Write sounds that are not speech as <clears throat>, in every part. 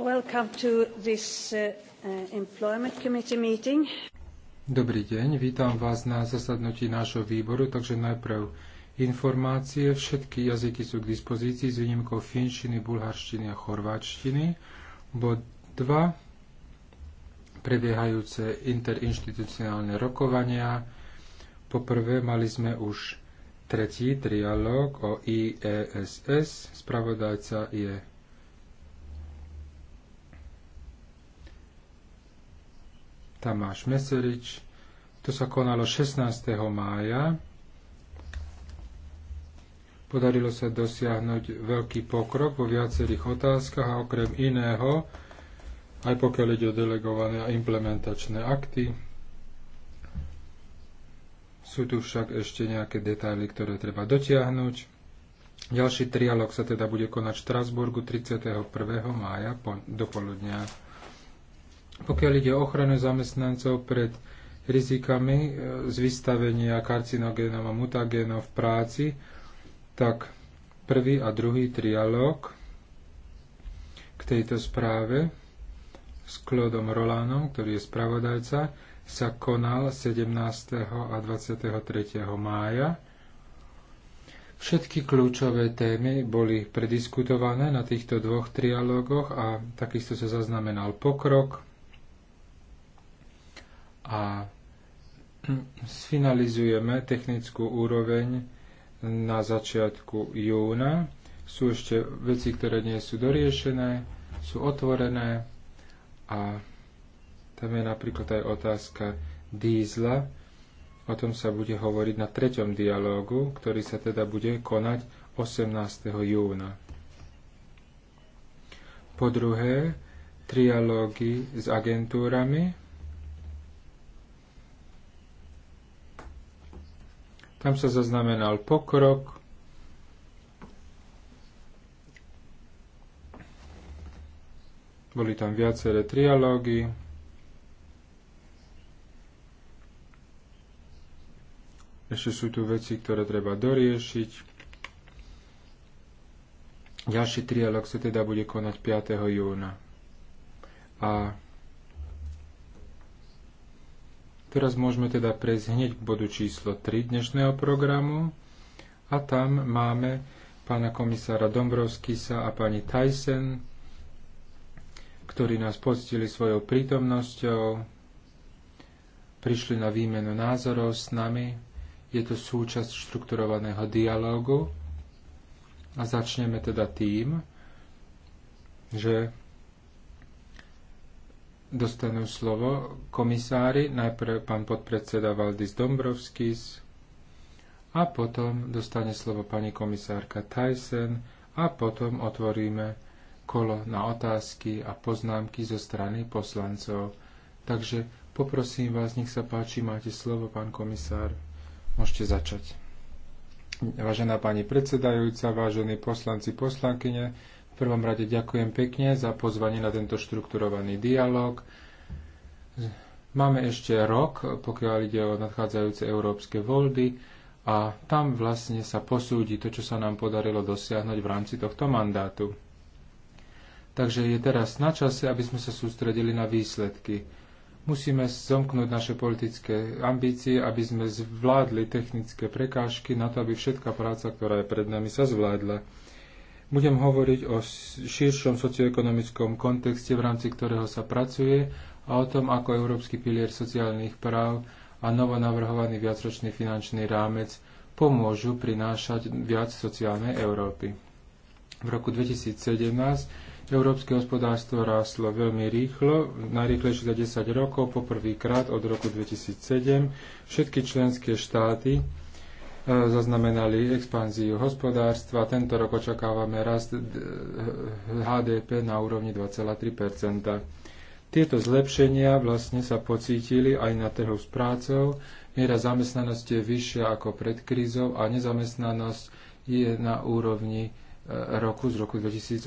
Uh, uh, Dobrý deň, vítam vás na zasadnutí nášho výboru, takže najprv informácie. Všetky jazyky sú k dispozícii s výnimkou finčiny, bulharštiny a chorváčtiny. Bod 2. Prebiehajúce interinstitucionálne rokovania. Poprvé mali sme už tretí trialóg o IESS. Spravodajca je Tamáš Meserič. To sa konalo 16. mája. Podarilo sa dosiahnuť veľký pokrok vo viacerých otázkach a okrem iného, aj pokiaľ ide o delegované a implementačné akty, sú tu však ešte nejaké detaily, ktoré treba dotiahnuť. Ďalší trialog sa teda bude konať v Štrasburgu 31. mája do poludnia. Pokiaľ ide o ochranu zamestnancov pred rizikami e, z vystavenia karcinogénov a mutagénov v práci, tak prvý a druhý trialóg k tejto správe s Klodom Rolánom, ktorý je spravodajca, sa konal 17. a 23. mája. Všetky kľúčové témy boli prediskutované na týchto dvoch trialógoch a takisto sa zaznamenal pokrok a sfinalizujeme technickú úroveň na začiatku júna. Sú ešte veci, ktoré nie sú doriešené, sú otvorené a tam je napríklad aj otázka dízla. O tom sa bude hovoriť na treťom dialógu, ktorý sa teda bude konať 18. júna. Po druhé, trialógy s agentúrami. Tam sa zaznamenal pokrok. Boli tam viaceré trialógy. Ešte sú tu veci, ktoré treba doriešiť. Ďalší trialog sa teda bude konať 5. júna. A Teraz môžeme teda prejsť hneď k bodu číslo 3 dnešného programu a tam máme pána komisára Dombrovskisa a pani Tyson, ktorí nás poctili svojou prítomnosťou, prišli na výmenu názorov s nami. Je to súčasť štrukturovaného dialógu a začneme teda tým, že dostanú slovo komisári, najprv pán podpredseda Valdis Dombrovskis a potom dostane slovo pani komisárka Tyson a potom otvoríme kolo na otázky a poznámky zo strany poslancov. Takže poprosím vás, nech sa páči, máte slovo, pán komisár. Môžete začať. Vážená pani predsedajúca, vážení poslanci, poslankyne, prvom rade ďakujem pekne za pozvanie na tento štrukturovaný dialog. Máme ešte rok, pokiaľ ide o nadchádzajúce európske voľby a tam vlastne sa posúdi to, čo sa nám podarilo dosiahnuť v rámci tohto mandátu. Takže je teraz na čase, aby sme sa sústredili na výsledky. Musíme zomknúť naše politické ambície, aby sme zvládli technické prekážky na to, aby všetká práca, ktorá je pred nami, sa zvládla. Budem hovoriť o širšom socioekonomickom kontexte, v rámci ktorého sa pracuje a o tom, ako Európsky pilier sociálnych práv a novonavrhovaný viacročný finančný rámec pomôžu prinášať viac sociálnej Európy. V roku 2017 Európske hospodárstvo rástlo veľmi rýchlo, najrýchlejšie za 10 rokov, poprvýkrát od roku 2007. Všetky členské štáty E, zaznamenali expanziu hospodárstva. Tento rok očakávame rast e, HDP na úrovni 2,3 Tieto zlepšenia vlastne sa pocítili aj na trhu s prácou. Miera zamestnanosti je vyššia ako pred krízou a nezamestnanosť je na úrovni e, roku z roku 2008.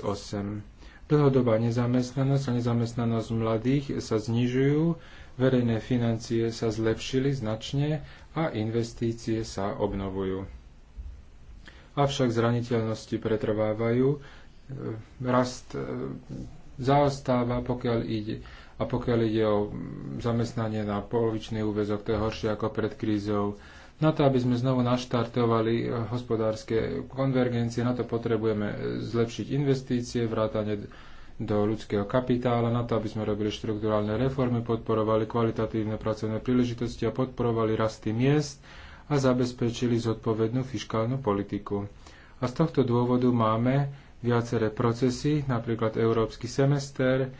Dlhodobá nezamestnanosť a nezamestnanosť mladých sa znižujú, verejné financie sa zlepšili značne a investície sa obnovujú. Avšak zraniteľnosti pretrvávajú, e, rast e, zaostáva, pokiaľ ide, a pokiaľ ide o zamestnanie na polovičný úvezok, to je horšie ako pred krízou. Na to, aby sme znovu naštartovali e, hospodárske konvergencie, na to potrebujeme zlepšiť investície, vrátanie do ľudského kapitála na to, aby sme robili štrukturálne reformy, podporovali kvalitatívne pracovné príležitosti a podporovali rasty miest a zabezpečili zodpovednú fiskálnu politiku. A z tohto dôvodu máme viaceré procesy, napríklad Európsky semester,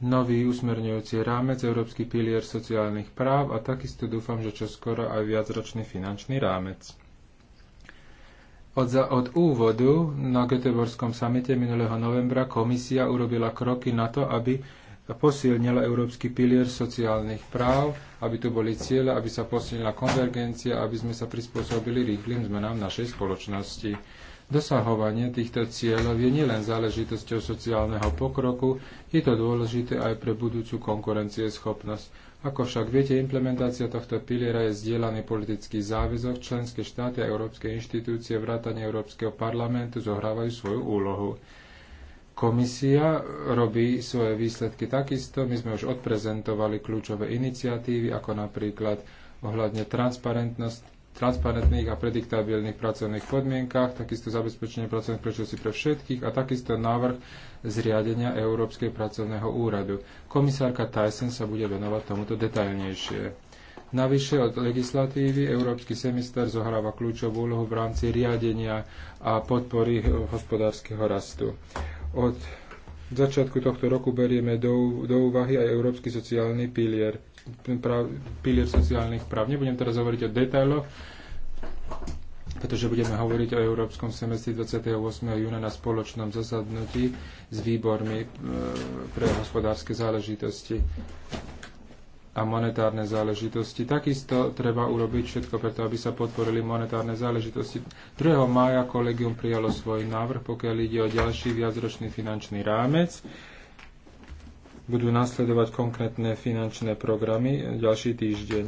nový usmerňujúci rámec, Európsky pilier sociálnych práv a takisto dúfam, že čoskoro aj viacročný finančný rámec. Od, za, od úvodu na Göteborskom samite minulého novembra komisia urobila kroky na to, aby posilnila európsky pilier sociálnych práv, aby tu boli cieľe, aby sa posilnila konvergencia, aby sme sa prispôsobili rýchlym zmenám našej spoločnosti. Dosahovanie týchto cieľov je nielen záležitosťou sociálneho pokroku, je to dôležité aj pre budúcu konkurencieschopnosť. Ako však viete, implementácia tohto piliera je zdieľaný politický záväzok. Členské štáty a európske inštitúcie vrátane Európskeho parlamentu zohrávajú svoju úlohu. Komisia robí svoje výsledky takisto. My sme už odprezentovali kľúčové iniciatívy, ako napríklad ohľadne transparentnosti transparentných a prediktabilných pracovných podmienkach, takisto zabezpečenie pracovných príležitostí pre všetkých a takisto návrh zriadenia Európskej pracovného úradu. Komisárka Tyson sa bude venovať tomuto detailnejšie. Navyše od legislatívy Európsky semester zohráva kľúčovú úlohu v rámci riadenia a podpory hospodárskeho rastu. Od začiatku tohto roku berieme do, do úvahy aj Európsky sociálny pilier pilier sociálnych práv. Nebudem teraz hovoriť o detailoch, pretože budeme hovoriť o Európskom semestri 28. júna na spoločnom zasadnutí s výbormi e, pre hospodárske záležitosti a monetárne záležitosti. Takisto treba urobiť všetko preto, aby sa podporili monetárne záležitosti. 2. mája kolegium prijalo svoj návrh, pokiaľ ide o ďalší viacročný finančný rámec budú nasledovať konkrétne finančné programy ďalší týždeň.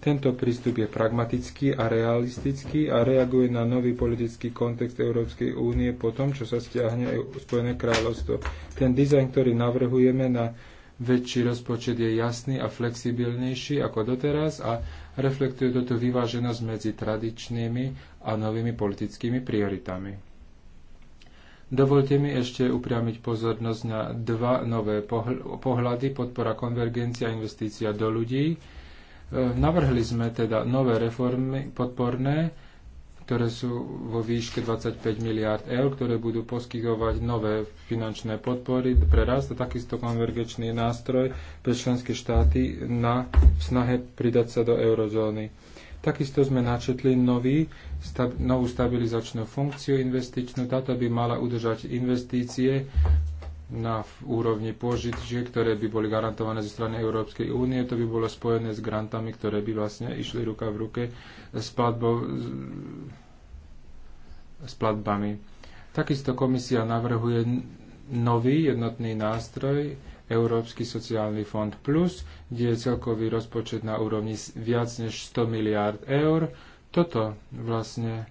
Tento prístup je pragmatický a realistický a reaguje na nový politický kontext Európskej únie po tom, čo sa stiahne Spojené kráľovstvo. Ten dizajn, ktorý navrhujeme na väčší rozpočet je jasný a flexibilnejší ako doteraz a reflektuje toto vyváženosť medzi tradičnými a novými politickými prioritami. Dovolte mi ešte upriamiť pozornosť na dva nové pohľady podpora konvergencia a investícia do ľudí. E, navrhli sme teda nové reformy podporné, ktoré sú vo výške 25 miliard eur, ktoré budú poskytovať nové finančné podpory pre rast a takisto konvergečný nástroj pre členské štáty na snahe pridať sa do eurozóny. Takisto sme načetli nový, stab, novú stabilizačnú funkciu investičnú. Táto by mala udržať investície na úrovni pôžičie, ktoré by boli garantované zo strany Európskej únie. To by bolo spojené s grantami, ktoré by vlastne išli ruka v ruke s, platbou, s platbami. Takisto komisia navrhuje nový jednotný nástroj, Európsky sociálny fond plus, kde je celkový rozpočet na úrovni viac než 100 miliárd eur. Toto vlastne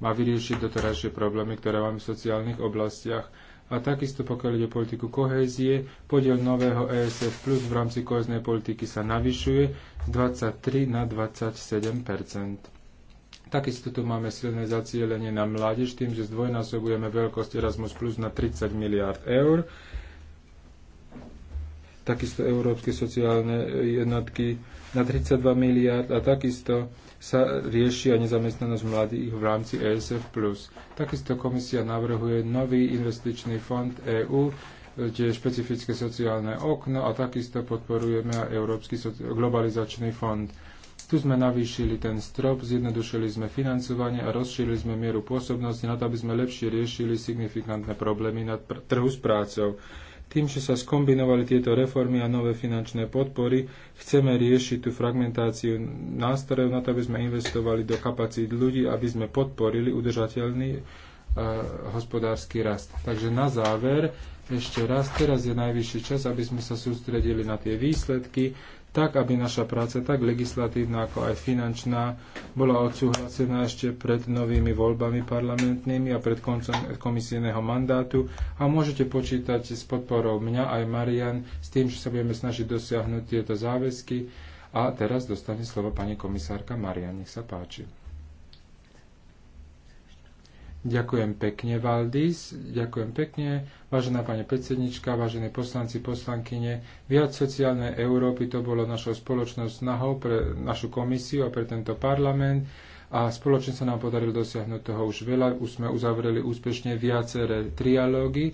má vyriešiť doterajšie problémy, ktoré máme v sociálnych oblastiach. A takisto pokiaľ ide o politiku kohézie, podiel nového ESF plus v rámci koheznej politiky sa navyšuje z 23 na 27 Takisto tu máme silné zacielenie na mládež tým, že zdvojnásobujeme veľkosť Erasmus Plus na 30 miliard eur. Takisto európske sociálne jednotky na 32 miliard a takisto sa rieši aj nezamestnanosť mladých v rámci ESF+. Takisto komisia navrhuje nový investičný fond EÚ, kde je špecifické sociálne okno a takisto podporujeme aj Európsky globalizačný fond. Tu sme navýšili ten strop, zjednodušili sme financovanie a rozšírili sme mieru pôsobnosti na to, aby sme lepšie riešili signifikantné problémy na trhu s prácou. Tým, že sa skombinovali tieto reformy a nové finančné podpory, chceme riešiť tú fragmentáciu nástrojov na to, aby sme investovali do kapacít ľudí, aby sme podporili udržateľný e, hospodársky rast. Takže na záver ešte raz, teraz je najvyšší čas, aby sme sa sústredili na tie výsledky, tak aby naša práca, tak legislatívna ako aj finančná, bola odsúhlasená ešte pred novými voľbami parlamentnými a pred koncom komisijného mandátu a môžete počítať s podporou mňa aj Marian s tým, že sa budeme snažiť dosiahnuť tieto záväzky. A teraz dostane slovo pani komisárka Marian, nech sa páči. Ďakujem pekne, Valdis. Ďakujem pekne, vážená pani predsednička, vážení poslanci, poslankyne. Viac sociálnej Európy to bolo našou spoločnou snahou pre našu komisiu a pre tento parlament a spoločne sa nám podarilo dosiahnuť toho už veľa. Už sme uzavreli úspešne viaceré trialógy,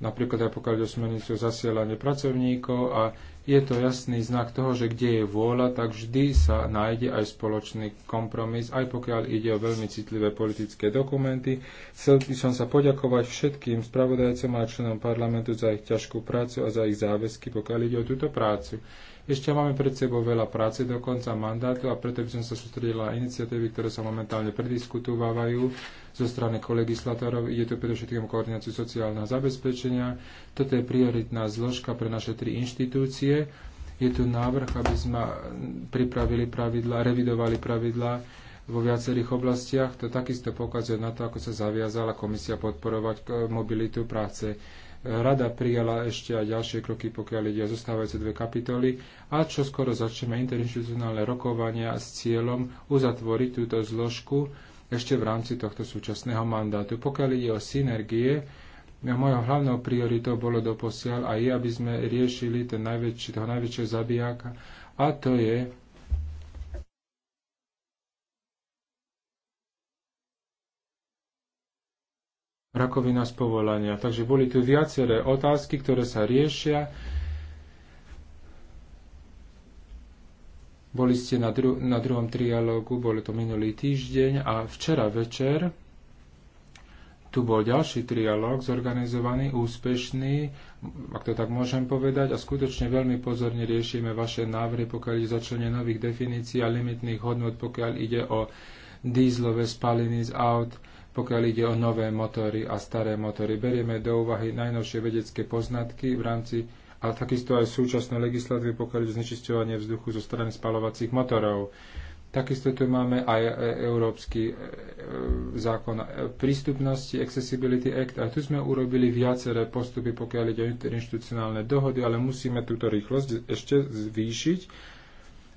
napríklad aj pokiaľ o smernicu zasielanie pracovníkov a je to jasný znak toho, že kde je vôľa, tak vždy sa nájde aj spoločný kompromis, aj pokiaľ ide o veľmi citlivé politické dokumenty. Chcel by som sa poďakovať všetkým spravodajcom a členom parlamentu za ich ťažkú prácu a za ich záväzky, pokiaľ ide o túto prácu. Ešte máme pred sebou veľa práce do konca mandátu a preto by som sa sústredila na iniciatívy, ktoré sa momentálne prediskutovávajú zo strany kolegislatorov. Ide tu predovšetkým koordináciu sociálneho zabezpečenia. Toto je prioritná zložka pre naše tri inštitúcie. Je tu návrh, aby sme pripravili pravidla, revidovali pravidla vo viacerých oblastiach. To takisto pokazuje na to, ako sa zaviazala komisia podporovať eh, mobilitu práce Rada prijala ešte aj ďalšie kroky, pokiaľ ide o zostávajúce dve kapitoly a čo skoro začneme interinstitucionálne rokovania s cieľom uzatvoriť túto zložku ešte v rámci tohto súčasného mandátu. Pokiaľ ide o synergie, mojou hlavnou prioritou bolo doposiaľ aj aby sme riešili ten najväčší, toho najväčšieho zabijáka a to je rakovina z povolania. Takže boli tu viaceré otázky, ktoré sa riešia. Boli ste na, dru- na druhom trialógu, bolo to minulý týždeň a včera večer tu bol ďalší trialóg zorganizovaný, úspešný, ak to tak môžem povedať, a skutočne veľmi pozorne riešime vaše návrhy, pokiaľ ide začlenie nových definícií a limitných hodnot, pokiaľ ide o dízlové spaliny z aut, pokiaľ ide o nové motory a staré motory. Berieme do úvahy najnovšie vedecké poznatky v rámci ale takisto aj súčasné legislatívy, pokiaľ ide znečisťovanie vzduchu zo strany spalovacích motorov. Takisto tu máme aj e, Európsky e, e, zákon prístupnosti, Accessibility Act. A tu sme urobili viaceré postupy, pokiaľ ide o interinstitucionálne dohody, ale musíme túto rýchlosť ešte zvýšiť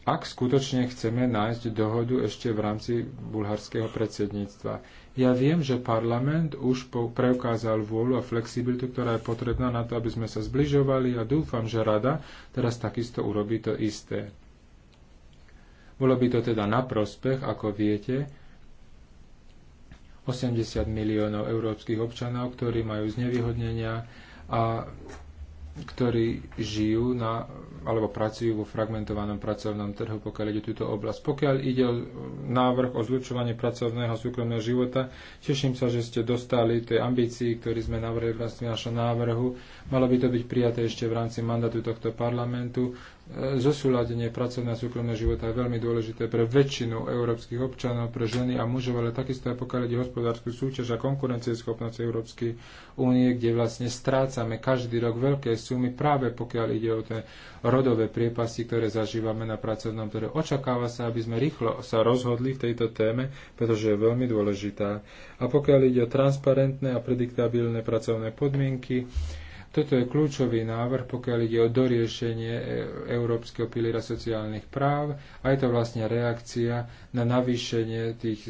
ak skutočne chceme nájsť dohodu ešte v rámci bulharského predsedníctva. Ja viem, že parlament už preukázal vôľu a flexibilitu, ktorá je potrebná na to, aby sme sa zbližovali a dúfam, že rada teraz takisto urobí to isté. Bolo by to teda na prospech, ako viete, 80 miliónov európskych občanov, ktorí majú znevýhodnenia a ktorí žijú na, alebo pracujú vo fragmentovanom pracovnom trhu, pokiaľ ide túto oblasť. Pokiaľ ide o návrh o zlučovanie pracovného a súkromného života, teším sa, že ste dostali tej ambícii, ktorý sme navrhli vlastne našom návrhu. Malo by to byť prijaté ešte v rámci mandátu tohto parlamentu zosúladenie pracovného a súkromného života je veľmi dôležité pre väčšinu európskych občanov, pre ženy a mužov, ale takisto aj pokiaľ ide hospodárskú súťaž a konkurencieschopnosť Európskej únie, kde vlastne strácame každý rok veľké sumy práve pokiaľ ide o tie rodové priepasy, ktoré zažívame na pracovnom ktoré Očakáva sa, aby sme rýchlo sa rozhodli v tejto téme, pretože je veľmi dôležitá. A pokiaľ ide o transparentné a prediktabilné pracovné podmienky, toto je kľúčový návrh, pokiaľ ide o doriešenie e, Európskeho piliera sociálnych práv a je to vlastne reakcia na navýšenie tých e,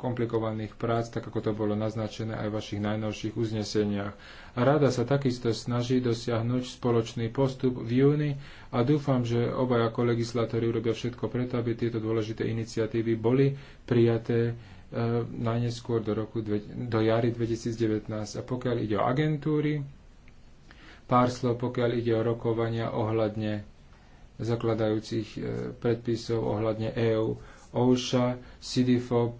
komplikovaných prác, tak ako to bolo naznačené aj v vašich najnovších uzneseniach. Rada sa takisto snaží dosiahnuť spoločný postup v júni a dúfam, že obaja kolegislátori urobia všetko preto, aby tieto dôležité iniciatívy boli prijaté e, najneskôr do, roku, do jary 2019. A pokiaľ ide o agentúry, pár slov, pokiaľ ide o rokovania ohľadne zakladajúcich e, predpisov, ohľadne EU, OSHA, CDFOP.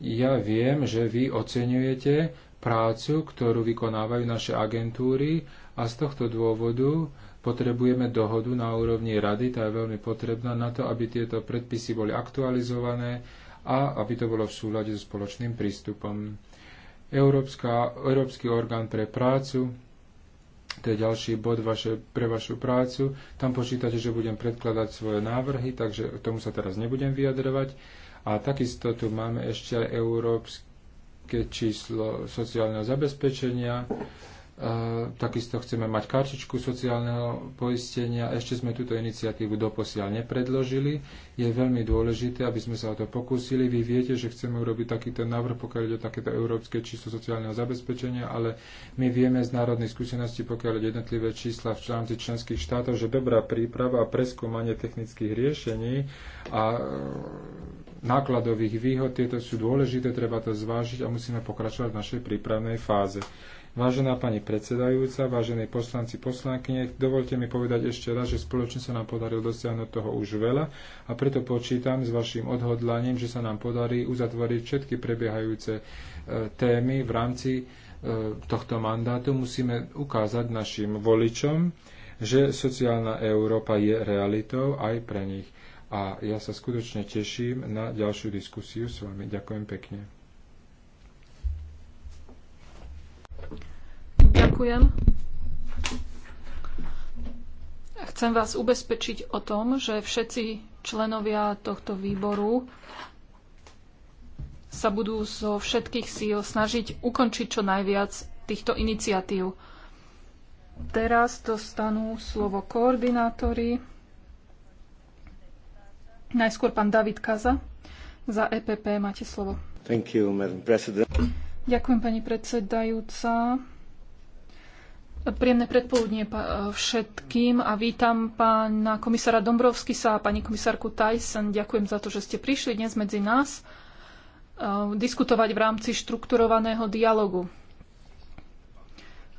Ja viem, že vy oceňujete prácu, ktorú vykonávajú naše agentúry a z tohto dôvodu potrebujeme dohodu na úrovni rady, tá je veľmi potrebná na to, aby tieto predpisy boli aktualizované a aby to bolo v súľade so spoločným prístupom. Európska, Európsky orgán pre prácu to je ďalší bod vaše, pre vašu prácu. Tam počítate, že budem predkladať svoje návrhy, takže k tomu sa teraz nebudem vyjadrovať. A takisto tu máme ešte aj európske číslo sociálneho zabezpečenia E, takisto chceme mať kartičku sociálneho poistenia. Ešte sme túto iniciatívu doposiaľ nepredložili. Je veľmi dôležité, aby sme sa o to pokúsili. Vy viete, že chceme urobiť takýto návrh, pokiaľ ide o takéto európske číslo sociálneho zabezpečenia, ale my vieme z národnej skúsenosti, pokiaľ ide jednotlivé čísla v rámci členských štátov, že dobrá príprava a preskúmanie technických riešení a e, nákladových výhod, tieto sú dôležité, treba to zvážiť a musíme pokračovať v našej prípravnej fáze. Vážená pani predsedajúca, vážení poslanci, poslankyne, dovolte mi povedať ešte raz, že spoločne sa nám podarilo dosiahnuť toho už veľa a preto počítam s vašim odhodlaním, že sa nám podarí uzatvoriť všetky prebiehajúce e, témy v rámci e, tohto mandátu. Musíme ukázať našim voličom, že sociálna Európa je realitou aj pre nich. A ja sa skutočne teším na ďalšiu diskusiu s vami. Ďakujem pekne. Ďakujem. Chcem vás ubezpečiť o tom, že všetci členovia tohto výboru sa budú zo všetkých síl snažiť ukončiť čo najviac týchto iniciatív. Teraz dostanú slovo koordinátori. Najskôr pán David Kaza. Za EPP máte slovo. You, Ďakujem, pani predsedajúca. Príjemné predpoludnie e, všetkým a vítam pána komisára Dombrovskisa a pani komisárku Tyson. Ďakujem za to, že ste prišli dnes medzi nás e, diskutovať v rámci štrukturovaného dialogu.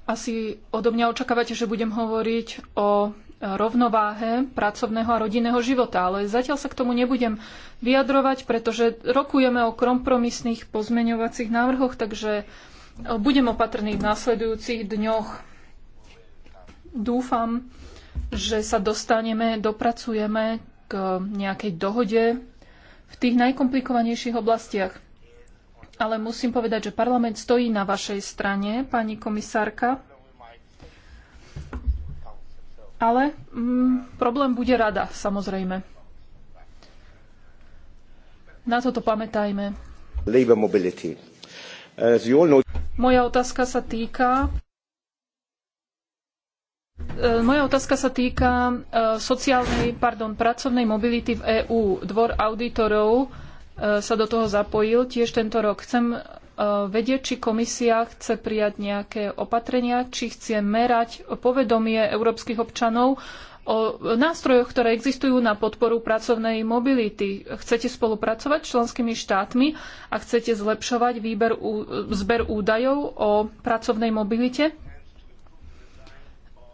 Asi odo mňa očakávate, že budem hovoriť o e, rovnováhe pracovného a rodinného života, ale zatiaľ sa k tomu nebudem vyjadrovať, pretože rokujeme o kompromisných pozmeňovacích návrhoch, takže budem opatrný v následujúcich dňoch. Dúfam, že sa dostaneme, dopracujeme k nejakej dohode v tých najkomplikovanejších oblastiach. Ale musím povedať, že parlament stojí na vašej strane, pani komisárka. Ale mm, problém bude rada, samozrejme. Na toto pamätajme. Moja otázka sa týka E, moja otázka sa týka e, sociálnej, pardon, pracovnej mobility v EÚ. Dvor auditorov e, sa do toho zapojil tiež tento rok. Chcem vedieť, či komisia chce prijať nejaké opatrenia, či chce merať povedomie európskych občanov o nástrojoch, ktoré existujú na podporu pracovnej mobility. Chcete spolupracovať s členskými štátmi a chcete zlepšovať výber, zber údajov o pracovnej mobilite?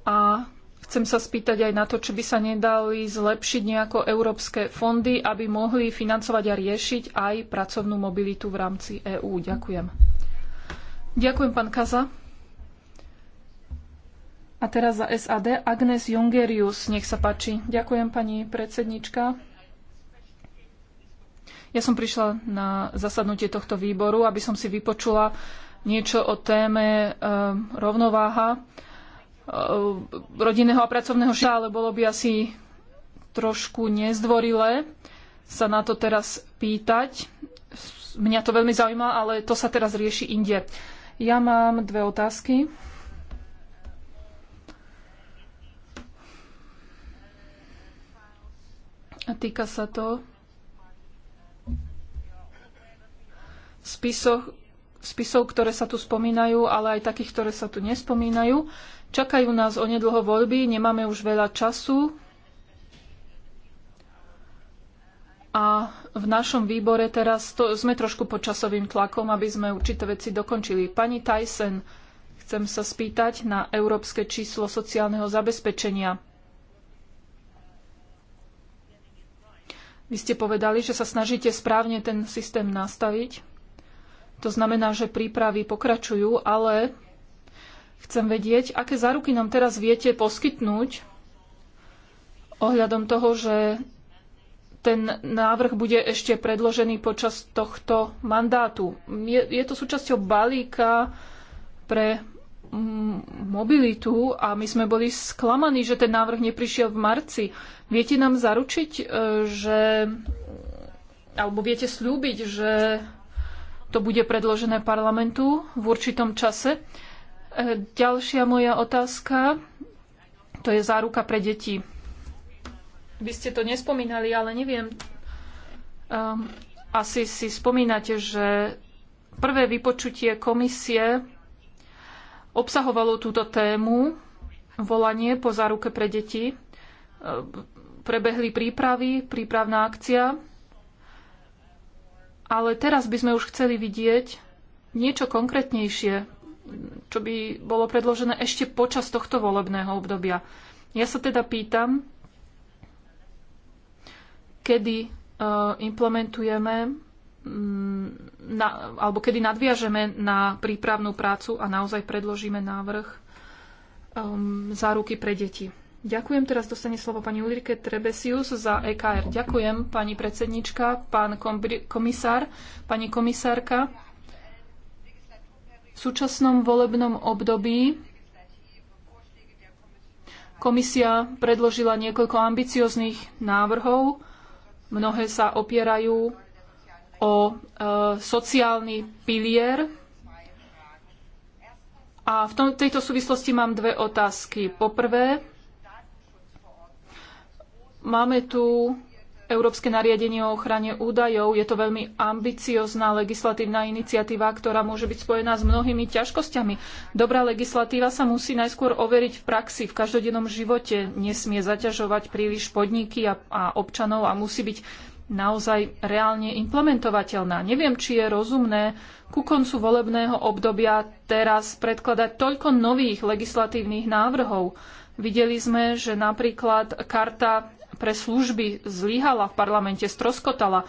a chcem sa spýtať aj na to, či by sa nedali zlepšiť nejako európske fondy, aby mohli financovať a riešiť aj pracovnú mobilitu v rámci EÚ. Ďakujem. Ďakujem, pán Kaza. A teraz za SAD Agnes Jongerius. Nech sa páči. Ďakujem, pani predsednička. Ja som prišla na zasadnutie tohto výboru, aby som si vypočula niečo o téme e, rovnováha Eh, rodinného a pracovného života, ale bolo by asi trošku nezdvorilé sa na to teraz pýtať. Mňa to veľmi zaujíma, ale to sa teraz rieši inde. Ja mám dve otázky. A týka sa to spisov, spisov, ktoré sa tu spomínajú, ale aj takých, ktoré sa tu nespomínajú. Čakajú nás onedlho voľby, nemáme už veľa času a v našom výbore teraz to, sme trošku pod časovým tlakom, aby sme určité veci dokončili. Pani Tyson, chcem sa spýtať na európske číslo sociálneho zabezpečenia. Vy ste povedali, že sa snažíte správne ten systém nastaviť. To znamená, že prípravy pokračujú, ale Chcem vedieť, aké záruky nám teraz viete poskytnúť ohľadom toho, že ten návrh bude ešte predložený počas tohto mandátu. Je, je to súčasťou balíka pre mobilitu a my sme boli sklamaní, že ten návrh neprišiel v marci. Viete nám zaručiť, e, že alebo viete slúbiť, že to bude predložené parlamentu v určitom čase? E, ďalšia moja otázka, to je záruka pre deti. Vy ste to nespomínali, ale neviem. Um, asi si spomínate, že prvé vypočutie komisie obsahovalo túto tému, volanie po záruke pre deti. E, prebehli prípravy, prípravná akcia. Ale teraz by sme už chceli vidieť niečo konkrétnejšie, čo by bolo predložené ešte počas tohto volebného obdobia. Ja sa teda pýtam, kedy e, implementujeme na, alebo kedy nadviažeme na prípravnú prácu a naozaj predložíme návrh um, ruky pre deti. Ďakujem. Teraz dostane slovo pani Ulrike Trebesius za EKR. Ďakujem, pani predsednička, pán komisár, pani komisárka súčasnom volebnom období komisia predložila niekoľko ambicioznych návrhov. Mnohé sa opierajú o e, sociálny pilier. A v tom, tejto súvislosti mám dve otázky. Poprvé, máme tu Európske nariadenie o ochrane údajov. Je to veľmi ambiciozná legislatívna iniciatíva, ktorá môže byť spojená s mnohými ťažkosťami. Dobrá legislatíva sa musí najskôr overiť v praxi, v každodennom živote. Nesmie zaťažovať príliš podniky a, a občanov a musí byť naozaj reálne implementovateľná. Neviem, či je rozumné ku koncu volebného obdobia teraz predkladať toľko nových legislatívnych návrhov. Videli sme, že napríklad karta pre služby zlyhala v parlamente, stroskotala.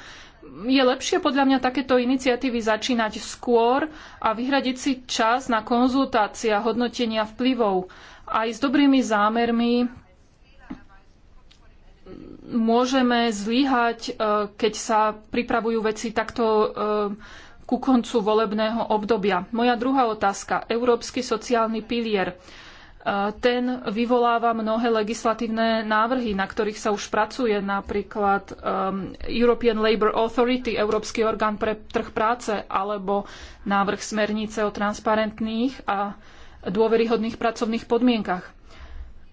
Je lepšie podľa mňa takéto iniciatívy začínať skôr a vyhradiť si čas na konzultácia, hodnotenia vplyvov. Aj s dobrými zámermi môžeme zlyhať, e, keď sa pripravujú veci takto e, ku koncu volebného obdobia. Moja druhá otázka. Európsky sociálny pilier ten vyvoláva mnohé legislatívne návrhy, na ktorých sa už pracuje, napríklad um, European Labour Authority, Európsky orgán pre trh práce, alebo návrh smernice o transparentných a dôveryhodných pracovných podmienkach.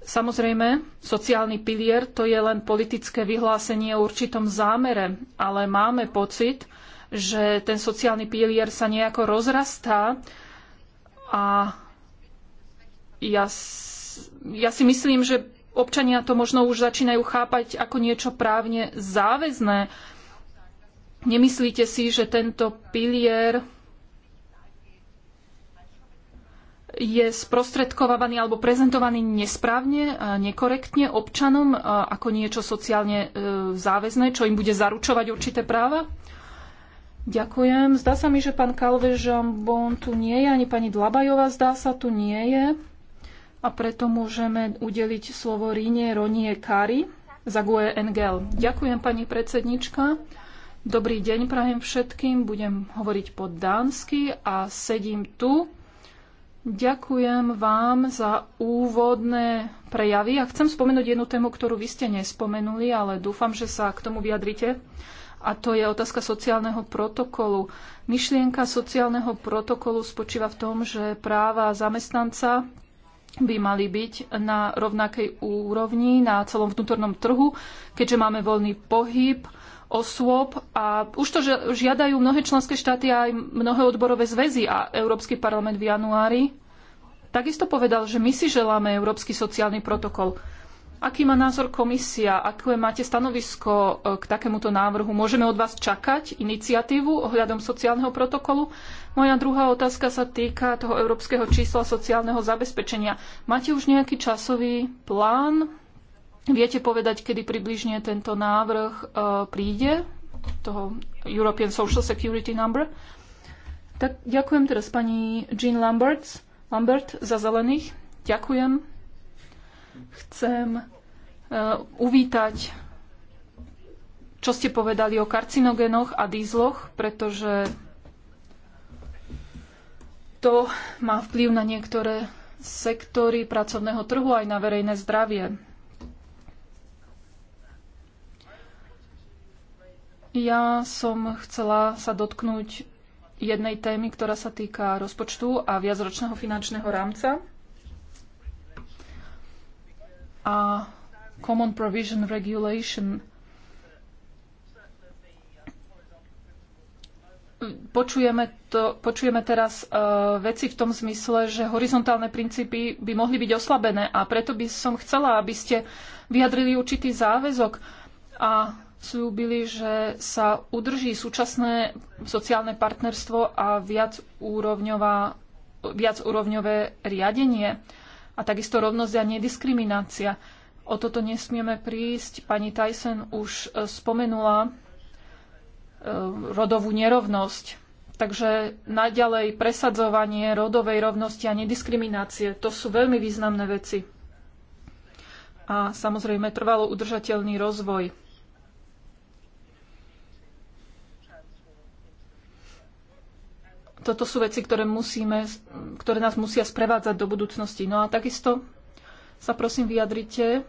Samozrejme, sociálny pilier to je len politické vyhlásenie o určitom zámere, ale máme pocit, že ten sociálny pilier sa nejako rozrastá a ja, ja si myslím, že občania to možno už začínajú chápať ako niečo právne záväzné. Nemyslíte si, že tento pilier je sprostredkovaný alebo prezentovaný nesprávne, e, nekorektne občanom e, ako niečo sociálne e, záväzné, čo im bude zaručovať určité práva? Ďakujem. Zdá sa mi, že pán Kalvežambon tu nie je, ani pani Dlabajová zdá sa tu nie je a preto môžeme udeliť slovo Ríne Ronie Kari za GUE Engel. Ďakujem pani predsednička. Dobrý deň prajem všetkým. Budem hovoriť po dánsky a sedím tu. Ďakujem vám za úvodné prejavy a chcem spomenúť jednu tému, ktorú vy ste nespomenuli, ale dúfam, že sa k tomu vyjadrite. A to je otázka sociálneho protokolu. Myšlienka sociálneho protokolu spočíva v tom, že práva zamestnanca by mali byť na rovnakej úrovni na celom vnútornom trhu, keďže máme voľný pohyb osôb a už to žiadajú mnohé členské štáty a aj mnohé odborové zväzy a Európsky parlament v januári takisto povedal, že my si želáme Európsky sociálny protokol. Aký má názor komisia? Aké máte stanovisko eh, k takémuto návrhu? Môžeme od vás čakať iniciatívu ohľadom sociálneho protokolu? Moja druhá otázka sa týka toho európskeho čísla sociálneho zabezpečenia. Máte už nejaký časový plán? Viete povedať, kedy približne tento návrh e, príde? Toho European Social Security Number? Tak ďakujem teraz pani Jean Lambert, Lambert za zelených. Ďakujem. Chcem e, uvítať čo ste povedali o karcinogénoch a dýzloch, pretože to má vplyv na niektoré sektory pracovného trhu aj na verejné zdravie. Ja som chcela sa dotknúť jednej témy, ktorá sa týka rozpočtu a viacročného finančného rámca a Common Provision Regulation. Počujeme to počujeme teraz uh, veci v tom zmysle, že horizontálne princípy by mohli byť oslabené a preto by som chcela, aby ste vyjadrili určitý záväzok a slúbili, že sa udrží súčasné sociálne partnerstvo a viac, úrovňová, viac úrovňové riadenie a takisto rovnosť a nediskriminácia. O toto nesmieme prísť. Pani Tyson už e, spomenula e, rodovú nerovnosť Takže naďalej presadzovanie rodovej rovnosti a nediskriminácie, to sú veľmi významné veci. A samozrejme trvalo udržateľný rozvoj. Toto sú veci, ktoré, musíme, ktoré nás musia sprevádzať do budúcnosti. No a takisto sa prosím vyjadrite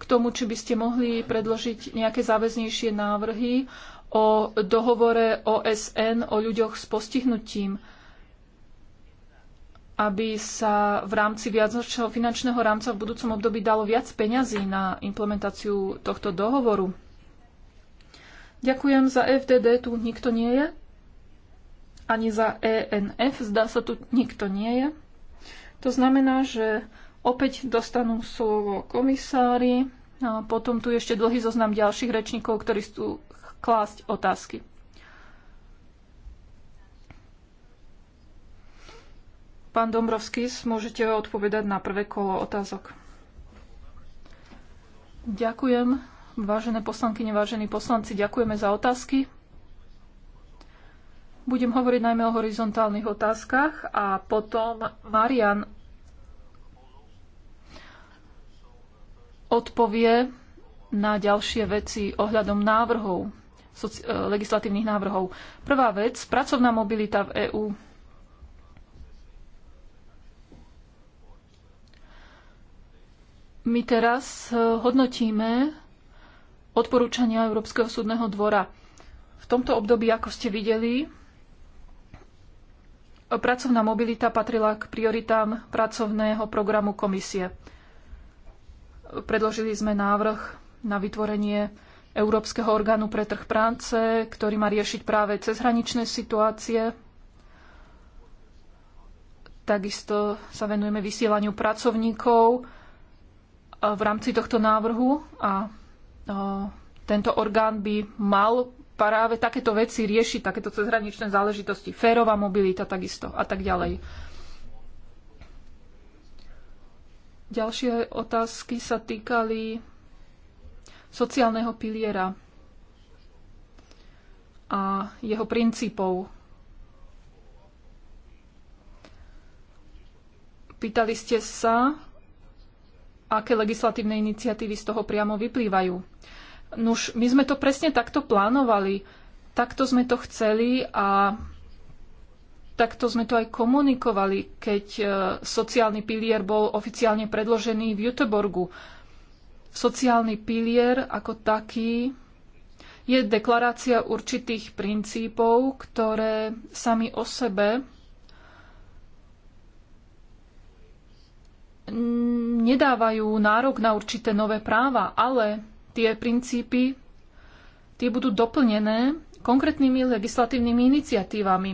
k tomu, či by ste mohli predložiť nejaké záväznejšie návrhy o dohovore OSN o ľuďoch s postihnutím, aby sa v rámci viacročného finančného rámca v budúcom období dalo viac peňazí na implementáciu tohto dohovoru. Ďakujem za FDD, tu nikto nie je. Ani za ENF, zdá sa, tu nikto nie je. To znamená, že opäť dostanú slovo komisári. A potom tu ešte dlhý zoznam ďalších rečníkov, ktorí tu klásť otázky. Pán Dombrovský, môžete odpovedať na prvé kolo otázok. Ďakujem, vážené poslankyne, vážení poslanci, ďakujeme za otázky. Budem hovoriť najmä o horizontálnych otázkach a potom Marian odpovie na ďalšie veci ohľadom návrhov E, legislatívnych návrhov. Prvá vec, pracovná mobilita v EÚ. My teraz e, hodnotíme odporúčania Európskeho súdneho dvora. V tomto období, ako ste videli, pracovná mobilita patrila k prioritám pracovného programu komisie. Predložili sme návrh na vytvorenie Európskeho orgánu pre trh práce, ktorý má riešiť práve cezhraničné situácie. Takisto sa venujeme vysielaniu pracovníkov e, v rámci tohto návrhu a e, tento orgán by mal práve takéto veci riešiť, takéto cezhraničné záležitosti, férová mobilita takisto a tak ďalej. Ďalšie otázky sa týkali sociálneho piliera a jeho princípov. Pýtali ste sa, aké legislatívne iniciatívy z toho priamo vyplývajú. Nuž, my sme to presne takto plánovali, takto sme to chceli a takto sme to aj komunikovali, keď e, sociálny pilier bol oficiálne predložený v Juteborgu sociálny pilier ako taký je deklarácia určitých princípov, ktoré sami o sebe nedávajú nárok na určité nové práva, ale tie princípy tie budú doplnené konkrétnymi legislatívnymi iniciatívami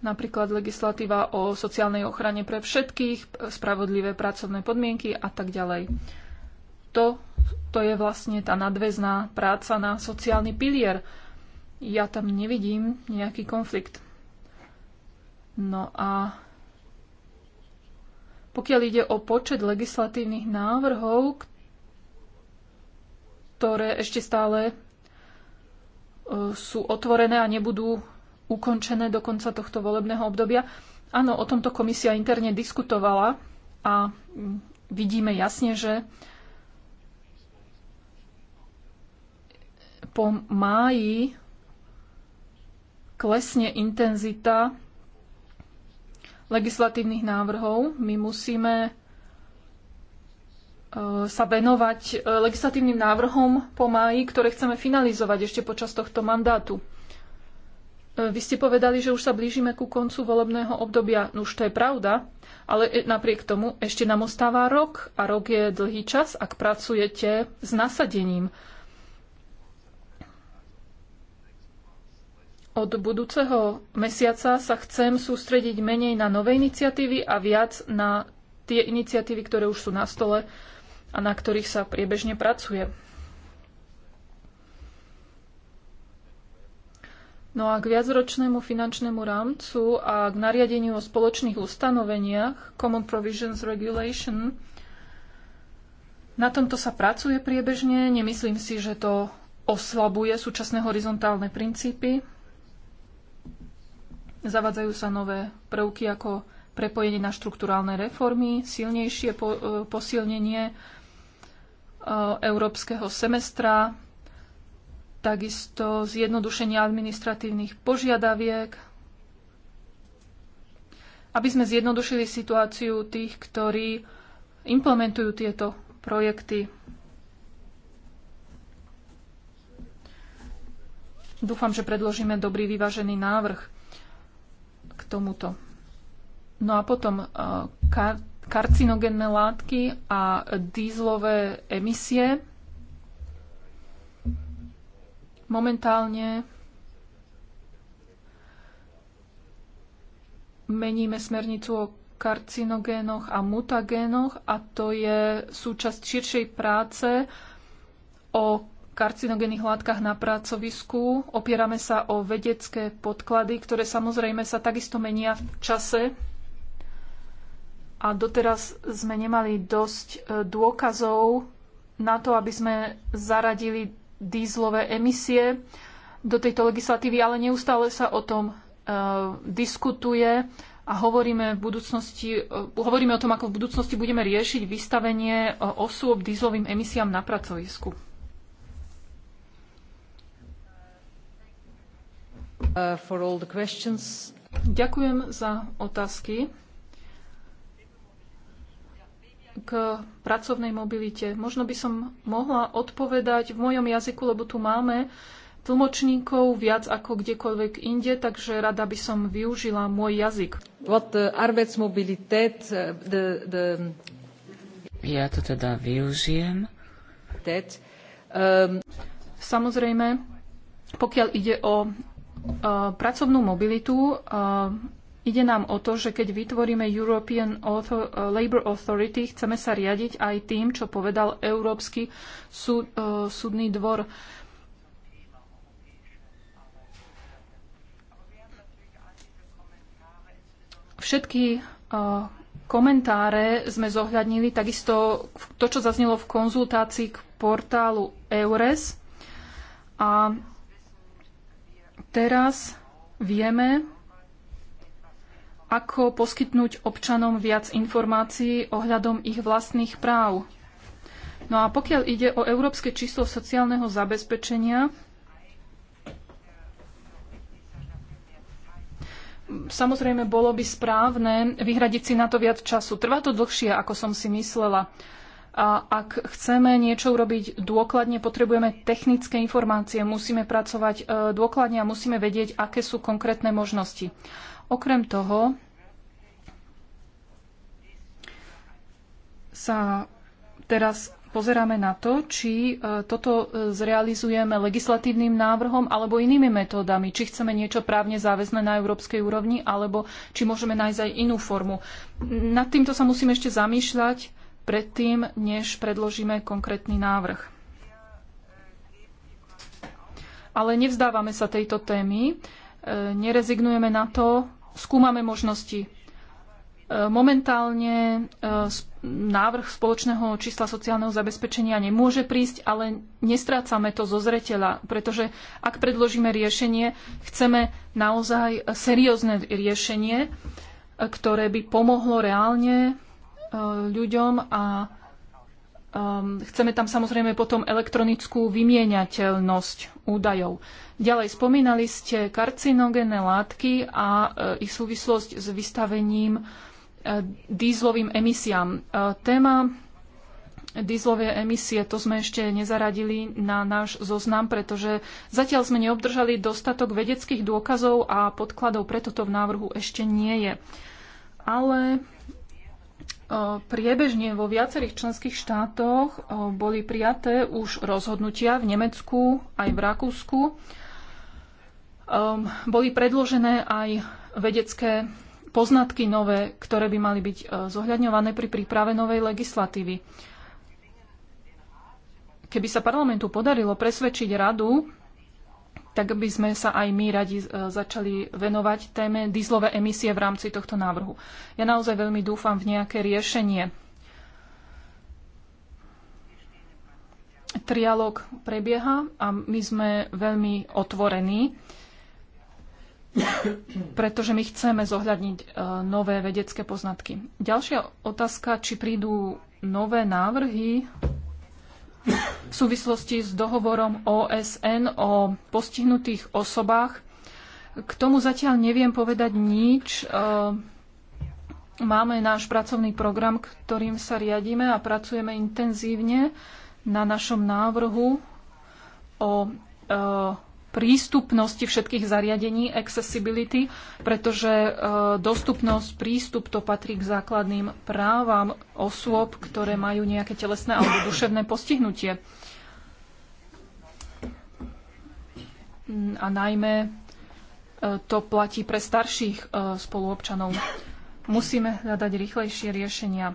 napríklad legislatíva o sociálnej ochrane pre všetkých, spravodlivé pracovné podmienky a tak ďalej. To, to je vlastne tá nadväzná práca na sociálny pilier. Ja tam nevidím nejaký konflikt. No a pokiaľ ide o počet legislatívnych návrhov, ktoré ešte stále e, sú otvorené a nebudú ukončené do konca tohto volebného obdobia. Áno, o tomto komisia interne diskutovala a vidíme jasne, že po máji klesne intenzita legislatívnych návrhov. My musíme e, sa venovať e, legislatívnym návrhom po máji, ktoré chceme finalizovať ešte počas tohto mandátu. Vy ste povedali, že už sa blížime ku koncu volebného obdobia. No už to je pravda, ale e, napriek tomu ešte nám ostáva rok a rok je dlhý čas, ak pracujete s nasadením. Od budúceho mesiaca sa chcem sústrediť menej na nové iniciatívy a viac na tie iniciatívy, ktoré už sú na stole a na ktorých sa priebežne pracuje. No a k viacročnému finančnému rámcu a k nariadeniu o spoločných ustanoveniach Common Provisions Regulation na tomto sa pracuje priebežne. Nemyslím si, že to oslabuje súčasné horizontálne princípy. Zavadzajú sa nové prvky ako prepojenie na štruktúrálne reformy, silnejšie e, posilnenie e, európskeho semestra, takisto zjednodušenie administratívnych požiadaviek, aby sme zjednodušili situáciu tých, ktorí implementujú tieto projekty. Dúfam, že predložíme dobrý vyvážený návrh k tomuto. No a potom e, kar karcinogenné látky a dízlové emisie. Momentálne meníme smernicu o karcinogénoch a mutagénoch a to je súčasť širšej práce o karcinogénnych látkach na pracovisku. Opierame sa o vedecké podklady, ktoré samozrejme sa takisto menia v čase a doteraz sme nemali dosť e, dôkazov na to, aby sme zaradili dízlové emisie do tejto legislatívy, ale neustále sa o tom e, diskutuje a hovoríme, v budúcnosti, e, hovoríme o tom, ako v budúcnosti budeme riešiť vystavenie e, osôb dízlovým emisiám na pracovisku. Uh, Ďakujem za otázky k pracovnej mobilite. Možno by som mohla odpovedať v mojom jazyku, lebo tu máme tlmočníkov viac ako kdekoľvek inde, takže rada by som využila môj jazyk. What the eh, the, the... Ja to teda využijem. That, um... Ehm, Samozrejme, pokiaľ ide o uh, pracovnú mobilitu, uh, Ide nám o to, že keď vytvoríme European Author, eh, Labor Authority, chceme sa riadiť aj tým, čo povedal Európsky súd, uh, súdny dvor. Všetky uh, komentáre sme zohľadnili, takisto to, čo zaznelo v konzultácii k portálu EURES. A teraz vieme, ako poskytnúť občanom viac informácií ohľadom ich vlastných práv. No a pokiaľ ide o európske číslo sociálneho zabezpečenia, samozrejme bolo by správne vyhradiť si na to viac času. Trvá to dlhšie, ako som si myslela. A ak chceme niečo urobiť dôkladne, potrebujeme technické informácie, musíme pracovať e, dôkladne a musíme vedieť, aké sú konkrétne možnosti. Okrem toho sa teraz pozeráme na to, či e, toto e, zrealizujeme legislatívnym návrhom alebo inými metódami, či chceme niečo právne záväzné na európskej úrovni, alebo či môžeme nájsť aj inú formu. Nad týmto sa musíme ešte zamýšľať predtým, než predložíme konkrétny návrh. Ale nevzdávame sa tejto témy, e, nerezignujeme na to, skúmame možnosti. E, momentálne e, návrh spoločného čísla sociálneho zabezpečenia nemôže prísť, ale nestrácame to zo zreteľa, pretože ak predložíme riešenie, chceme naozaj seriózne riešenie, e, ktoré by pomohlo reálne ľuďom a um, chceme tam samozrejme potom elektronickú vymieňateľnosť údajov. Ďalej spomínali ste karcinogénne látky a e, ich súvislosť s vystavením e, dízlovým emisiám. E, téma dízlové emisie, to sme ešte nezaradili na náš zoznam, pretože zatiaľ sme neobdržali dostatok vedeckých dôkazov a podkladov, preto to v návrhu ešte nie je. Ale Priebežne vo viacerých členských štátoch boli prijaté už rozhodnutia v Nemecku aj v Rakúsku. Boli predložené aj vedecké poznatky nové, ktoré by mali byť zohľadňované pri príprave novej legislatívy. Keby sa parlamentu podarilo presvedčiť radu, tak by sme sa aj my radi e, začali venovať téme dieslové emisie v rámci tohto návrhu. Ja naozaj veľmi dúfam v nejaké riešenie. Trialóg prebieha a my sme veľmi otvorení, pretože my chceme zohľadniť e, nové vedecké poznatky. Ďalšia otázka, či prídu nové návrhy v súvislosti s dohovorom OSN o postihnutých osobách. K tomu zatiaľ neviem povedať nič. E, máme náš pracovný program, ktorým sa riadíme a pracujeme intenzívne na našom návrhu o e, prístupnosti všetkých zariadení, accessibility, pretože e, dostupnosť, prístup to patrí k základným právam osôb, ktoré majú nejaké telesné alebo duševné postihnutie. A najmä e, to platí pre starších e, spoluobčanov. Musíme hľadať rýchlejšie riešenia.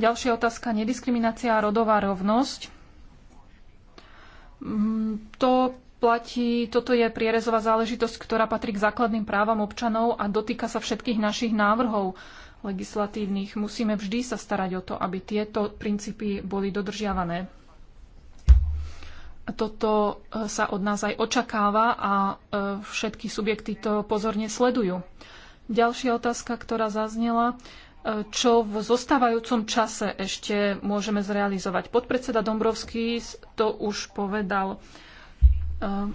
Ďalšia otázka, nediskriminácia a rodová rovnosť. Mm, to platí, toto je prierezová záležitosť, ktorá patrí k základným právam občanov a dotýka sa všetkých našich návrhov legislatívnych. Musíme vždy sa starať o to, aby tieto princípy boli dodržiavané. Toto e, sa od nás aj očakáva a e, všetky subjekty to pozorne sledujú. Ďalšia otázka, ktorá zaznela e, čo v zostávajúcom čase ešte môžeme zrealizovať. Podpredseda Dombrovský to už povedal. Ehm,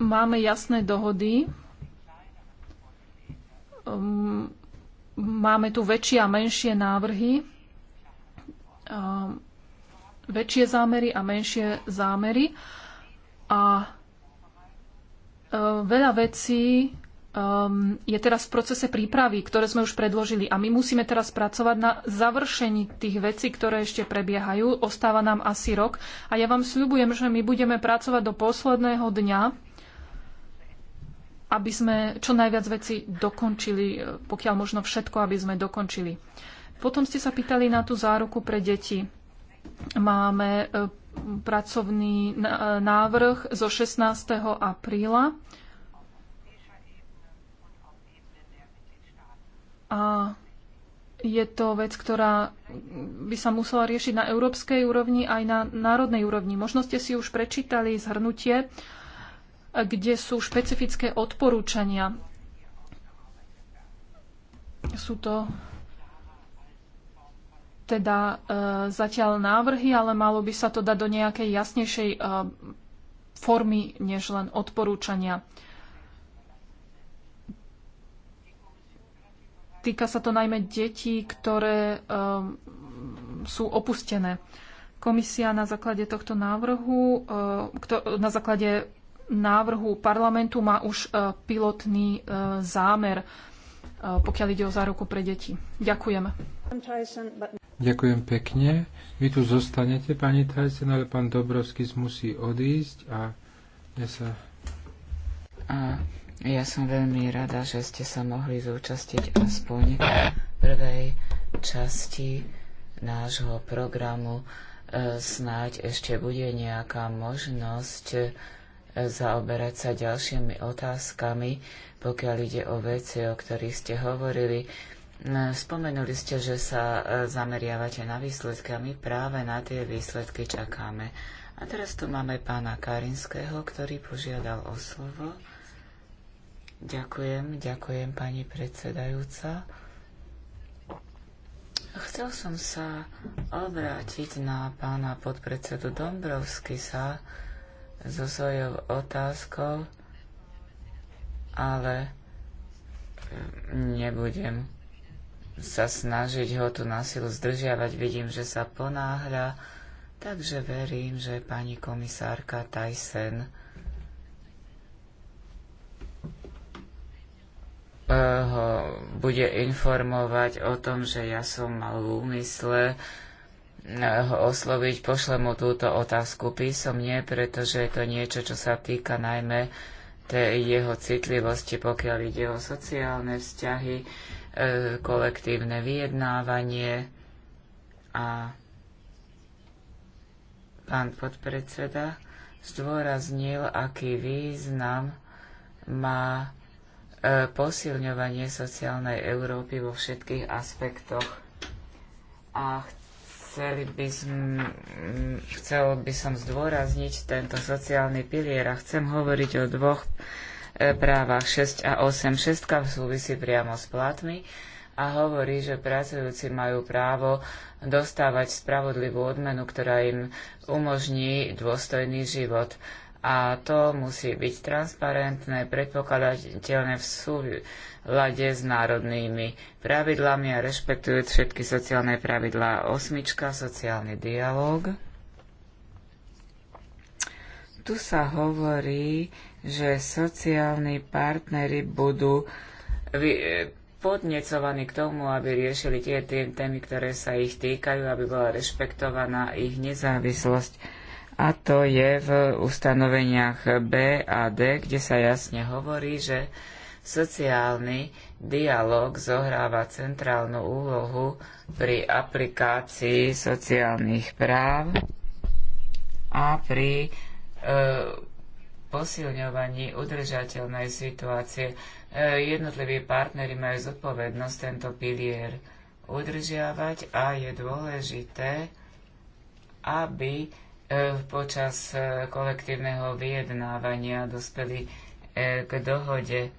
máme jasné dohody. Ehm, máme tu väčšie a menšie návrhy. Ehm, väčšie zámery a menšie zámery. A veľa vecí um, je teraz v procese prípravy, ktoré sme už predložili. A my musíme teraz pracovať na završení tých vecí, ktoré ešte prebiehajú. Ostáva nám asi rok. A ja vám sľubujem, že my budeme pracovať do posledného dňa, aby sme čo najviac veci dokončili, e, pokiaľ možno všetko, aby sme dokončili. Potom ste sa pýtali na tú záruku pre deti. Máme e, pracovný e, návrh zo 16. apríla A je to vec, ktorá by sa musela riešiť na európskej úrovni aj na národnej úrovni. Možno ste si už prečítali zhrnutie, kde sú špecifické odporúčania. Sú to teda e, zatiaľ návrhy, ale malo by sa to dať do nejakej jasnejšej e, formy než len odporúčania. E, Týka sa to najmä detí, ktoré um, sú opustené. Komisia na základe tohto návrhu, ehm, na základe návrhu parlamentu má už e, pilotný e, zámer, e, pokiaľ ide o záruku pre deti. Ďakujem. Ďakujem pekne. Vy tu zostanete, pani Tyson, ale pán Dobrovský musí odísť a ja sa... A ja som veľmi rada, že ste sa mohli zúčastiť aspoň prvej časti nášho programu. E, snáď ešte bude nejaká možnosť e, zaoberať sa ďalšími otázkami, pokiaľ ide o veci, o ktorých ste hovorili. E, spomenuli ste, že sa zameriavate na výsledky a my práve na tie výsledky čakáme. A teraz tu máme pána Karinského, ktorý požiadal o slovo. Ďakujem, ďakujem pani predsedajúca. Chcel som sa obrátiť na pána podpredsedu Dombrovskisa so svojou otázkou, ale nebudem sa snažiť ho tu na silu zdržiavať. Vidím, že sa ponáhľa, takže verím, že pani komisárka Tyson ho bude informovať o tom, že ja som mal v úmysle eh, ho osloviť, pošlem mu túto otázku písomne, pretože je to niečo, čo sa týka najmä tej jeho citlivosti, pokiaľ ide o sociálne vzťahy, e, kolektívne vyjednávanie a pán podpredseda zdôraznil, aký význam má E, posilňovanie sociálnej Európy vo všetkých aspektoch. A chceli by som, mm, chcel by som zdôrazniť tento sociálny pilier a chcem hovoriť o dvoch e, právach 6 a 8. 6 súvisí priamo s platmi a hovorí, že pracujúci majú právo dostávať spravodlivú odmenu, ktorá im umožní dôstojný život a to musí byť transparentné, predpokladateľné v súlade s národnými pravidlami a rešpektujúc všetky sociálne pravidlá. Osmička, sociálny dialog. Tu sa hovorí, že sociálni partnery budú e, podnecovaní k tomu, aby riešili tie témy, ktoré sa ich týkajú, aby bola rešpektovaná ich nezávislosť a to je v ustanoveniach B a D, kde sa jasne hovorí, že sociálny dialog zohráva centrálnu úlohu pri aplikácii sociálnych práv a pri e, posilňovaní udržateľnej situácie. E, jednotliví partnery majú zodpovednosť tento pilier udržiavať a je dôležité, aby E, počas e, kolektívneho vyjednávania dospeli e, k dohode.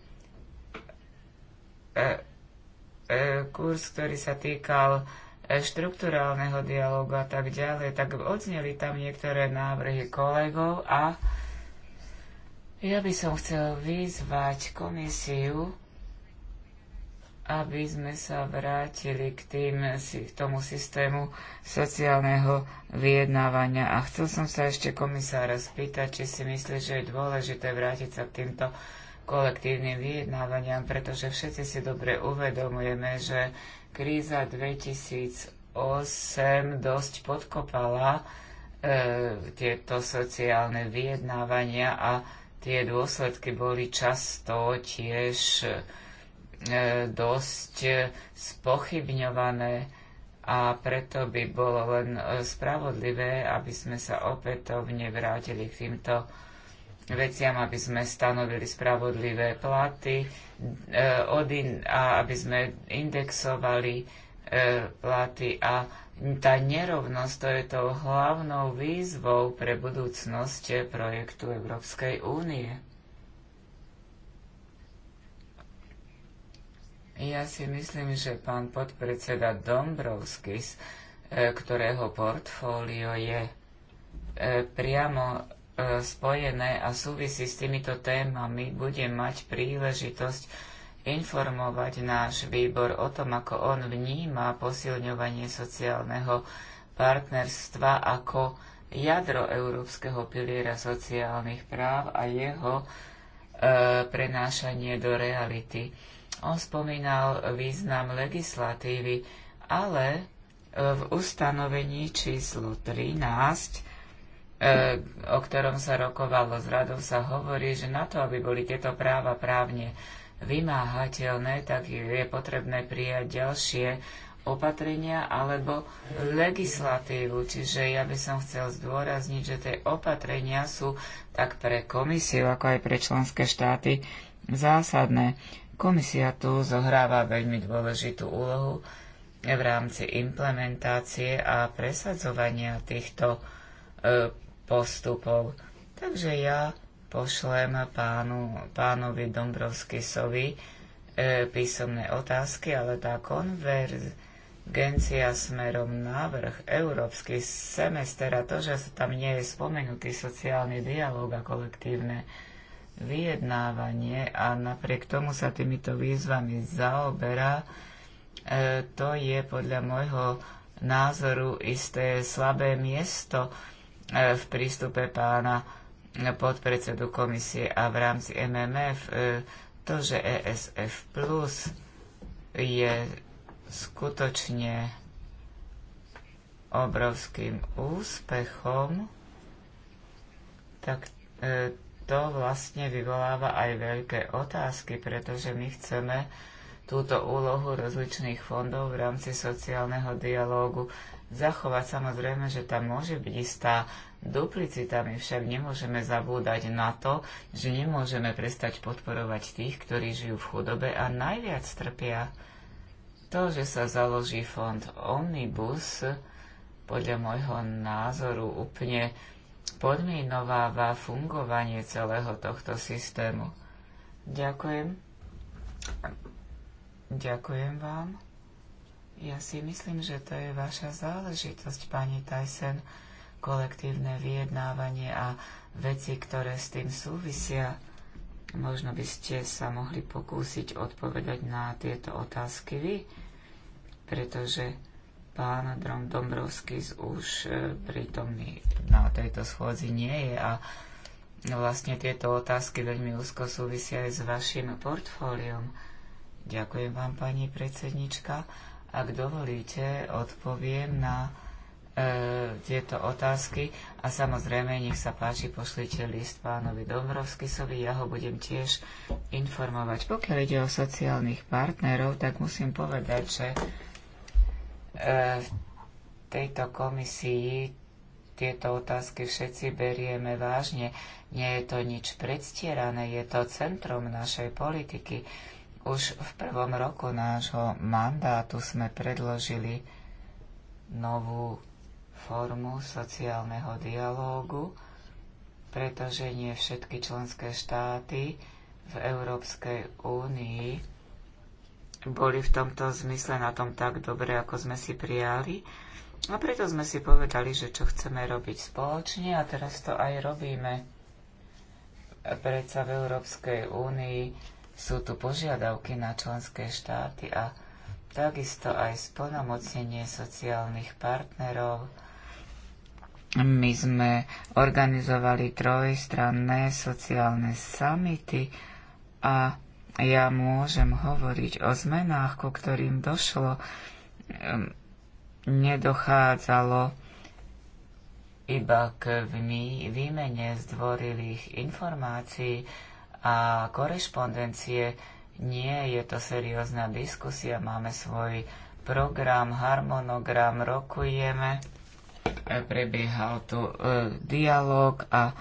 Kurs, ktorý sa týkal štruktúrálneho dialogu a tak ďalej, tak odzneli tam niektoré návrhy kolegov a ja by som chcel vyzvať komisiu, aby sme sa vrátili k, tým, k tomu systému sociálneho vyjednávania. A chcel som sa ešte komisára spýtať, či si myslí, že je dôležité vrátiť sa k týmto kolektívnym vyjednávaniam, pretože všetci si dobre uvedomujeme, že kríza 2008 dosť podkopala e, tieto sociálne vyjednávania a tie dôsledky boli často tiež e, E, dosť e, spochybňované a preto by bolo len e, spravodlivé, aby sme sa opätovne vrátili k týmto veciam, aby sme stanovili spravodlivé platy a aby sme indexovali platy a tá nerovnosť to je tou hlavnou výzvou pre budúcnosť projektu Európskej únie. Ja si myslím, že pán podpredseda Dombrovskis, e, ktorého portfólio je e, priamo e, spojené a súvisí s týmito témami, bude mať príležitosť informovať náš výbor o tom, ako on vníma posilňovanie sociálneho partnerstva ako jadro Európskeho piliera sociálnych práv a jeho e, prenášanie do reality. On spomínal význam legislatívy, ale e, v ustanovení číslo 13 e, o ktorom sa rokovalo s radou, sa hovorí, že na to, aby boli tieto práva právne vymáhateľné, tak je potrebné prijať ďalšie opatrenia alebo legislatívu. Čiže ja by som chcel zdôrazniť, že tie opatrenia sú tak pre komisiu, ako aj pre členské štáty zásadné. Komisia tu zohráva veľmi dôležitú úlohu v rámci implementácie a presadzovania týchto e, postupov. Takže ja pošlem pánu, pánovi Dombrovskisovi e, písomné otázky, ale tá konvergencia smerom návrh európsky semester a to, že tam nie je spomenutý sociálny dialog a kolektívne vyjednávanie a napriek tomu sa týmito výzvami zaoberá, e, to je podľa môjho názoru isté slabé miesto e, v prístupe pána podpredsedu komisie a v rámci MMF e, to, že ESF Plus je skutočne obrovským úspechom, tak e, to vlastne vyvoláva aj veľké otázky, pretože my chceme túto úlohu rozličných fondov v rámci sociálneho dialógu zachovať. Samozrejme, že tam môže byť istá duplicita, my však nemôžeme zabúdať na to, že nemôžeme prestať podporovať tých, ktorí žijú v chudobe a najviac trpia. To, že sa založí fond Omnibus, podľa môjho názoru úplne podmienováva fungovanie celého tohto systému. Ďakujem. Ďakujem vám. Ja si myslím, že to je vaša záležitosť, pani Tyson, kolektívne vyjednávanie a veci, ktoré s tým súvisia. Možno by ste sa mohli pokúsiť odpovedať na tieto otázky vy, pretože Pán Drom Dombrovský už e, prítomný na tejto schôdzi nie je a vlastne tieto otázky veľmi úzko súvisia aj s vašim portfóliom. Ďakujem vám, pani predsednička. Ak dovolíte, odpoviem na e, tieto otázky a samozrejme, nech sa páči, pošlite list pánovi Dombrovskisovi, ja ho budem tiež informovať. Pokiaľ ide o sociálnych partnerov, tak musím povedať, že E, v tejto komisii tieto otázky všetci berieme vážne. Nie je to nič predstierané, je to centrom našej politiky. Už v prvom roku nášho mandátu sme predložili novú formu sociálneho dialógu, pretože nie všetky členské štáty v Európskej únii boli v tomto zmysle na tom tak dobre, ako sme si prijali. A preto sme si povedali, že čo chceme robiť spoločne a teraz to aj robíme. Predsa v Európskej únii sú tu požiadavky na členské štáty a takisto aj splnomocnenie sociálnych partnerov. My sme organizovali trojstranné sociálne samity a ja môžem hovoriť o zmenách, ku ktorým došlo. Nedochádzalo iba k výmene zdvorilých informácií a korešpondencie. Nie, je to seriózna diskusia, máme svoj program, harmonogram, rokujeme. E, prebiehal tu e, dialog a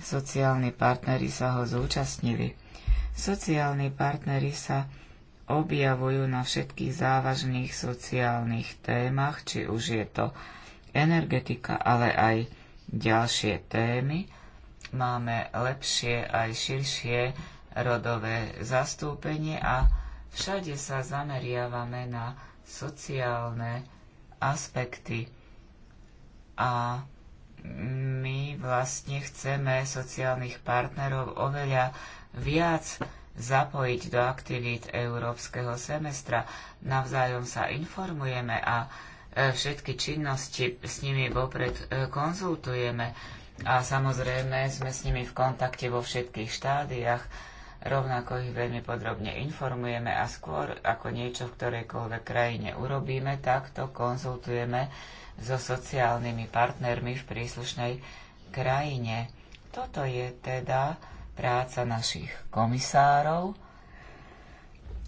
sociálni partneri sa ho zúčastnili. Sociálni partnery sa objavujú na všetkých závažných sociálnych témach, či už je to energetika, ale aj ďalšie témy. Máme lepšie aj širšie rodové zastúpenie a všade sa zameriavame na sociálne aspekty. A my vlastne chceme sociálnych partnerov oveľa viac zapojiť do aktivít európskeho semestra. Navzájom sa informujeme a e, všetky činnosti s nimi vopred e, konzultujeme a samozrejme sme s nimi v kontakte vo všetkých štádiách, rovnako ich veľmi podrobne informujeme a skôr ako niečo v ktorejkoľvek krajine urobíme, takto konzultujeme so sociálnymi partnermi v príslušnej krajine. Toto je teda práca našich komisárov.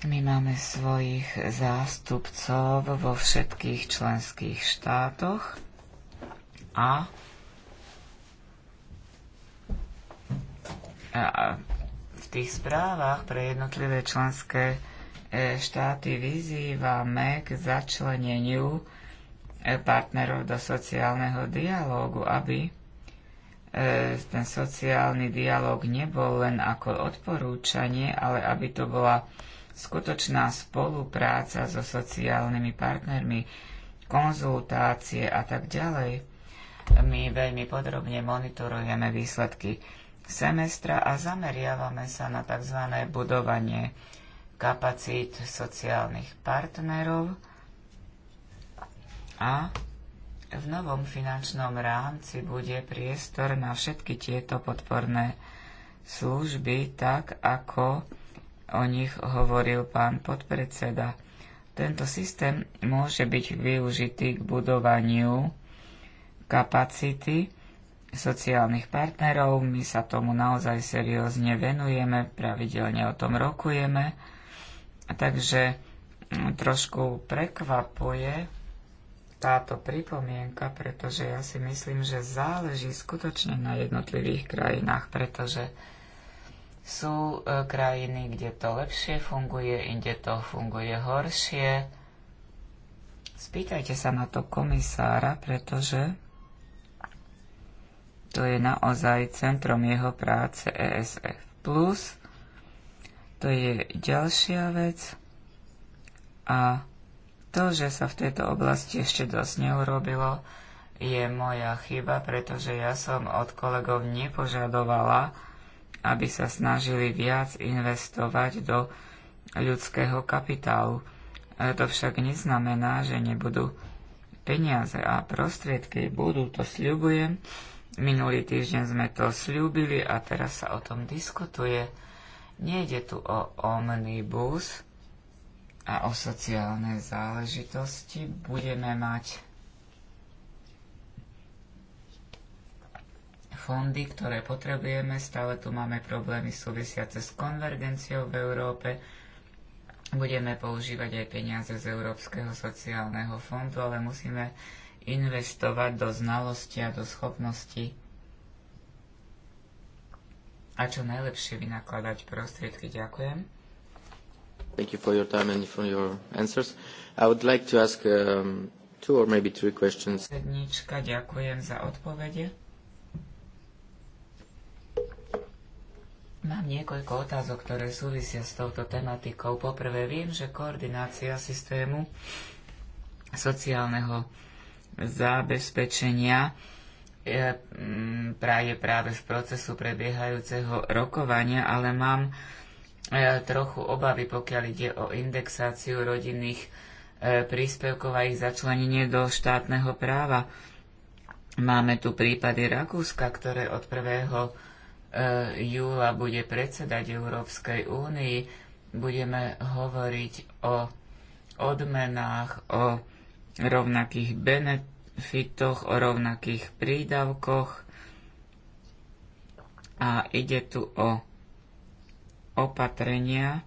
My máme svojich zástupcov vo všetkých členských štátoch a, a v tých správach pre jednotlivé členské e, štáty vyzývame k začleneniu e, partnerov do sociálneho dialógu, aby E, ten sociálny dialog nebol len ako odporúčanie, ale aby to bola skutočná spolupráca so sociálnymi partnermi, konzultácie a tak ďalej. My veľmi podrobne monitorujeme výsledky semestra a zameriavame sa na tzv. budovanie kapacít sociálnych partnerov a v novom finančnom rámci bude priestor na všetky tieto podporné služby, tak ako o nich hovoril pán podpredseda. Tento systém môže byť využitý k budovaniu kapacity sociálnych partnerov. My sa tomu naozaj seriózne venujeme, pravidelne o tom rokujeme. Takže mm, trošku prekvapuje, táto pripomienka, pretože ja si myslím, že záleží skutočne na jednotlivých krajinách, pretože sú e, krajiny, kde to lepšie funguje, inde to funguje horšie. Spýtajte sa na to komisára, pretože to je naozaj centrom jeho práce ESF. Plus, to je ďalšia vec a to, že sa v tejto oblasti ešte dosť neurobilo, je moja chyba, pretože ja som od kolegov nepožadovala, aby sa snažili viac investovať do ľudského kapitálu. To však neznamená, že nebudú peniaze a prostriedky. Budú, to sľubujem. Minulý týždeň sme to sľúbili a teraz sa o tom diskutuje. Nejde tu o omnibus, a o sociálne záležitosti budeme mať fondy, ktoré potrebujeme. Stále tu máme problémy súvisiace s konvergenciou v Európe. Budeme používať aj peniaze z Európskeho sociálneho fondu, ale musíme investovať do znalosti a do schopnosti a čo najlepšie vynakladať prostriedky. Ďakujem. Thank you for your time and for your answers. I would like to ask um, two or maybe three questions. ďakujem za odpovede. Mám niekoľko otázok, ktoré súvisia s touto tematikou. Poprvé, viem, že koordinácia systému sociálneho zabezpečenia e, je práve v procesu prebiehajúceho rokovania, ale mám E, trochu obavy, pokiaľ ide o indexáciu rodinných e, príspevkov a ich začlenenie do štátneho práva. Máme tu prípady Rakúska, ktoré od 1. E, júla bude predsedať Európskej únii. Budeme hovoriť o odmenách, o rovnakých benefitoch, o rovnakých prídavkoch a ide tu o opatrenia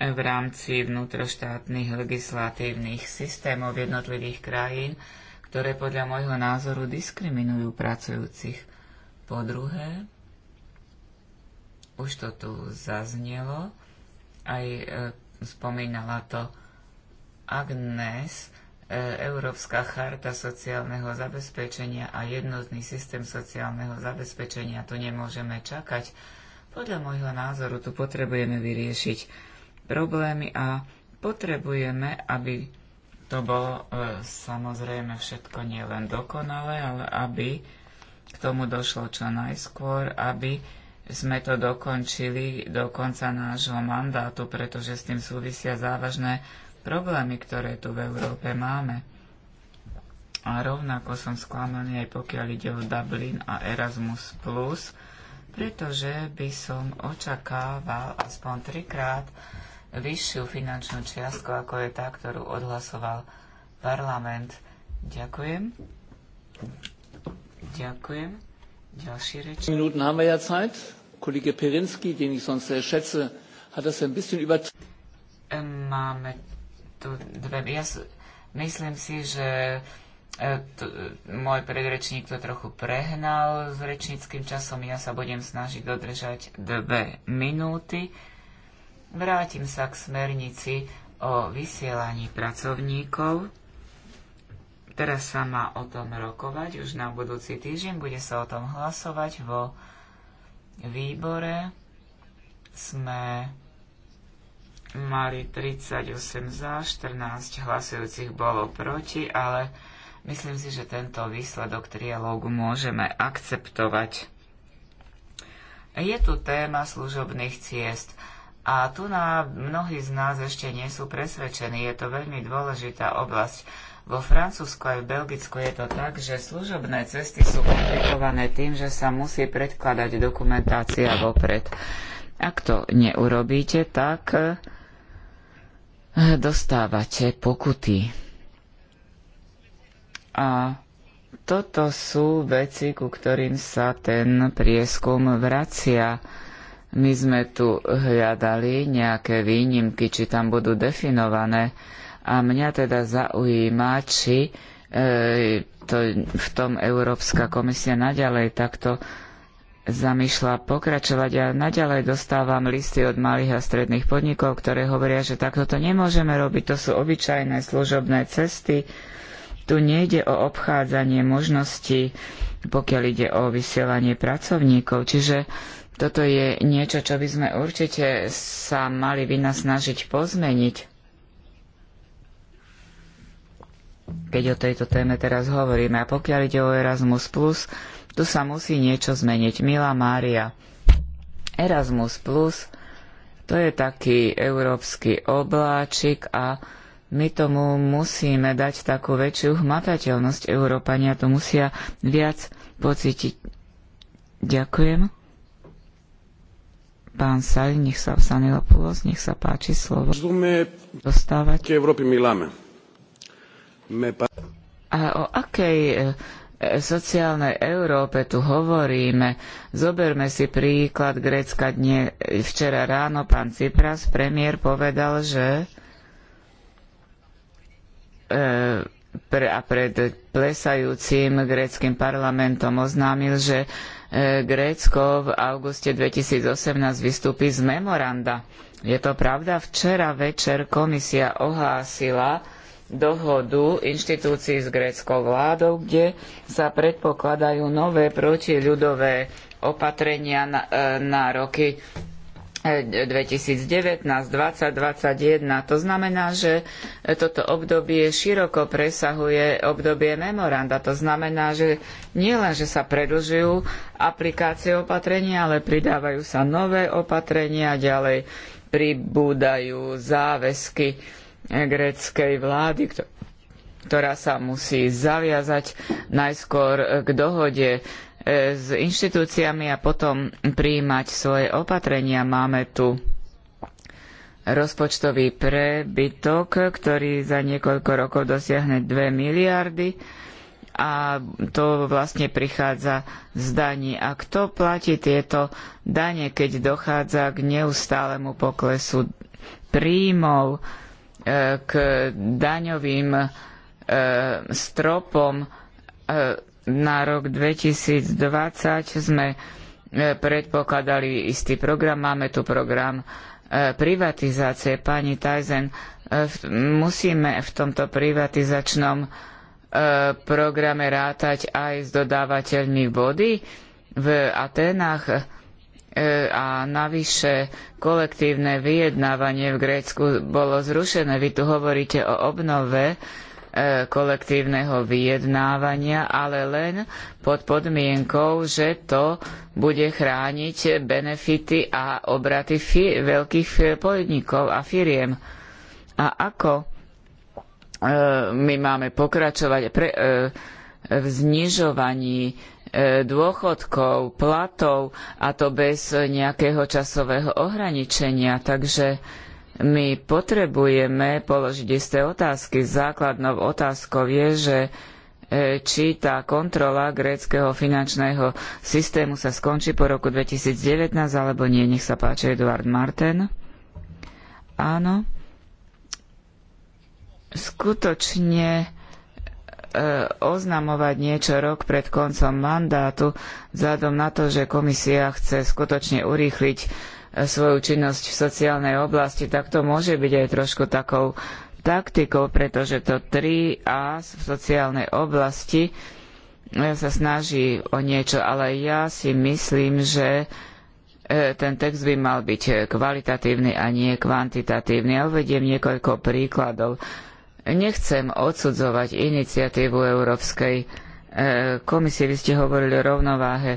v rámci vnútroštátnych legislatívnych systémov jednotlivých krajín, ktoré podľa môjho názoru diskriminujú pracujúcich. Po druhé, už to tu zaznelo, aj e, spomínala to Agnes, e, Európska charta sociálneho zabezpečenia a jednotný systém sociálneho zabezpečenia. Tu nemôžeme čakať podľa môjho názoru tu potrebujeme vyriešiť problémy a potrebujeme, aby to bolo e, samozrejme všetko nielen dokonalé, ale aby k tomu došlo čo najskôr, aby sme to dokončili do konca nášho mandátu, pretože s tým súvisia závažné problémy, ktoré tu v Európe máme. A rovnako som sklamaný aj pokiaľ ide o Dublin a Erasmus+, pretože by som očakával aspoň trikrát vyššiu finančnú čiastku, ako je tá, ktorú odhlasoval parlament. Ďakujem. Ďakujem. Ďalší reč. Minuten máme ja Zeit. Kollege Perinsky, den ich sonst sehr schätze, hat das ein bisschen über... Máme tu dve... Ja myslím si, že E, e, môj predrečník to trochu prehnal s rečníckým časom. Ja sa budem snažiť dodržať dve minúty. Vrátim sa k smernici o vysielaní pracovníkov. Teraz sa má o tom rokovať, už na budúci týždeň bude sa o tom hlasovať vo výbore. Sme mali 38 za, 14 hlasujúcich bolo proti, ale Myslím si, že tento výsledok trialógu môžeme akceptovať. Je tu téma služobných ciest a tu na mnohí z nás ešte nie sú presvedčení. Je to veľmi dôležitá oblasť. Vo Francúzsku aj v Belgicku je to tak, že služobné cesty sú komplikované tým, že sa musí predkladať dokumentácia vopred. Ak to neurobíte, tak eh, dostávate pokuty. A toto sú veci, ku ktorým sa ten prieskum vracia. My sme tu hľadali nejaké výnimky, či tam budú definované. A mňa teda zaujíma, či e, to, v tom Európska komisia naďalej takto zamýšľa pokračovať. Ja naďalej dostávam listy od malých a stredných podnikov, ktoré hovoria, že takto to nemôžeme robiť. To sú obyčajné služobné cesty tu nejde o obchádzanie možností, pokiaľ ide o vysielanie pracovníkov, čiže toto je niečo, čo by sme určite sa mali vynasnažiť pozmeniť. Keď o tejto téme teraz hovoríme. A pokiaľ ide o Erasmus+, plus, tu sa musí niečo zmeniť. Milá Mária, Erasmus+, Plus, to je taký európsky obláčik a my tomu musíme dať takú väčšiu hmatateľnosť. Európania to musia viac pocítiť. Ďakujem. Pán Sali, nech sa Sanilopulos, nech sa páči slovo. Dostávať. Európy miláme. A o akej e, e, sociálnej Európe tu hovoríme. Zoberme si príklad Grécka dne. E, včera ráno pán Cipras, premiér, povedal, že pre a pred plesajúcim gréckym parlamentom oznámil, že e, Grécko v auguste 2018 vystúpi z memoranda. Je to pravda? Včera večer komisia ohlásila dohodu inštitúcií s gréckou vládou, kde sa predpokladajú nové protiľudové opatrenia na, e, na roky 2019, 2021 To znamená, že toto obdobie široko presahuje obdobie memoranda. To znamená, že nielen, že sa predlžujú aplikácie opatrenia, ale pridávajú sa nové opatrenia, ďalej pribúdajú záväzky gréckej vlády, ktorá sa musí zaviazať najskôr k dohode E, s inštitúciami a potom prijímať svoje opatrenia. Máme tu rozpočtový prebytok, ktorý za niekoľko rokov dosiahne 2 miliardy a to vlastne prichádza z daní. A kto platí tieto dane, keď dochádza k neustálemu poklesu príjmov, e, k daňovým e, stropom na rok 2020 sme e, predpokladali istý program, máme tu program e, privatizácie. Pani Tyson, e, musíme v tomto privatizačnom programe rátať aj s dodávateľmi vody v Atenách a navyše kolektívne vyjednávanie v Grécku bolo zrušené. Vy tu hovoríte o obnove E, kolektívneho vyjednávania, ale len pod podmienkou, že to bude chrániť benefity a obraty veľkých podnikov a firiem. A ako e, my máme pokračovať pre, e, v znižovaní dôchodkov, platov a to bez nejakého časového ohraničenia. Takže my potrebujeme položiť isté otázky. Základnou otázkou je, že e, či tá kontrola gréckeho finančného systému sa skončí po roku 2019 alebo nie. Nech sa páči, Eduard Martin. Áno. Skutočne e, oznamovať niečo rok pred koncom mandátu vzhľadom na to, že komisia chce skutočne urýchliť svoju činnosť v sociálnej oblasti, tak to môže byť aj trošku takou taktikou, pretože to 3A v sociálnej oblasti e, sa snaží o niečo, ale ja si myslím, že e, ten text by mal byť e, kvalitatívny a nie kvantitatívny. Ja uvediem niekoľko príkladov. Nechcem odsudzovať iniciatívu Európskej komisie. Vy ste hovorili o rovnováhe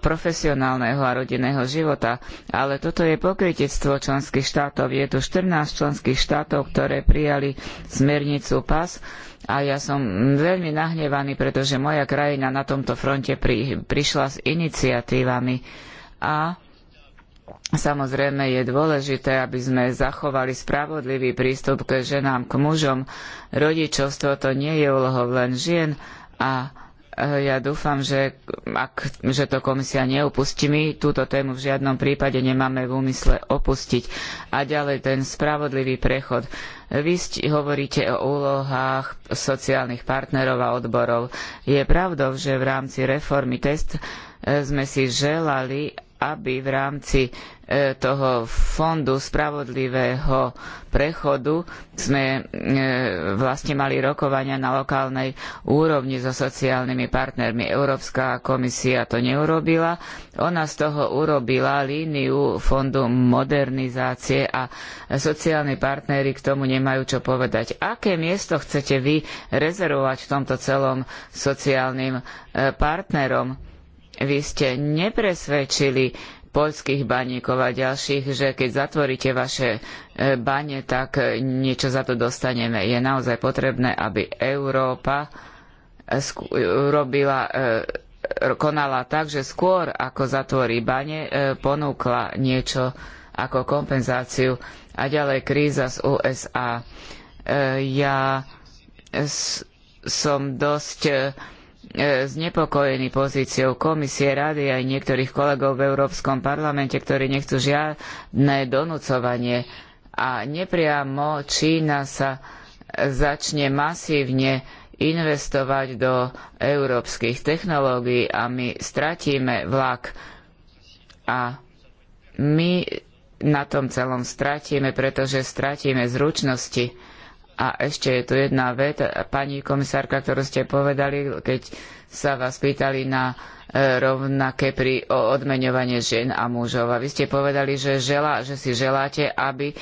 profesionálneho a rodinného života. Ale toto je pokrytectvo členských štátov. Je tu 14 členských štátov, ktoré prijali smernicu PAS a ja som veľmi nahnevaný, pretože moja krajina na tomto fronte pri, prišla s iniciatívami a Samozrejme je dôležité, aby sme zachovali spravodlivý prístup k ženám, k mužom. Rodičovstvo to nie je úlohou len žien a Eh, ja dúfam, že, ak, že to komisia neopustí. My túto tému v žiadnom prípade nemáme v úmysle opustiť. A ďalej ten spravodlivý prechod. Vy hovoríte o úlohách sociálnych partnerov a odborov. Je pravdou, že v rámci reformy test eh, sme si želali, aby v rámci e, toho fondu spravodlivého prechodu sme e, vlastne mali rokovania na lokálnej úrovni so sociálnymi partnermi. Európska komisia to neurobila. Ona z toho urobila líniu fondu modernizácie a sociálni partnery k tomu nemajú čo povedať. Aké miesto chcete vy rezervovať v tomto celom sociálnym e, partnerom? Vy ste nepresvedčili poľských baníkov a ďalších, že keď zatvoríte vaše e, bane, tak niečo za to dostaneme. Je naozaj potrebné, aby Európa robila, e, konala tak, že skôr ako zatvorí bane, e, ponúkla niečo ako kompenzáciu a ďalej kríza z USA. Ja som dosť E, znepokojení pozíciou komisie, rady aj niektorých kolegov v Európskom parlamente, ktorí nechcú žiadne donúcovanie. A nepriamo Čína sa začne masívne investovať do európskych technológií a my stratíme vlak. A my na tom celom stratíme, pretože stratíme zručnosti a ešte je tu jedna vec, pani komisárka, ktorú ste povedali, keď sa vás pýtali na e, rovnaké pri odmeňovanie žien a mužov. A vy ste povedali, že, že si želáte, aby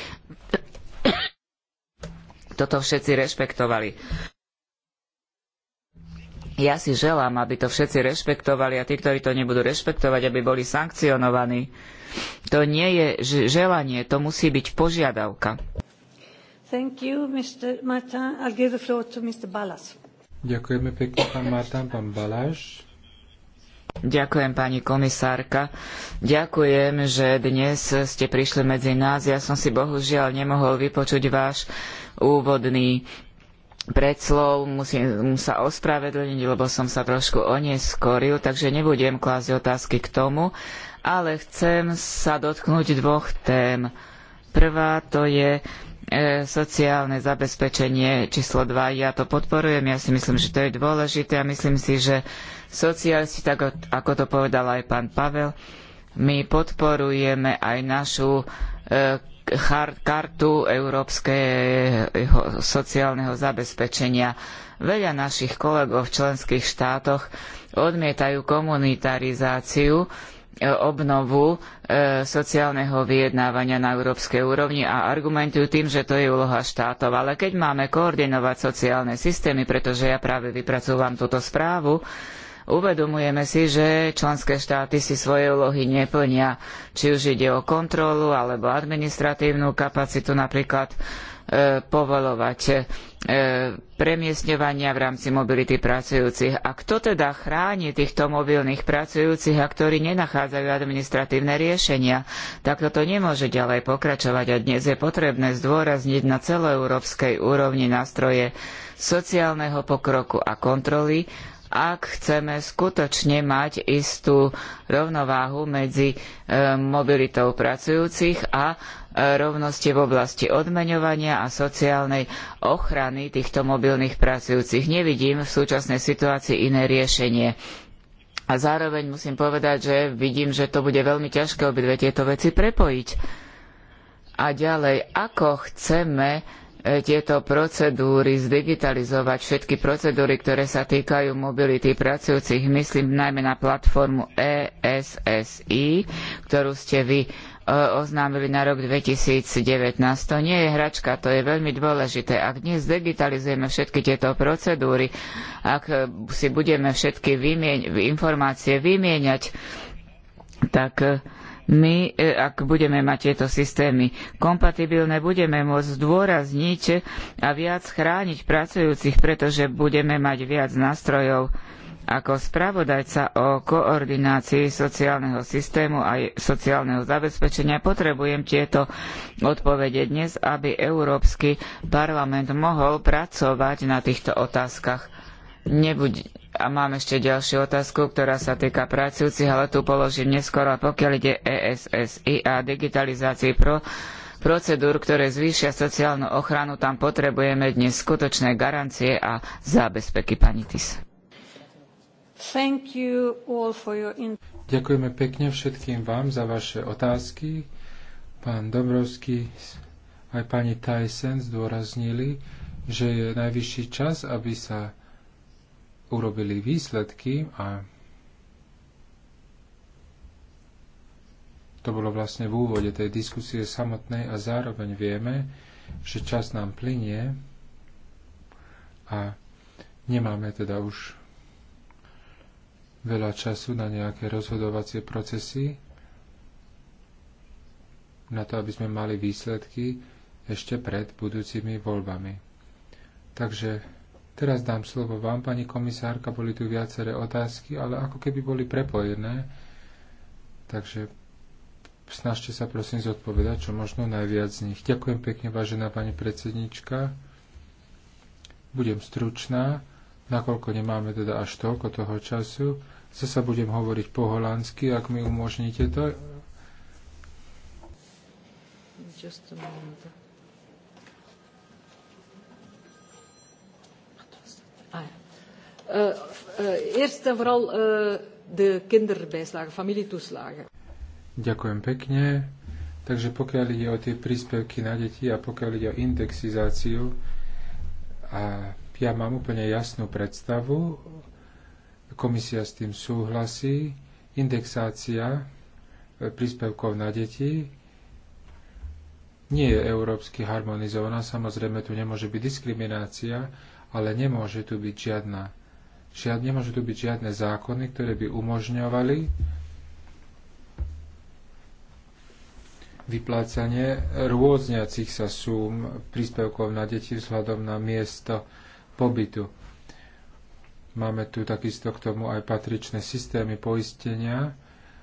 toto všetci rešpektovali. Ja si želám, aby to všetci rešpektovali a tí, ktorí to nebudú rešpektovať, aby boli sankcionovaní. To nie je želanie, to musí byť požiadavka. Thank you, Mr. Martin. I'll give the floor to Mr. Ďakujeme pekne, pán Martin, pán Ďakujem, pani komisárka. Ďakujem, že dnes ste prišli medzi nás. Ja som si bohužiaľ nemohol vypočuť váš úvodný predslov. Musím sa ospravedlniť, lebo som sa trošku oneskoril, takže nebudem klásť otázky k tomu, ale chcem sa dotknúť dvoch tém. Prvá to je E, sociálne zabezpečenie číslo 2. Ja to podporujem, ja si myslím, že to je dôležité a myslím si, že socialisti, tak ako to povedal aj pán Pavel, my podporujeme aj našu e, kartu európskeho sociálneho zabezpečenia. Veľa našich kolegov v členských štátoch odmietajú komunitarizáciu, obnovu e, sociálneho vyjednávania na európskej úrovni a argumentujú tým, že to je úloha štátov. Ale keď máme koordinovať sociálne systémy, pretože ja práve vypracúvam túto správu, uvedomujeme si, že členské štáty si svoje úlohy neplnia, či už ide o kontrolu alebo administratívnu kapacitu napríklad povolovať e, premiestňovania v rámci mobility pracujúcich. A kto teda chráni týchto mobilných pracujúcich a ktorí nenachádzajú administratívne riešenia? Tak toto nemôže ďalej pokračovať a dnes je potrebné zdôrazniť na celoeurópskej úrovni nástroje sociálneho pokroku a kontroly, ak chceme skutočne mať istú rovnováhu medzi e, mobilitou pracujúcich a e, rovnosti v oblasti odmeňovania a sociálnej ochrany týchto mobilných pracujúcich. Nevidím v súčasnej situácii iné riešenie. A zároveň musím povedať, že vidím, že to bude veľmi ťažké obidve tieto veci prepojiť. A ďalej, ako chceme tieto procedúry, zdigitalizovať všetky procedúry, ktoré sa týkajú mobility pracujúcich, myslím najmä na platformu ESSI, ktorú ste vy e, oznámili na rok 2019. To nie je hračka, to je veľmi dôležité. Ak dnes digitalizujeme všetky tieto procedúry, ak e, si budeme všetky vymieň, informácie vymieňať, tak e, my, e, ak budeme mať tieto systémy kompatibilné, budeme môcť zdôrazniť a viac chrániť pracujúcich, pretože budeme mať viac nástrojov ako spravodajca o koordinácii sociálneho systému aj sociálneho zabezpečenia potrebujem tieto odpovede dnes, aby Európsky parlament mohol pracovať na týchto otázkach. Nebude, a mám ešte ďalšiu otázku, ktorá sa týka pracujúcich, ale tu položím a Pokiaľ ide ESSI a digitalizácii pro procedúr, ktoré zvýšia sociálnu ochranu, tam potrebujeme dnes skutočné garancie a zábezpeky, pani Tis. You your... Ďakujeme pekne všetkým vám za vaše otázky. Pán Dobrovský aj pani Tyson zdôraznili, že je najvyšší čas, aby sa urobili výsledky a to bolo vlastne v úvode tej diskusie samotnej a zároveň vieme, že čas nám plinie a nemáme teda už veľa času na nejaké rozhodovacie procesy, na to, aby sme mali výsledky ešte pred budúcimi voľbami. Takže Teraz dám slovo vám, pani komisárka, boli tu viaceré otázky, ale ako keby boli prepojené. Takže snažte sa prosím zodpovedať, čo možno najviac z nich. Ďakujem pekne, vážená pani predsednička. Budem stručná, nakoľko nemáme teda až toľko toho času. Zasa budem hovoriť po holandsky, ak mi umožníte to. Just a moment. Eh, eh, eerst en vooral uh, de kinderbijslagen, familietoeslagen. Ďakujem pekne. Takže pokiaľ ide o tie príspevky na deti a pokiaľ ide o indexizáciu, a ja mám úplne jasnú predstavu, komisia s tým súhlasí, indexácia príspevkov na deti nie je európsky harmonizovaná, samozrejme tu nemôže byť diskriminácia, ale nemôže tu byť žiadna žiad, nemôžu tu byť žiadne zákony, ktoré by umožňovali vyplácanie rôzniacich sa súm príspevkov na deti vzhľadom na miesto pobytu. Máme tu takisto k tomu aj patričné systémy poistenia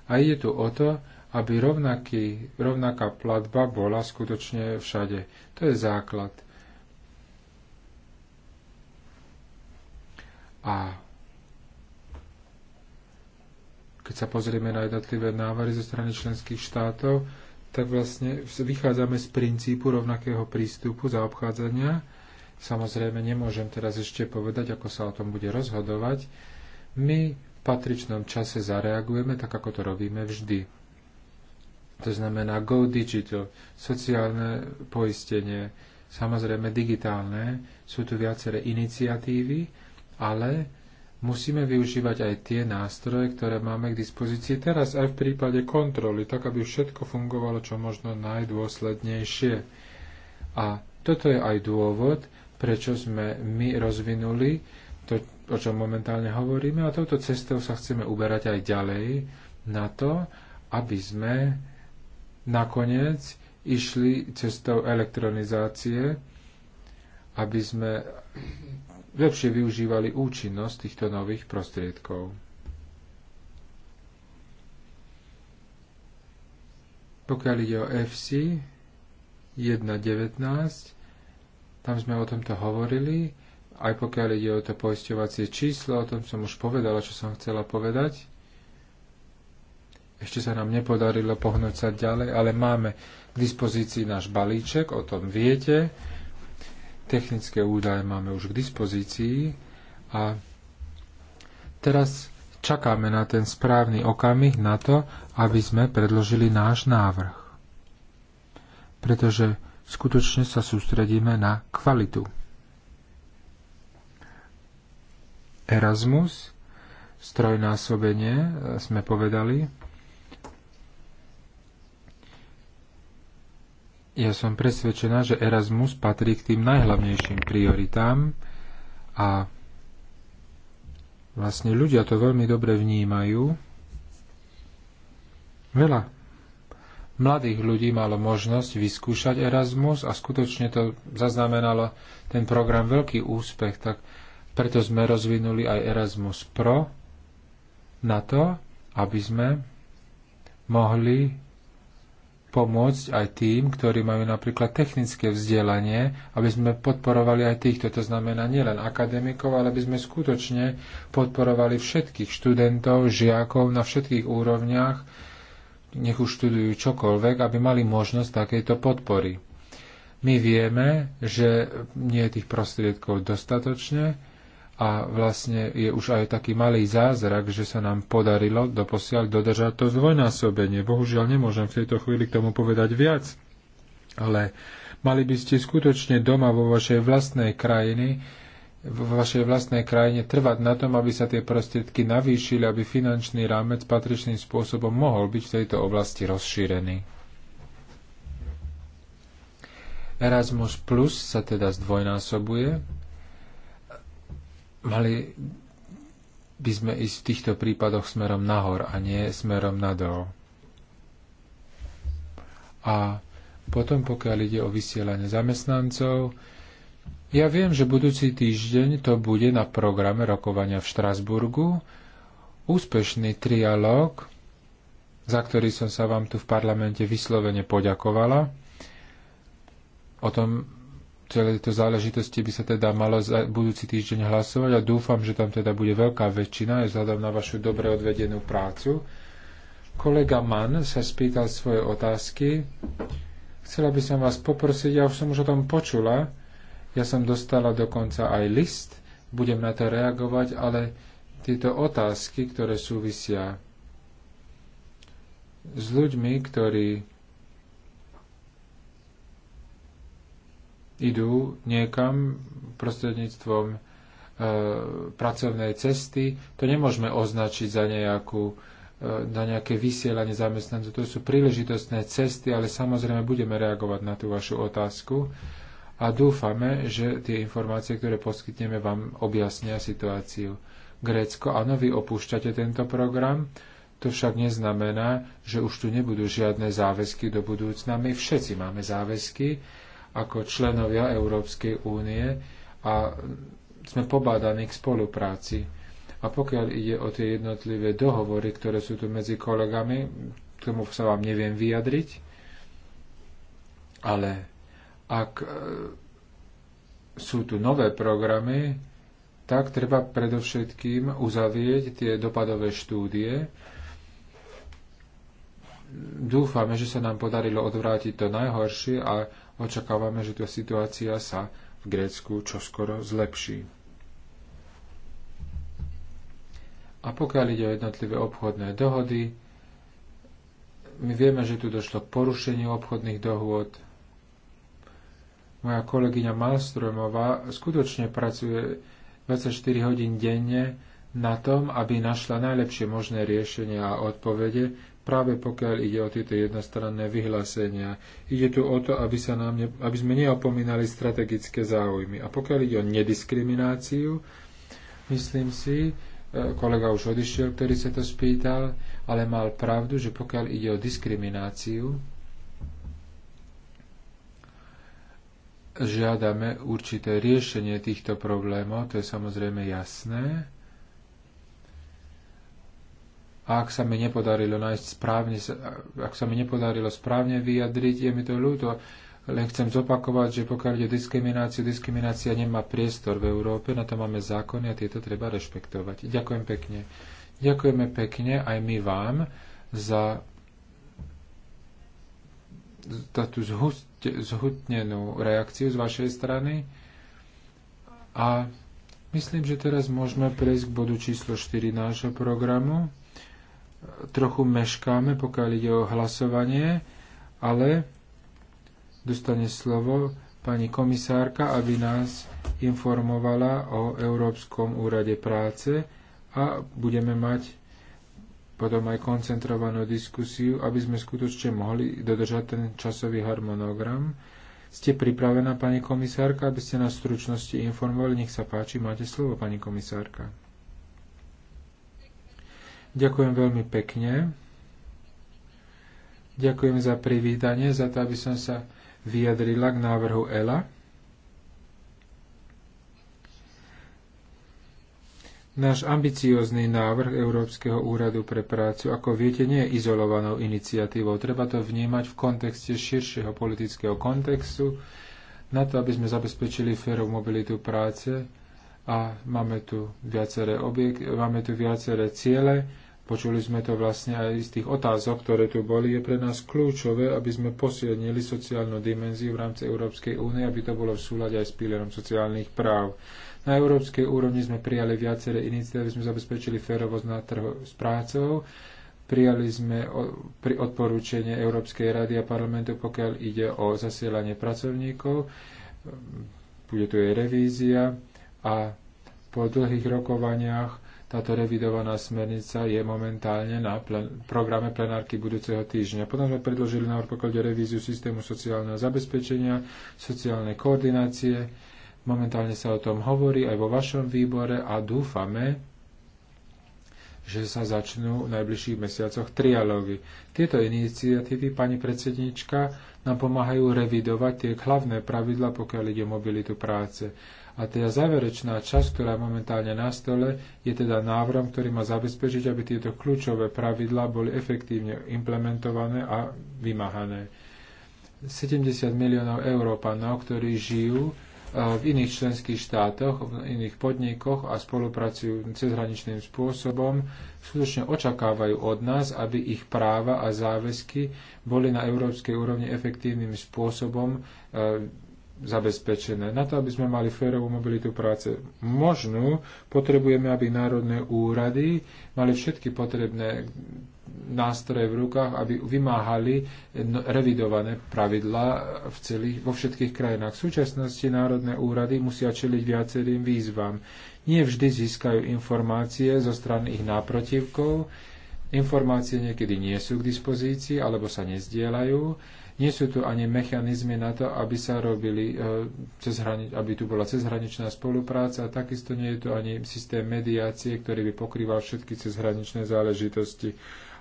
a ide tu o to, aby rovnaký, rovnaká platba bola skutočne všade. To je základ. A keď sa pozrieme na jednotlivé návrhy zo strany členských štátov, tak vlastne vychádzame z princípu rovnakého prístupu zaobchádzania. Samozrejme, nemôžem teraz ešte povedať, ako sa o tom bude rozhodovať. My v patričnom čase zareagujeme, tak ako to robíme vždy. To znamená Go Digital, sociálne poistenie, samozrejme digitálne. Sú tu viaceré iniciatívy, ale musíme využívať aj tie nástroje, ktoré máme k dispozícii teraz aj v prípade kontroly, tak aby všetko fungovalo čo možno najdôslednejšie. A toto je aj dôvod, prečo sme my rozvinuli to, o čom momentálne hovoríme a touto cestou sa chceme uberať aj ďalej na to, aby sme nakoniec išli cestou elektronizácie, aby sme lepšie využívali účinnosť týchto nových prostriedkov. Pokiaľ ide o FC 1.19, tam sme o tomto hovorili, aj pokiaľ ide o to poisťovacie číslo, o tom som už povedala, čo som chcela povedať. Ešte sa nám nepodarilo pohnúť sa ďalej, ale máme k dispozícii náš balíček, o tom viete Technické údaje máme už k dispozícii a teraz čakáme na ten správny okamih na to, aby sme predložili náš návrh. Pretože skutočne sa sústredíme na kvalitu. Erasmus, strojnásobenie, sme povedali, Ja som presvedčená, že Erasmus patrí k tým najhlavnejším prioritám a vlastne ľudia to veľmi dobre vnímajú. Veľa mladých ľudí malo možnosť vyskúšať Erasmus a skutočne to zaznamenalo ten program veľký úspech, tak preto sme rozvinuli aj Erasmus Pro na to, aby sme mohli pomôcť aj tým, ktorí majú napríklad technické vzdelanie, aby sme podporovali aj týchto, to znamená nielen akademikov, ale aby sme skutočne podporovali všetkých študentov, žiakov na všetkých úrovniach, nech už študujú čokoľvek, aby mali možnosť takejto podpory. My vieme, že nie je tých prostriedkov dostatočne, a vlastne je už aj taký malý zázrak, že sa nám podarilo doposiaľ dodržať to zdvojnásobenie. Bohužiaľ nemôžem v tejto chvíli k tomu povedať viac, ale mali by ste skutočne doma vo vašej vlastnej krajiny vo vašej vlastnej krajine trvať na tom, aby sa tie prostriedky navýšili, aby finančný rámec patričným spôsobom mohol byť v tejto oblasti rozšírený. Erasmus Plus sa teda zdvojnásobuje Mali by sme ísť v týchto prípadoch smerom nahor a nie smerom nadol. A potom, pokiaľ ide o vysielanie zamestnancov, ja viem, že budúci týždeň to bude na programe rokovania v Štrasburgu úspešný trialog, za ktorý som sa vám tu v parlamente vyslovene poďakovala. O tom celé tieto záležitosti by sa teda malo za budúci týždeň hlasovať a dúfam, že tam teda bude veľká väčšina aj vzhľadom na vašu dobre odvedenú prácu. Kolega Mann sa spýtal svoje otázky. Chcela by som vás poprosiť, ja už som už o tom počula, ja som dostala dokonca aj list, budem na to reagovať, ale tieto otázky, ktoré súvisia s ľuďmi, ktorí idú niekam prostredníctvom e, pracovnej cesty. To nemôžeme označiť za nejakú e, na nejaké vysielanie zamestnancov. To sú príležitostné cesty, ale samozrejme budeme reagovať na tú vašu otázku a dúfame, že tie informácie, ktoré poskytneme, vám objasnia situáciu. Grécko, áno, vy opúšťate tento program, to však neznamená, že už tu nebudú žiadne záväzky do budúcna. My všetci máme záväzky ako členovia Európskej únie a sme pobádaní k spolupráci. A pokiaľ ide o tie jednotlivé dohovory, ktoré sú tu medzi kolegami, k tomu sa vám neviem vyjadriť, ale ak e, sú tu nové programy, tak treba predovšetkým uzavrieť tie dopadové štúdie. Dúfame, že sa nám podarilo odvrátiť to najhoršie a Očakávame, že tá situácia sa v Grécku čoskoro zlepší. A pokiaľ ide o jednotlivé obchodné dohody, my vieme, že tu došlo k porušeniu obchodných dohôd. Moja kolegyňa Malstromová skutočne pracuje 24 hodín denne na tom, aby našla najlepšie možné riešenia a odpovede práve pokiaľ ide o tieto jednostranné vyhlásenia. Ide tu o to, aby, sa nám ne, aby sme neopomínali strategické záujmy. A pokiaľ ide o nediskrimináciu, myslím si, e, kolega už odišiel, ktorý sa to spýtal, ale mal pravdu, že pokiaľ ide o diskrimináciu, žiadame určité riešenie týchto problémov, to je samozrejme jasné, a ak sa mi nepodarilo nájsť správne, ak sa mi nepodarilo správne vyjadriť, je mi to ľúto. Len chcem zopakovať, že pokiaľ ide diskrimináciu, diskriminácia nemá priestor v Európe, na to máme zákony a tieto treba rešpektovať. Ďakujem pekne. Ďakujeme pekne aj my vám za za tú zhutnenú reakciu z vašej strany. A myslím, že teraz môžeme prejsť k bodu číslo 4 nášho programu trochu meškáme, pokiaľ ide o hlasovanie, ale dostane slovo pani komisárka, aby nás informovala o Európskom úrade práce a budeme mať potom aj koncentrovanú diskusiu, aby sme skutočne mohli dodržať ten časový harmonogram. Ste pripravená, pani komisárka, aby ste nás v stručnosti informovali? Nech sa páči, máte slovo, pani komisárka. Ďakujem veľmi pekne. Ďakujem za privítanie, za to, aby som sa vyjadrila k návrhu ELA. Náš ambiciózny návrh Európskeho úradu pre prácu, ako viete, nie je izolovanou iniciatívou. Treba to vnímať v kontexte širšieho politického kontextu, na to, aby sme zabezpečili férovú mobilitu práce a máme tu viaceré, objek- máme tu viaceré ciele, Počuli sme to vlastne aj z tých otázok, ktoré tu boli. Je pre nás kľúčové, aby sme posilnili sociálnu dimenziu v rámci Európskej únie, aby to bolo v súľade aj s pilierom sociálnych práv. Na európskej úrovni sme prijali viaceré iniciatívy, sme zabezpečili férovosť na trhu s prácou, prijali sme pri odporúčení Európskej rady a parlamentu, pokiaľ ide o zasielanie pracovníkov, bude tu aj revízia a po dlhých rokovaniach táto revidovaná smernica je momentálne na plen- programe plenárky budúceho týždňa. Potom sme predložili návrh pokiaľ o revíziu systému sociálneho zabezpečenia, sociálnej koordinácie. Momentálne sa o tom hovorí aj vo vašom výbore a dúfame, že sa začnú v najbližších mesiacoch trialógy. Tieto iniciatívy, pani predsednička, nám pomáhajú revidovať tie hlavné pravidla, pokiaľ ide o mobilitu práce. A teda záverečná časť, ktorá je momentálne na stole, je teda návrom, ktorý má zabezpečiť, aby tieto kľúčové pravidlá boli efektívne implementované a vymáhané. 70 miliónov Európanov, ktorí žijú e, v iných členských štátoch, v iných podnikoch a spolupracujú cezhraničným spôsobom, skutočne očakávajú od nás, aby ich práva a záväzky boli na európskej úrovni efektívnym spôsobom e, zabezpečené. Na to, aby sme mali férovú mobilitu práce možnú, potrebujeme, aby národné úrady mali všetky potrebné nástroje v rukách, aby vymáhali revidované pravidlá v celých, vo všetkých krajinách. V súčasnosti národné úrady musia čeliť viacerým výzvam. Nie vždy získajú informácie zo strany ich náprotivkov, informácie niekedy nie sú k dispozícii alebo sa nezdielajú nie sú tu ani mechanizmy na to, aby sa robili, e, aby tu bola cezhraničná spolupráca a takisto nie je tu ani systém mediácie, ktorý by pokrýval všetky cezhraničné záležitosti.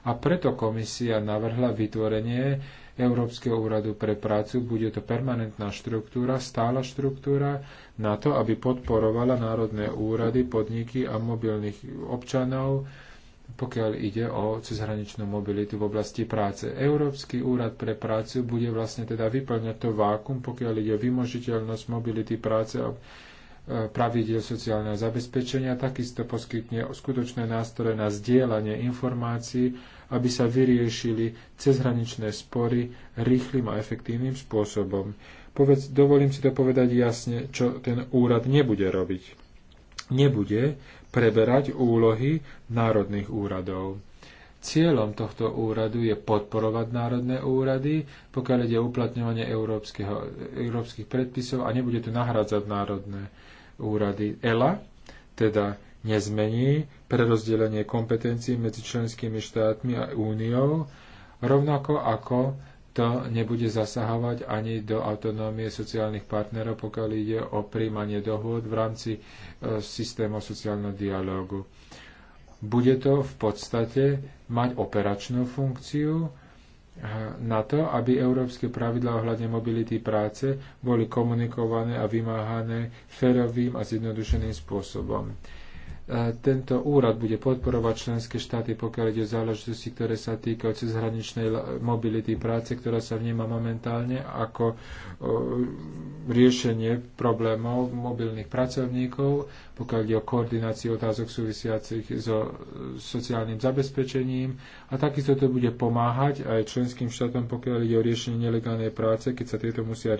A preto komisia navrhla vytvorenie Európskeho úradu pre prácu. Bude to permanentná štruktúra, stála štruktúra na to, aby podporovala národné úrady, podniky a mobilných občanov pokiaľ ide o cezhraničnú mobilitu v oblasti práce. Európsky úrad pre prácu bude vlastne teda vyplňať to vákum, pokiaľ ide o vymožiteľnosť mobility práce a e, pravidel sociálneho zabezpečenia, takisto poskytne skutočné nástroje na zdieľanie informácií, aby sa vyriešili cezhraničné spory rýchlym a efektívnym spôsobom. Povedz, dovolím si to povedať jasne, čo ten úrad nebude robiť. Nebude preberať úlohy národných úradov. Cieľom tohto úradu je podporovať národné úrady, pokiaľ ide uplatňovanie európskych predpisov a nebude tu nahrádzať národné úrady. ELA teda nezmení prerozdelenie kompetencií medzi členskými štátmi a úniou, rovnako ako to nebude zasahovať ani do autonómie sociálnych partnerov, pokiaľ ide o príjmanie dohôd v rámci e, systému sociálneho dialógu. Bude to v podstate mať operačnú funkciu e, na to, aby európske pravidlá ohľadne mobility práce boli komunikované a vymáhané férovým a zjednodušeným spôsobom. E, tento úrad bude podporovať členské štáty, pokiaľ ide o záležitosti, ktoré sa týkajú cezhraničnej mobility práce, ktorá sa vníma momentálne ako e, riešenie problémov mobilných pracovníkov pokiaľ ide o koordináciu otázok súvisiacich so e, sociálnym zabezpečením a takisto to bude pomáhať aj členským štátom, pokiaľ ide o riešenie nelegálnej práce, keď sa tieto musia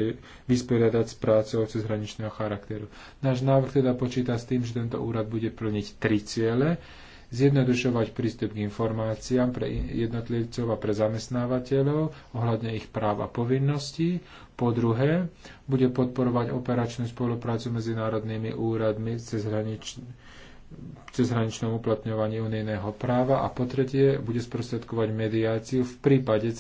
vysporiadať s prácou cezhraničného charakteru. Náš návrh teda počíta s tým, že tento úrad bude plniť tri ciele zjednodušovať prístup k informáciám pre jednotlivcov a pre zamestnávateľov ohľadne ich práv a povinností. Po druhé, bude podporovať operačnú spoluprácu medzi národnými úradmi cez hranič- cezhraničnom uplatňovaní unijného práva a po tretie bude sprostredkovať mediáciu v prípade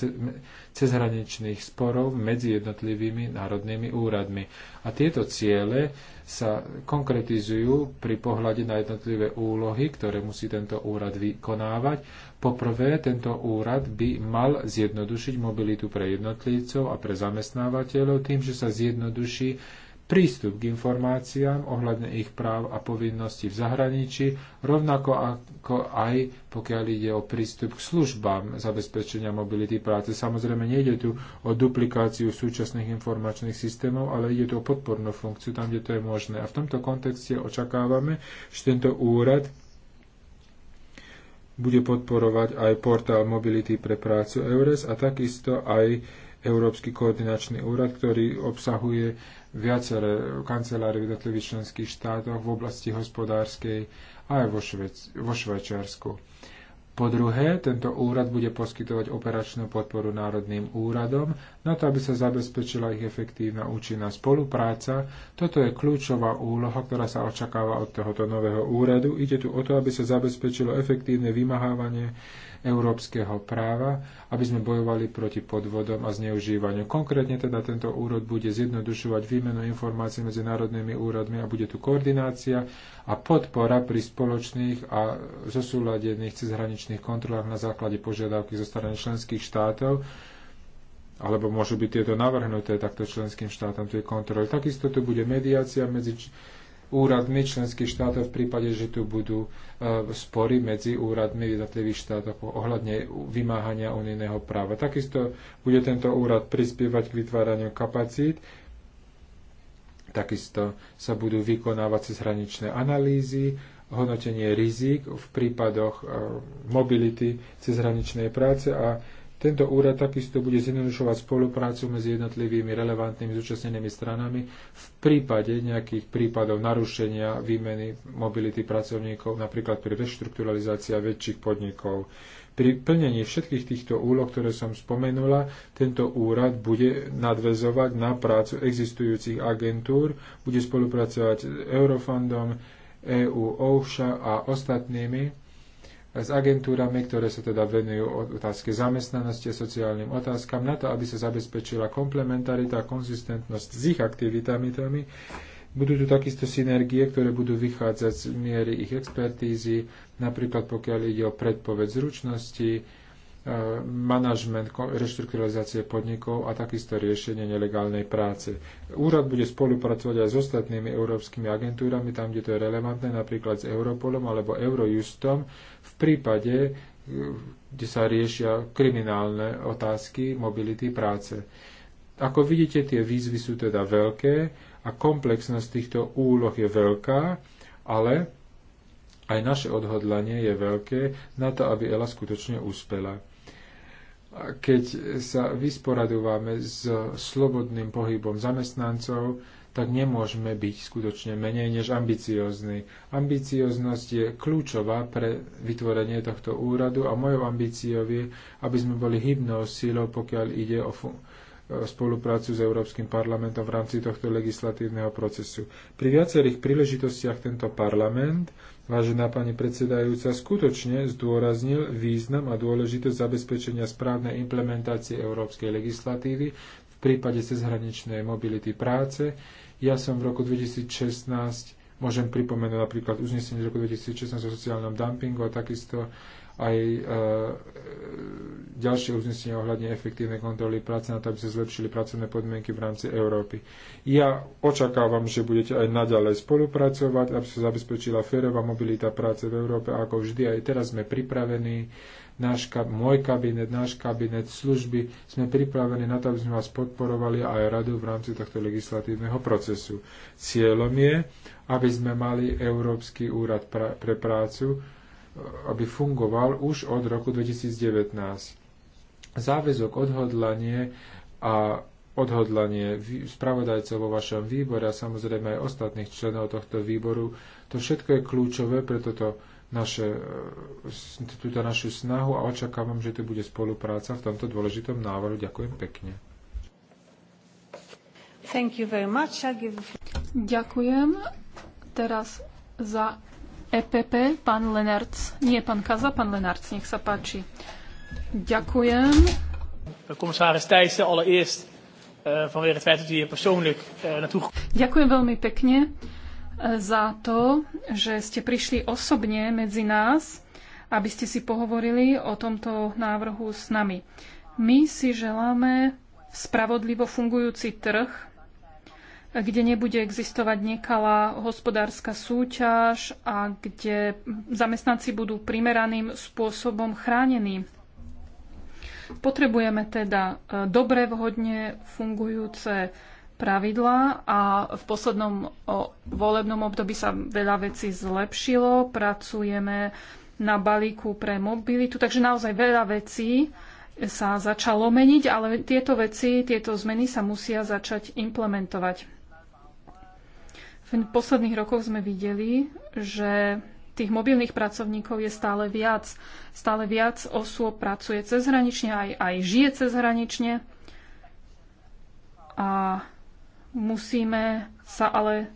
cezhraničných sporov medzi jednotlivými národnými úradmi. A tieto ciele sa konkretizujú pri pohľade na jednotlivé úlohy, ktoré musí tento úrad vykonávať. Poprvé, tento úrad by mal zjednodušiť mobilitu pre jednotlivcov a pre zamestnávateľov tým, že sa zjednoduší prístup k informáciám ohľadne ich práv a povinností v zahraničí, rovnako ako aj pokiaľ ide o prístup k službám zabezpečenia mobility práce. Samozrejme, nejde tu o duplikáciu súčasných informačných systémov, ale ide tu o podpornú funkciu tam, kde to je možné. A v tomto kontexte očakávame, že tento úrad bude podporovať aj portál Mobility pre prácu EURES a takisto aj Európsky koordinačný úrad, ktorý obsahuje viaceré kancelárie v jednotlivých členských štátoch v oblasti hospodárskej aj vo, Švec- vo Švajčiarsku. Po druhé, tento úrad bude poskytovať operačnú podporu národným úradom na to, aby sa zabezpečila ich efektívna účinná spolupráca. Toto je kľúčová úloha, ktorá sa očakáva od tohoto nového úradu. Ide tu o to, aby sa zabezpečilo efektívne vymahávanie európskeho práva, aby sme bojovali proti podvodom a zneužívaniu. Konkrétne teda tento úrod bude zjednodušovať výmenu informácií medzi národnými úradmi a bude tu koordinácia a podpora pri spoločných a zosúladených cezhraničných kontrolách na základe požiadavky zo strany členských štátov, alebo môžu byť tieto navrhnuté takto členským štátom tej kontroly. Takisto tu bude mediácia medzi úradmi členských štátov v prípade, že tu budú e, spory medzi úradmi jednotlivých štátov ohľadne vymáhania unijného práva. Takisto bude tento úrad prispievať k vytváraniu kapacít, takisto sa budú vykonávať cezhraničné analýzy, hodnotenie rizik v prípadoch e, mobility cezhraničnej práce a tento úrad takisto bude zjednodušovať spoluprácu medzi jednotlivými relevantnými zúčastnenými stranami v prípade nejakých prípadov narušenia výmeny mobility pracovníkov, napríklad pri reštrukturalizácii väčších podnikov. Pri plnení všetkých týchto úloh, ktoré som spomenula, tento úrad bude nadvezovať na prácu existujúcich agentúr, bude spolupracovať s Eurofondom, EU, OVŠA a ostatnými s agentúrami, ktoré sa teda venujú otázke zamestnanosti a sociálnym otázkam, na to, aby sa zabezpečila komplementarita a konzistentnosť s ich aktivitami. Tými. Budú tu takisto synergie, ktoré budú vychádzať z miery ich expertízy, napríklad pokiaľ ide o predpoveď zručnosti, manažment reštrukturalizácie podnikov a takisto riešenie nelegálnej práce. Úrad bude spolupracovať aj s ostatnými európskymi agentúrami, tam, kde to je relevantné, napríklad s Europolom alebo Eurojustom, v prípade, e, kde sa riešia kriminálne otázky mobility práce. Ako vidíte, tie výzvy sú teda veľké a komplexnosť týchto úloh je veľká, ale aj naše odhodlanie je veľké na to, aby ELA skutočne uspela keď sa vysporadúvame s slobodným pohybom zamestnancov, tak nemôžeme byť skutočne menej než ambiciózni. Ambicioznosť je kľúčová pre vytvorenie tohto úradu a mojou ambíciou je, aby sme boli hybnou síľou, pokiaľ ide o spoluprácu s Európskym parlamentom v rámci tohto legislatívneho procesu. Pri viacerých príležitostiach tento parlament vážená pani predsedajúca, skutočne zdôraznil význam a dôležitosť zabezpečenia správnej implementácie európskej legislatívy v prípade cezhraničnej mobility práce. Ja som v roku 2016 Môžem pripomenúť napríklad uznesenie z roku 2016 o sociálnom dumpingu a takisto aj e, ďalšie uznesenia ohľadne efektívnej kontroly práce na to, aby sa zlepšili pracovné podmienky v rámci Európy. Ja očakávam, že budete aj naďalej spolupracovať, aby sa zabezpečila férová mobilita práce v Európe. ako vždy, aj teraz sme pripravení, náš, môj kabinet, náš kabinet, služby, sme pripravení na to, aby sme vás podporovali aj radu v rámci tohto legislatívneho procesu. Cieľom je, aby sme mali Európsky úrad pra- pre prácu, aby fungoval už od roku 2019. Záväzok, odhodlanie a odhodlanie spravodajcov vo vašom výbore a samozrejme aj ostatných členov tohto výboru, to všetko je kľúčové pre toto naše, e, túto našu snahu a očakávam, že to bude spolupráca v tomto dôležitom návrhu. Ďakujem pekne. Thank you very much. Give... Ďakujem. Teraz za EPP, pán Lenarc. Nie, pán Kaza, pán Lenarc, nech sa páči. Ďakujem. allereerst eh, vanwege het feit dat u hier persoonlijk eh, naartoe... Ďakujem veľmi pekne eh, za to, že ste prišli osobne medzi nás, aby ste si pohovorili o tomto návrhu s nami. My si želáme spravodlivo fungujúci trh kde nebude existovať nekalá hospodárska súťaž a kde zamestnanci budú primeraným spôsobom chránení. Potrebujeme teda e, dobre, vhodne fungujúce pravidlá a v poslednom volebnom období sa veľa vecí zlepšilo. Pracujeme na balíku pre mobilitu, takže naozaj veľa vecí sa začalo meniť, ale tieto veci, tieto zmeny sa musia začať implementovať. V posledných rokoch sme videli, že tých mobilných pracovníkov je stále viac. Stále viac osôb pracuje cezhranične, aj, aj žije cezhranične. A musíme sa ale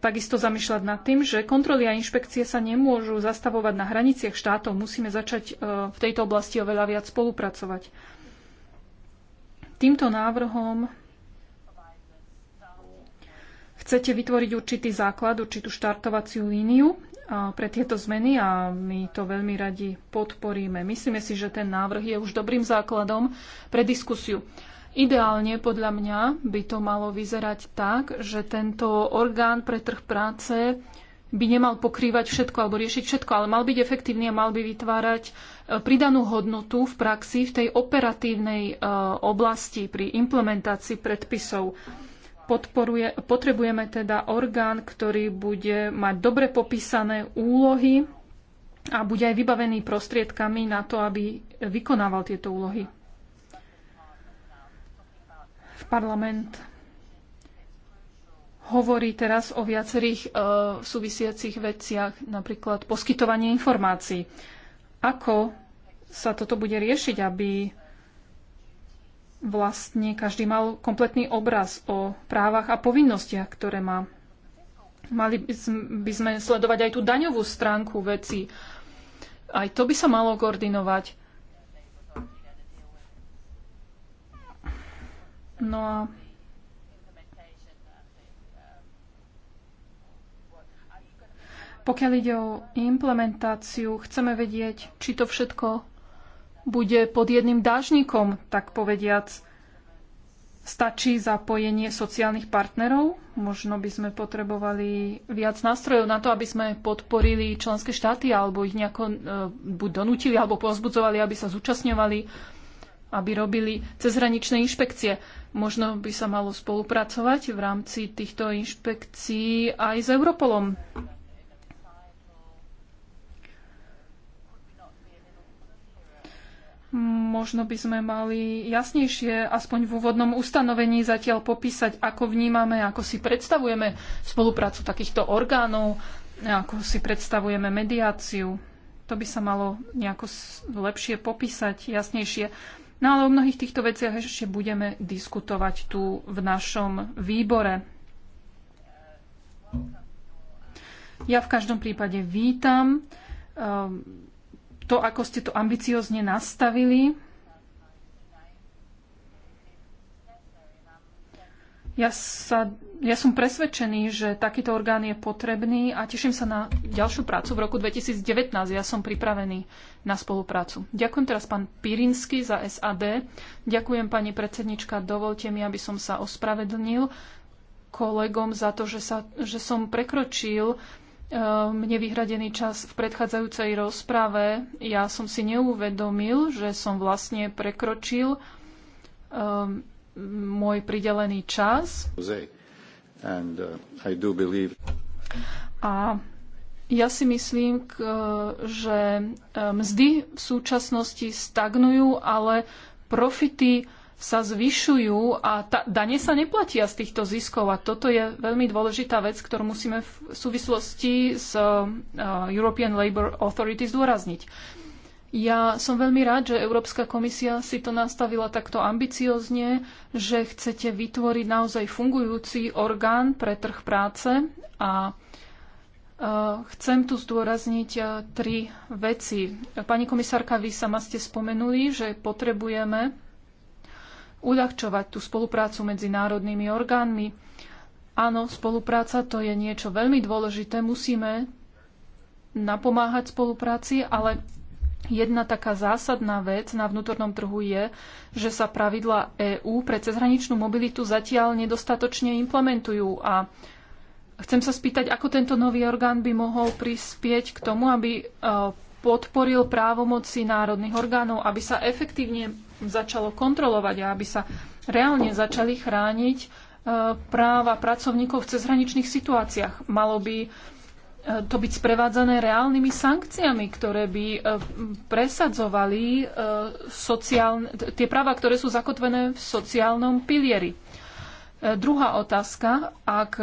takisto zamýšľať nad tým, že kontroly a inšpekcie sa nemôžu zastavovať na hraniciach štátov. Musíme začať e, v tejto oblasti oveľa viac spolupracovať. Týmto návrhom chcete vytvoriť určitý základ, určitú štartovaciu líniu pre tieto zmeny a my to veľmi radi podporíme. Myslíme si, že ten návrh je už dobrým základom pre diskusiu. Ideálne podľa mňa by to malo vyzerať tak, že tento orgán pre trh práce by nemal pokrývať všetko alebo riešiť všetko, ale mal byť efektívny a mal by vytvárať e, pridanú hodnotu v praxi v tej operatívnej e, oblasti pri implementácii predpisov potrebujeme teda orgán, ktorý bude mať dobre popísané úlohy a bude aj vybavený prostriedkami na to, aby vykonával tieto úlohy. V parlament hovorí teraz o viacerých e, súvisiacich veciach, napríklad poskytovanie informácií. Ako sa toto bude riešiť, aby vlastne každý mal kompletný obraz o právach a povinnostiach, ktoré má. Mali by sme sledovať aj tú daňovú stránku veci. Aj to by sa malo koordinovať. No a pokiaľ ide o implementáciu, chceme vedieť, či to všetko bude pod jedným dážnikom, tak povediac. Stačí zapojenie sociálnych partnerov? Možno by sme potrebovali viac nástrojov na to, aby sme podporili členské štáty alebo ich nejako e, buď donútili alebo pozbudzovali, aby sa zúčastňovali, aby robili cezhraničné inšpekcie. Možno by sa malo spolupracovať v rámci týchto inšpekcií aj s Europolom. Možno by sme mali jasnejšie, aspoň v úvodnom ustanovení zatiaľ popísať, ako vnímame, ako si predstavujeme spoluprácu takýchto orgánov, ako si predstavujeme mediáciu. To by sa malo nejako lepšie popísať, jasnejšie. No ale o mnohých týchto veciach ešte budeme diskutovať tu v našom výbore. Ja v každom prípade vítam ehm, to, ako ste to ambiciozne nastavili. Ja, sa, ja som presvedčený, že takýto orgán je potrebný a teším sa na ďalšiu prácu v roku 2019. Ja som pripravený na spoluprácu. Ďakujem teraz pán Pirinsky za SAD. Ďakujem pani predsednička. Dovolte mi, aby som sa ospravedlnil kolegom za to, že, sa, že som prekročil Ehm, mne vyhradený čas v predchádzajúcej rozprave. Ja som si neuvedomil, že som vlastne prekročil ehm, môj pridelený čas. Uh, A ja si myslím, že ehm, mzdy v súčasnosti stagnujú, ale profity sa zvyšujú a ta, dane sa neplatia z týchto ziskov. A toto je veľmi dôležitá vec, ktorú musíme v súvislosti s uh, European Labour Authority zdôrazniť. Ja som veľmi rád, že Európska komisia si to nastavila takto ambiciozne, že chcete vytvoriť naozaj fungujúci orgán pre trh práce a e, Chcem tu zdôrazniť tri veci. Pani komisárka, vy sama ste spomenuli, že potrebujeme uľahčovať tú spoluprácu medzi národnými orgánmi. Áno, spolupráca to je niečo veľmi dôležité. Musíme napomáhať spolupráci, ale jedna taká zásadná vec na vnútornom trhu je, že sa pravidla EÚ pre cezhraničnú mobilitu zatiaľ nedostatočne implementujú a Chcem sa spýtať, ako tento nový orgán by mohol prispieť k tomu, aby eh, podporil právomoci národných orgánov, aby sa efektívne začalo kontrolovať a aby sa reálne začali chrániť e, práva pracovníkov v cezhraničných situáciách. Malo by e, to byť sprevádzané reálnymi sankciami, ktoré by e, presadzovali sociálne, tie práva, ktoré sú zakotvené v sociálnom pilieri. Druhá otázka, ak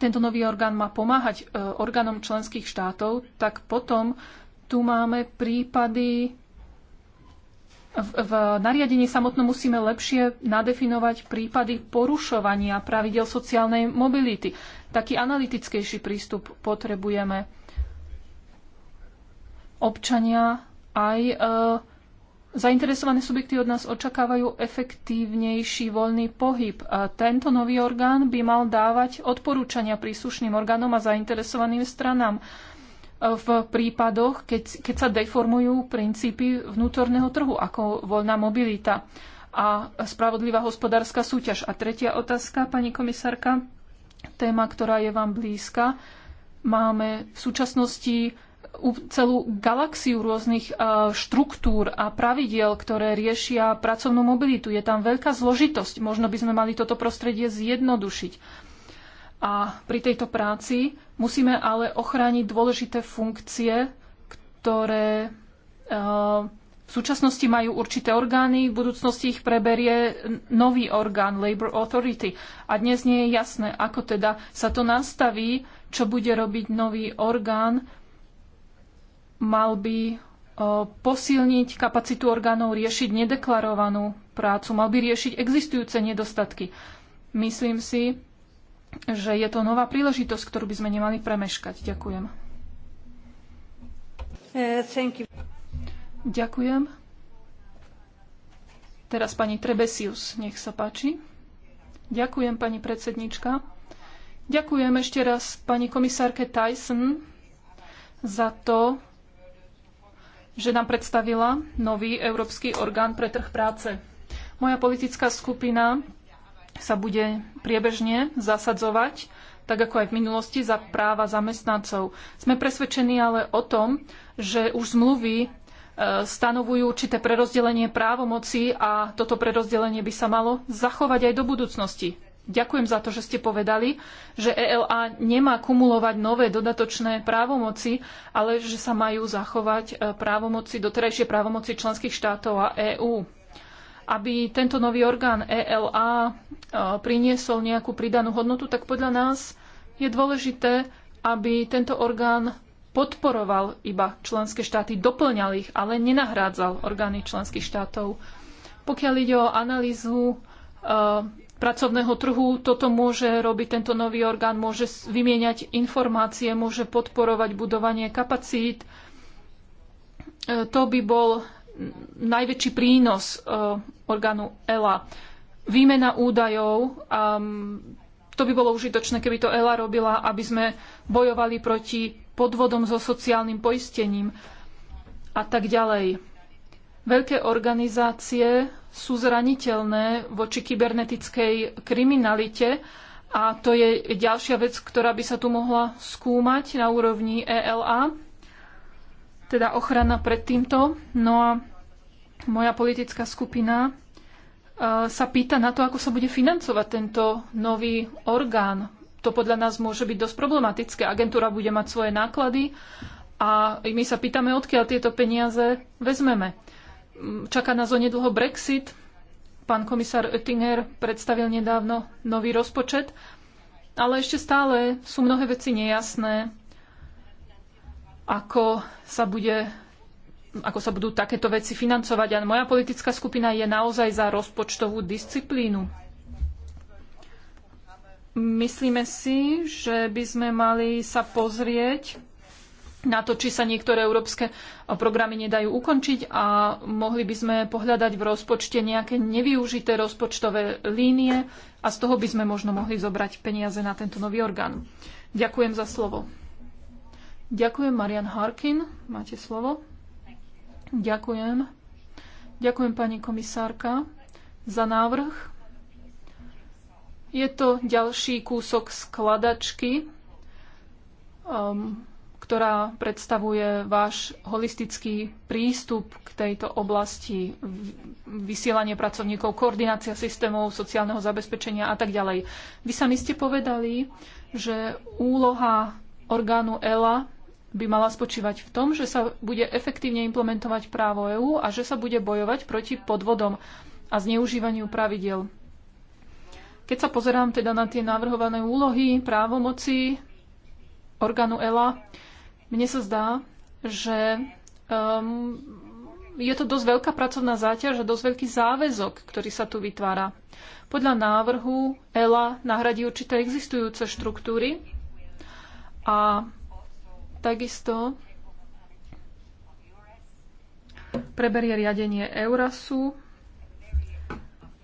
tento nový orgán má pomáhať orgánom členských štátov, tak potom tu máme prípady, v, v nariadení samotnom musíme lepšie nadefinovať prípady porušovania pravidel sociálnej mobility. Taký analytickejší prístup potrebujeme. Občania aj e, zainteresované subjekty od nás očakávajú efektívnejší voľný pohyb. A e, tento nový orgán by mal dávať odporúčania príslušným orgánom a zainteresovaným stranám v prípadoch, keď, keď sa deformujú princípy vnútorného trhu, ako voľná mobilita a spravodlivá hospodárska súťaž. A tretia otázka, pani komisárka, téma, ktorá je vám blízka. Máme v súčasnosti celú galaxiu rôznych e, štruktúr a pravidiel, ktoré riešia pracovnú mobilitu. Je tam veľká zložitosť. Možno by sme mali toto prostredie zjednodušiť a pri tejto práci musíme ale ochrániť dôležité funkcie, ktoré eh, v súčasnosti majú určité orgány, v budúcnosti ich preberie nový orgán, Labour Authority. A dnes nie je jasné, ako teda sa to nastaví, čo bude robiť nový orgán. Mal by eh, posilniť kapacitu orgánov riešiť nedeklarovanú prácu, mal by riešiť existujúce nedostatky. Myslím si, že je to nová príležitosť, ktorú by sme nemali premeškať. Ďakujem. E, Ďakujem. Teraz pani Trebesius, nech sa páči. Ďakujem, pani predsednička. Ďakujem ešte raz pani komisárke Tyson za to, že nám predstavila nový Európsky orgán pre trh práce. Moja politická skupina sa bude priebežne zasadzovať, tak ako aj v minulosti, za práva zamestnancov. Sme presvedčení ale o tom, že už zmluvy e, stanovujú určité prerozdelenie právomoci a toto prerozdelenie by sa malo zachovať aj do budúcnosti. Ďakujem za to, že ste povedali, že ELA nemá kumulovať nové dodatočné právomoci, ale že sa majú zachovať e, právomoci, doterajšie právomoci členských štátov a EÚ aby tento nový orgán ELA e, priniesol nejakú pridanú hodnotu, tak podľa nás je dôležité, aby tento orgán podporoval iba členské štáty, doplňal ich, ale nenahrádzal orgány členských štátov. Pokiaľ ide o analýzu e, pracovného trhu, toto môže robiť tento nový orgán, môže vymieňať informácie, môže podporovať budovanie kapacít. E, to by bol najväčší prínos e, orgánu ELA. Výmena údajov, to by bolo užitočné, keby to ELA robila, aby sme bojovali proti podvodom so sociálnym poistením a tak ďalej. Veľké organizácie sú zraniteľné voči kybernetickej kriminalite a to je ďalšia vec, ktorá by sa tu mohla skúmať na úrovni ELA teda ochrana pred týmto. No a moja politická skupina e, sa pýta na to, ako sa bude financovať tento nový orgán. To podľa nás môže byť dosť problematické. Agentúra bude mať svoje náklady a my sa pýtame, odkiaľ tieto peniaze vezmeme. Mm, čaká nás onedlho Brexit. Pán komisár Oettinger predstavil nedávno nový rozpočet, ale ešte stále sú mnohé veci nejasné ako sa bude ako sa budú takéto veci financovať. A moja politická skupina je naozaj za rozpočtovú disciplínu. Myslíme si, že by sme mali sa pozrieť na to, či sa niektoré európske programy nedajú ukončiť a mohli by sme pohľadať v rozpočte nejaké nevyužité rozpočtové línie a z toho by sme možno mohli zobrať peniaze na tento nový orgán. Ďakujem za slovo. Ďakujem, Marian Harkin. Máte slovo. Ďakujem. Ďakujem, pani komisárka, za návrh. Je to ďalší kúsok skladačky, um, ktorá predstavuje váš holistický prístup k tejto oblasti, vysielanie pracovníkov, koordinácia systémov sociálneho zabezpečenia a tak ďalej. Vy sami ste povedali, že úloha orgánu ELA by mala spočívať v tom, že sa bude efektívne implementovať právo EÚ a že sa bude bojovať proti podvodom a zneužívaniu pravidel. Keď sa pozerám teda na tie navrhované úlohy, právomoci orgánu ELA, mne sa zdá, že um, je to dosť veľká pracovná záťaž a dosť veľký záväzok, ktorý sa tu vytvára. Podľa návrhu ELA nahradí určité existujúce štruktúry a Takisto preberie riadenie Eurasu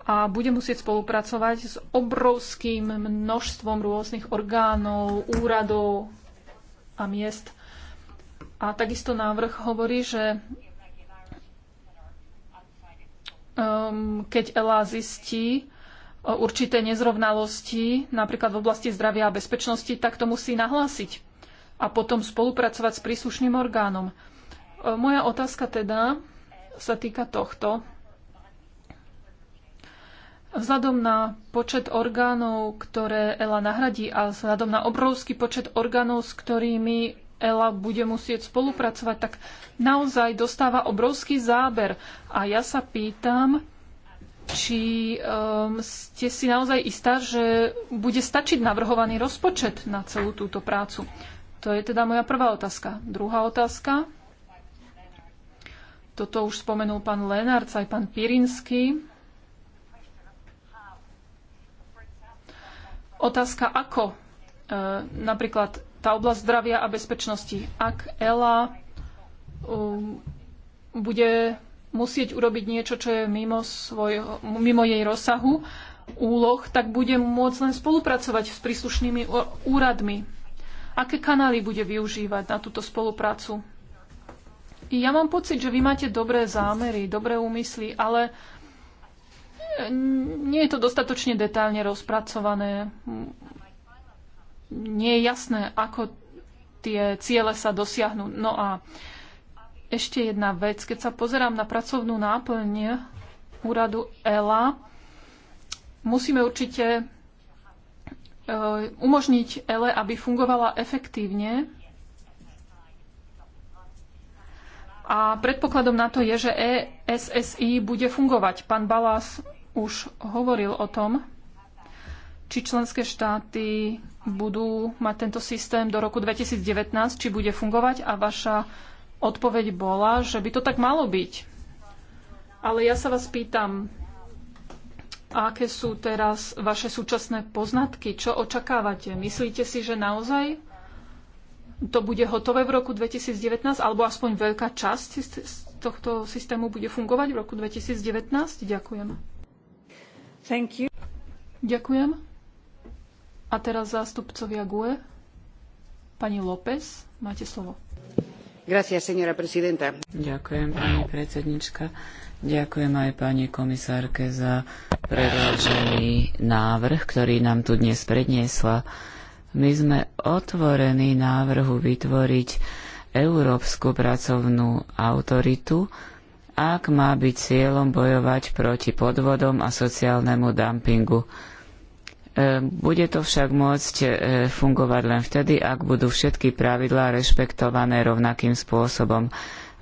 a bude musieť spolupracovať s obrovským množstvom rôznych orgánov, úradov a miest. A takisto návrh hovorí, že um, keď ELA zistí uh, určité nezrovnalosti, napríklad v oblasti zdravia a bezpečnosti, tak to musí nahlásiť a potom spolupracovať s príslušným orgánom. E, moja otázka teda sa týka tohto. Vzhľadom na počet orgánov, ktoré ELA nahradí a vzhľadom na obrovský počet orgánov, s ktorými ELA bude musieť spolupracovať, tak naozaj dostáva obrovský záber. A ja sa pýtam, či um, ste si naozaj istá, že bude stačiť navrhovaný rozpočet na celú túto prácu. To je teda moja prvá otázka. Druhá otázka. Toto už spomenul pán Lenarc, aj pán Pirinsky. Otázka ako? E, napríklad tá oblasť zdravia a bezpečnosti. Ak ELA um, bude musieť urobiť niečo, čo je mimo, svojho, mimo jej rozsahu úloh, tak bude môcť len spolupracovať s príslušnými úradmi aké kanály bude využívať na túto spoluprácu. Ja mám pocit, že vy máte dobré zámery, dobré úmysly, ale eh, nie je to dostatočne detálne rozpracované. Nie je jasné, ako tie ciele sa dosiahnu. No a ešte jedna vec. Keď sa pozerám na pracovnú náplň úradu ELA, musíme určite Eh, umožniť ELE, aby fungovala efektívne. A predpokladom na to je, že ESSI bude fungovať. Pán Balás už hovoril o tom, či členské štáty budú mať tento systém do roku 2019, či bude fungovať a vaša odpoveď bola, že by to tak malo byť. Ale ja sa vás pýtam, a aké sú teraz vaše súčasné poznatky? Čo očakávate? Myslíte si, že naozaj to bude hotové v roku 2019, alebo aspoň veľká časť z tohto systému bude fungovať v roku 2019? Ďakujem. Thank you. Ďakujem. A teraz zástupcovia GUE. Pani López, máte slovo. Gracias, señora presidenta. Ďakujem, pani predsednička. Ďakujem aj pani komisárke za predložený návrh, ktorý nám tu dnes predniesla. My sme otvorení návrhu vytvoriť európsku pracovnú autoritu, ak má byť cieľom bojovať proti podvodom a sociálnemu dumpingu. E, bude to však môcť e, fungovať len vtedy, ak budú všetky pravidlá rešpektované rovnakým spôsobom.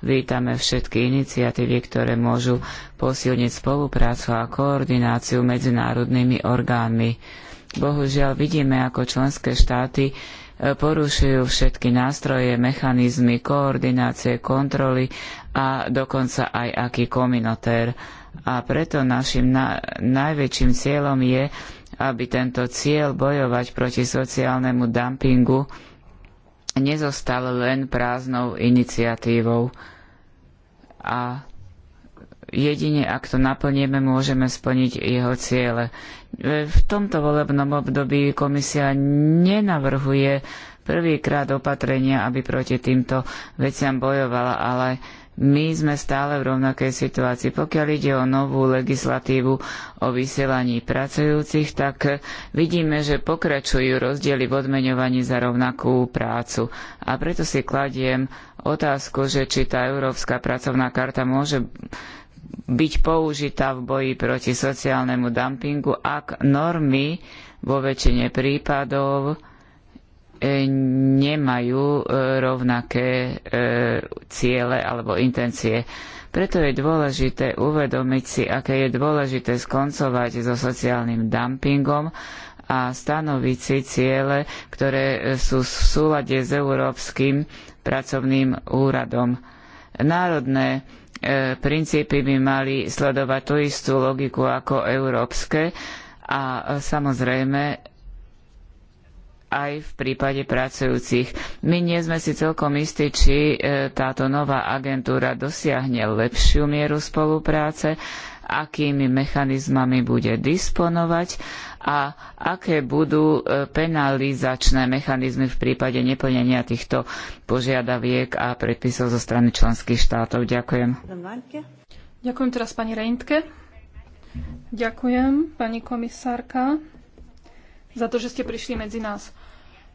Vítame všetky iniciatívy, ktoré môžu posilniť spoluprácu a koordináciu medzinárodnými orgánmi. Bohužiaľ vidíme, ako členské štáty e, porušujú všetky nástroje, mechanizmy koordinácie, kontroly a dokonca aj aký kominotér. A preto našim na, najväčším cieľom je, aby tento cieľ bojovať proti sociálnemu dumpingu nezostal len prázdnou iniciatívou a jedine ak to naplníme, môžeme splniť jeho ciele. V tomto volebnom období komisia nenavrhuje prvýkrát opatrenia, aby proti týmto veciam bojovala, ale my sme stále v rovnakej situácii. Pokiaľ ide o novú legislatívu o vysielaní pracujúcich, tak vidíme, že pokračujú rozdiely v odmeňovaní za rovnakú prácu. A preto si kladiem otázku, že či tá európska pracovná karta môže byť použitá v boji proti sociálnemu dumpingu, ak normy vo väčšine prípadov nemajú e, rovnaké e, ciele alebo intencie. Preto je dôležité uvedomiť si, aké je dôležité skoncovať so sociálnym dumpingom a stanoviť si ciele, ktoré sú v súlade s Európskym pracovným úradom. Národné e, princípy by mali sledovať tú istú logiku ako európske a e, samozrejme aj v prípade pracujúcich. My nie sme si celkom istí, či e, táto nová agentúra dosiahne lepšiu mieru spolupráce, akými mechanizmami bude disponovať a aké budú e, penalizačné mechanizmy v prípade neplnenia týchto požiadaviek a predpisov zo strany členských štátov. Ďakujem. Ďakujem teraz pani Reintke. Ďakujem pani komisárka za to, že ste prišli medzi nás.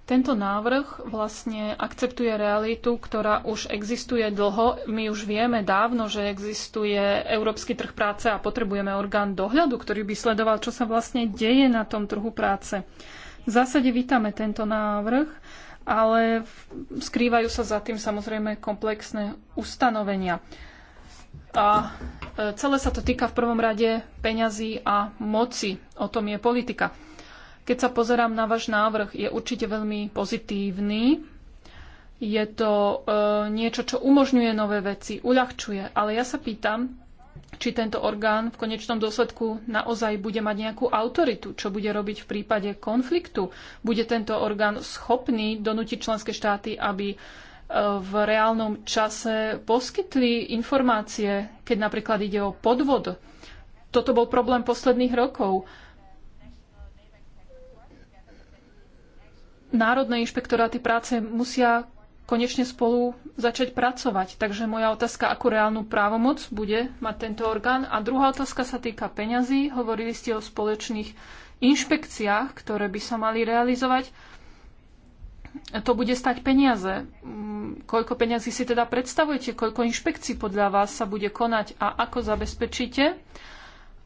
Tento návrh vlastne akceptuje realitu, ktorá už existuje dlho. My už vieme dávno, že existuje európsky trh práce a potrebujeme orgán dohľadu, ktorý by sledoval, čo sa vlastne deje na tom trhu práce. V zásade vítame tento návrh, ale skrývajú sa za tým samozrejme komplexné ustanovenia. A e, celé sa to týka v prvom rade peňazí a moci. O tom je politika. Keď sa pozerám na váš návrh, je určite veľmi pozitívny. Je to e, niečo, čo umožňuje nové veci, uľahčuje. Ale ja sa pýtam, či tento orgán v konečnom dôsledku naozaj bude mať nejakú autoritu, čo bude robiť v prípade konfliktu. Bude tento orgán schopný donútiť členské štáty, aby e, v reálnom čase poskytli informácie, keď napríklad ide o podvod. Toto bol problém posledných rokov. národné inšpektoráty práce musia konečne spolu začať pracovať. Takže moja otázka, akú reálnu právomoc bude mať tento orgán. A druhá otázka sa týka peňazí. Hovorili ste o spoločných inšpekciách, ktoré by sa mali realizovať. To bude stať peniaze. Mm, koľko peňazí si teda predstavujete? Koľko inšpekcií podľa vás sa bude konať? A ako zabezpečíte,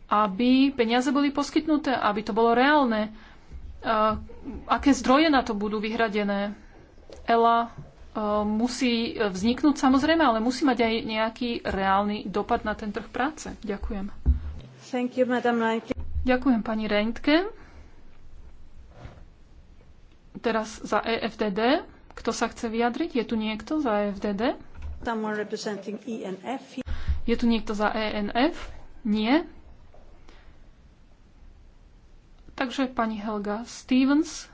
aby peniaze boli poskytnuté? Aby to bolo reálne? aké zdroje na to budú vyhradené. ELA e, musí vzniknúť samozrejme, ale musí mať aj nejaký reálny dopad na ten trh práce. Ďakujem. Thank you, Madam Ďakujem pani Reintke. Teraz za EFDD. Kto sa chce vyjadriť? Je tu niekto za EFDD? E Je tu niekto za ENF? Nie. Takže pani Helga Stevens,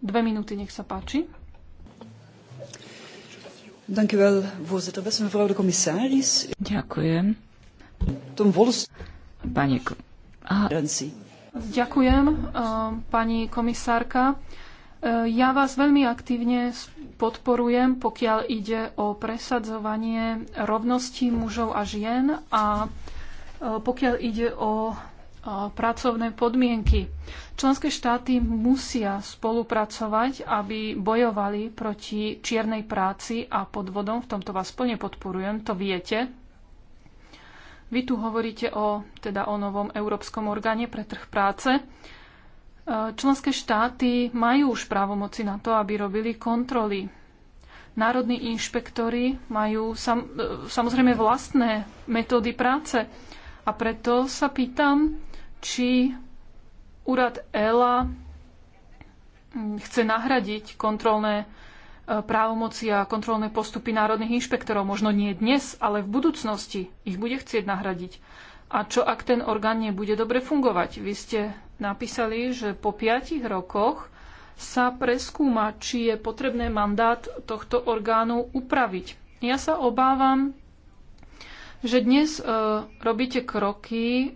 dve minúty, nech sa páči. Ďakujem. Pani, Aha. Ďakujem, eh, pani komisárka. Eh, ja vás veľmi aktívne podporujem, pokiaľ ide o presadzovanie rovnosti mužov a žien a eh, pokiaľ ide o pracovné podmienky. Členské štáty musia spolupracovať, aby bojovali proti čiernej práci a podvodom. V tomto vás plne podporujem, to viete. Vy tu hovoríte o, teda o novom Európskom orgáne pre trh práce. E, členské štáty majú už právomoci na to, aby robili kontroly. Národní inšpektory majú sam, e, samozrejme vlastné metódy práce. A preto sa pýtam, či úrad ELA mm, chce nahradiť kontrolné e, právomoci a kontrolné postupy národných inšpektorov. Možno nie dnes, ale v budúcnosti ich bude chcieť nahradiť. A čo ak ten orgán nebude dobre fungovať? Vy ste napísali, že po piatich rokoch sa preskúma, či je potrebné mandát tohto orgánu upraviť. Ja sa obávam, že dnes e, robíte kroky e,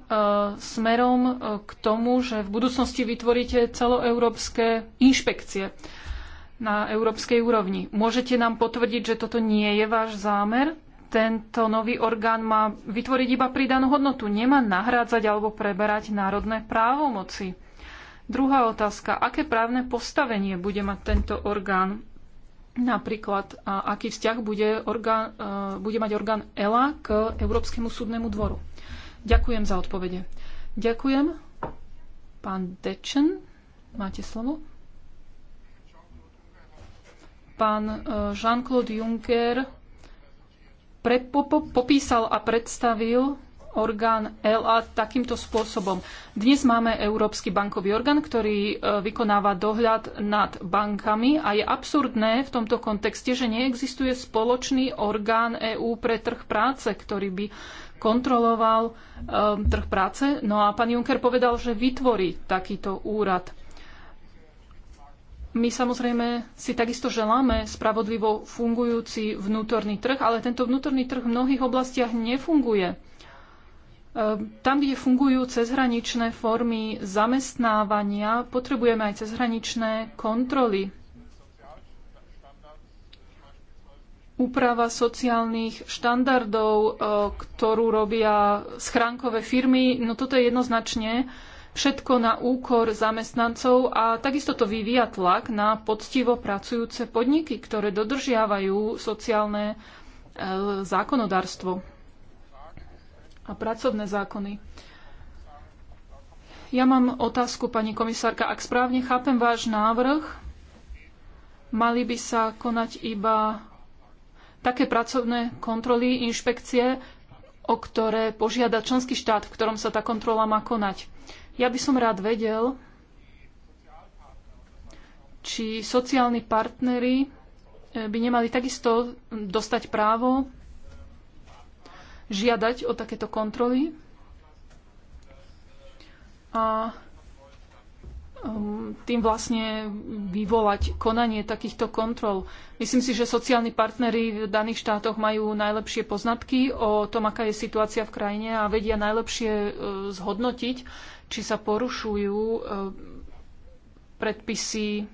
smerom e, k tomu, že v budúcnosti vytvoríte celoeurópske inšpekcie na európskej úrovni. Môžete nám potvrdiť, že toto nie je váš zámer? Tento nový orgán má vytvoriť iba pridanú hodnotu, nemá nahrádzať alebo preberať národné právomoci. Druhá otázka. Aké právne postavenie bude mať tento orgán? Napríklad, aký vzťah bude, orgán, e, bude mať orgán ELA k Európskemu súdnemu dvoru. Ďakujem za odpovede. Ďakujem. Pán Dečen, máte slovo. Pán e, Jean-Claude Juncker prepo, popísal a predstavil orgán LA takýmto spôsobom. Dnes máme Európsky bankový orgán, ktorý e, vykonáva dohľad nad bankami a je absurdné v tomto kontexte, že neexistuje spoločný orgán EÚ pre trh práce, ktorý by kontroloval um, trh práce. No a pán Juncker povedal, že vytvorí takýto úrad. My samozrejme si takisto želáme spravodlivo fungujúci vnútorný trh, ale tento vnútorný trh v mnohých oblastiach nefunguje. Ehm, tam, kde fungujú cezhraničné formy zamestnávania, potrebujeme aj cezhraničné kontroly. Úprava sociálnych štandardov, ehm, ktorú robia schránkové firmy, no toto je jednoznačne všetko na úkor zamestnancov a takisto to vyvíja tlak na poctivo pracujúce podniky, ktoré dodržiavajú sociálne ehm, zákonodárstvo a pracovné zákony. Ja mám otázku, pani komisárka. Ak správne chápem váš návrh, mali by sa konať iba také pracovné kontroly, inšpekcie, o ktoré požiada členský štát, v ktorom sa tá kontrola má konať. Ja by som rád vedel, či sociálni partnery eh, by nemali takisto dostať právo žiadať o takéto kontroly. A um, tým vlastne vyvolať konanie takýchto kontrol. Myslím si, že sociálni partnery v daných štátoch majú najlepšie poznatky o tom, aká je situácia v krajine a vedia najlepšie e, zhodnotiť, či sa porušujú e, predpisy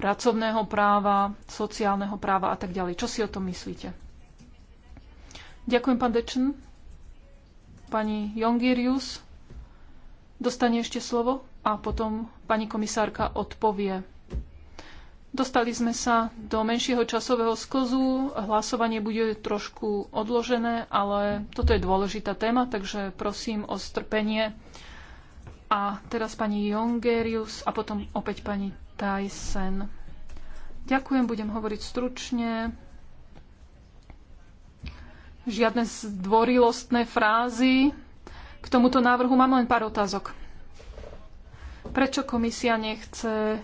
pracovného práva, sociálneho práva a tak ďalej. Čo si o tom myslíte? Ďakujem, pán Dečn. Pani Jongirius dostane ešte slovo a potom pani komisárka odpovie. Dostali sme sa do menšieho časového sklzu, hlasovanie bude trošku odložené, ale toto je dôležitá téma, takže prosím o strpenie. A teraz pani Jongerius a potom opäť pani Tyson. Ďakujem, budem hovoriť stručne žiadne zdvorilostné frázy. K tomuto návrhu mám len pár otázok. Prečo komisia nechce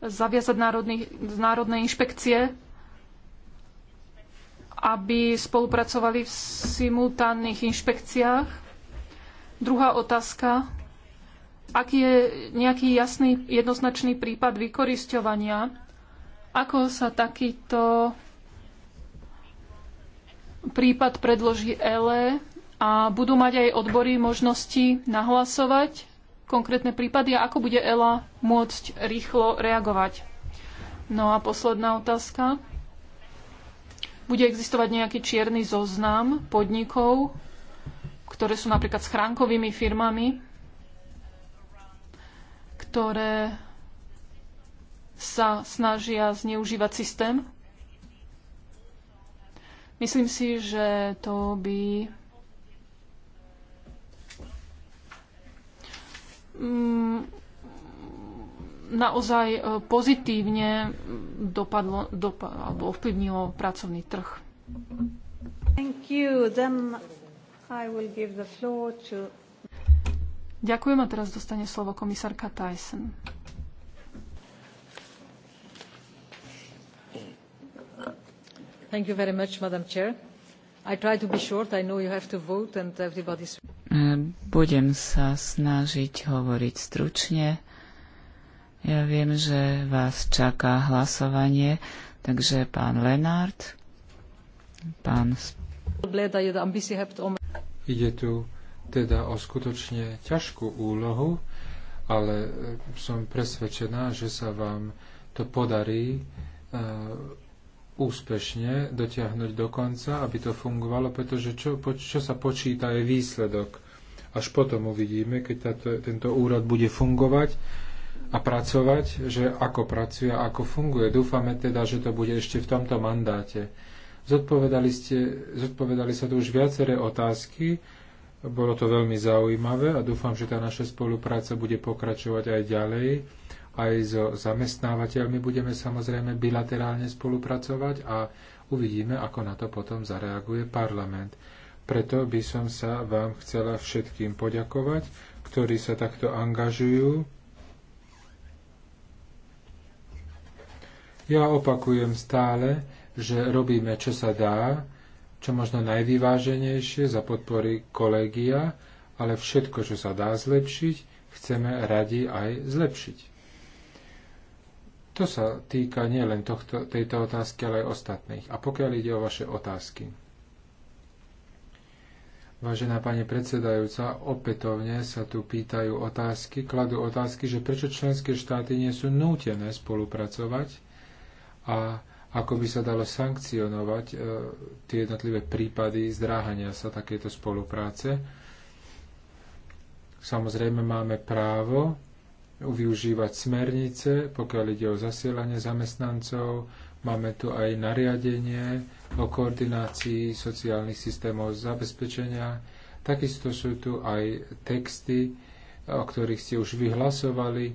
zaviazať národný, národné inšpekcie, aby spolupracovali v simultánnych inšpekciách? Druhá otázka. Ak je nejaký jasný, jednoznačný prípad vykorisťovania, ako sa takýto prípad predloží ELE a budú mať aj odbory možnosti nahlasovať konkrétne prípady a ako bude ELA môcť rýchlo reagovať. No a posledná otázka. Bude existovať nejaký čierny zoznam podnikov, ktoré sú napríklad schránkovými firmami, ktoré sa snažia zneužívať systém Myslím si, že to by mm, naozaj e, pozitívne dopadlo, dopadlo alebo ovplyvnilo pracovný trh. Thank you. Then I will give the floor to... Ďakujem a teraz dostane slovo komisárka Tyson. Ehm, budem sa snažiť hovoriť stručne. Ja viem, že vás čaká hlasovanie, takže pán Lenard, pán... Ide tu teda o skutočne ťažkú úlohu, ale ehm, som presvedčená, že sa vám to podarí ehm, úspešne dotiahnuť do konca, aby to fungovalo, pretože čo, čo sa počíta je výsledok. Až potom uvidíme, keď táto, tento úrad bude fungovať a pracovať, že ako pracuje, a ako funguje. Dúfame teda, že to bude ešte v tomto mandáte. Zodpovedali, ste, zodpovedali sa tu už viaceré otázky, bolo to veľmi zaujímavé a dúfam, že tá naša spolupráca bude pokračovať aj ďalej aj so zamestnávateľmi budeme samozrejme bilaterálne spolupracovať a uvidíme, ako na to potom zareaguje parlament. Preto by som sa vám chcela všetkým poďakovať, ktorí sa takto angažujú. Ja opakujem stále, že robíme, čo sa dá, čo možno najvyváženejšie za podpory kolegia, ale všetko, čo sa dá zlepšiť, chceme radi aj zlepšiť. To sa týka nielen tohto, tejto otázky, ale aj ostatných. A pokiaľ ide o vaše otázky. Vážená pani predsedajúca, opätovne sa tu pýtajú otázky, kladú otázky, že prečo členské štáty nie sú nútené spolupracovať a ako by sa dalo sankcionovať e, tie jednotlivé prípady zdráhania sa takéto spolupráce. Samozrejme máme právo využívať smernice, pokiaľ ide o zasielanie zamestnancov. Máme tu aj nariadenie o koordinácii sociálnych systémov zabezpečenia. Takisto sú tu aj texty, o ktorých ste už vyhlasovali.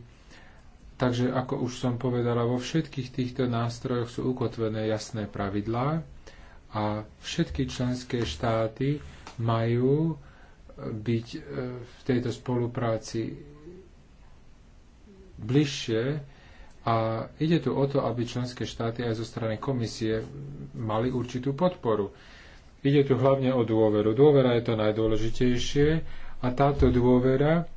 Takže, ako už som povedala, vo všetkých týchto nástrojoch sú ukotvené jasné pravidlá a všetky členské štáty majú eh, byť eh, v tejto spolupráci bližšie a ide tu o to, aby členské štáty aj zo strany komisie mali určitú podporu. Ide tu hlavne o dôveru. Dôvera je to najdôležitejšie a táto dôvera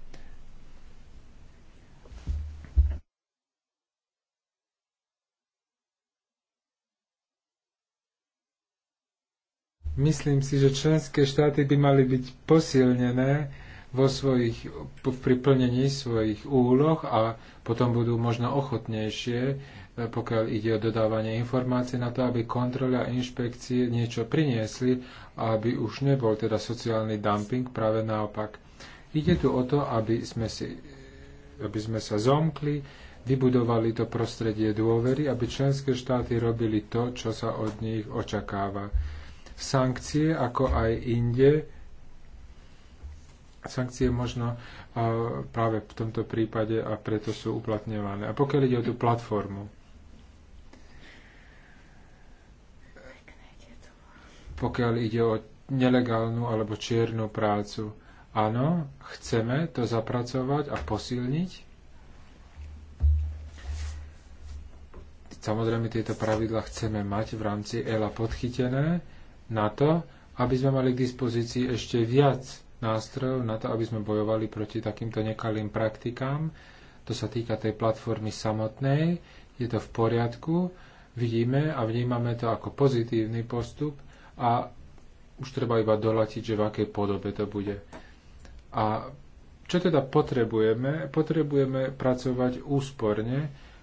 Myslím si, že členské štáty by mali byť posilnené vo svojich, v priplnení svojich úloh a potom budú možno ochotnejšie, e, pokiaľ ide o dodávanie informácií, na to, aby kontroly a inšpekcie niečo priniesli a aby už nebol teda sociálny dumping, práve naopak. Ide tu o to, aby sme, si, aby sme sa zomkli, vybudovali to prostredie dôvery, aby členské štáty robili to, čo sa od nich očakáva. Sankcie, ako aj inde, sankcie možno práve v tomto prípade a preto sú uplatňované. A pokiaľ ide o tú platformu, pokiaľ ide o nelegálnu alebo čiernu prácu, áno, chceme to zapracovať a posilniť. Samozrejme, tieto pravidla chceme mať v rámci ELA podchytené na to, aby sme mali k dispozícii ešte viac nástrojov na to, aby sme bojovali proti takýmto nekalým praktikám. To sa týka tej platformy samotnej, je to v poriadku, vidíme a vnímame to ako pozitívny postup a už treba iba dolatiť, že v akej podobe to bude. A čo teda potrebujeme? Potrebujeme pracovať úsporne,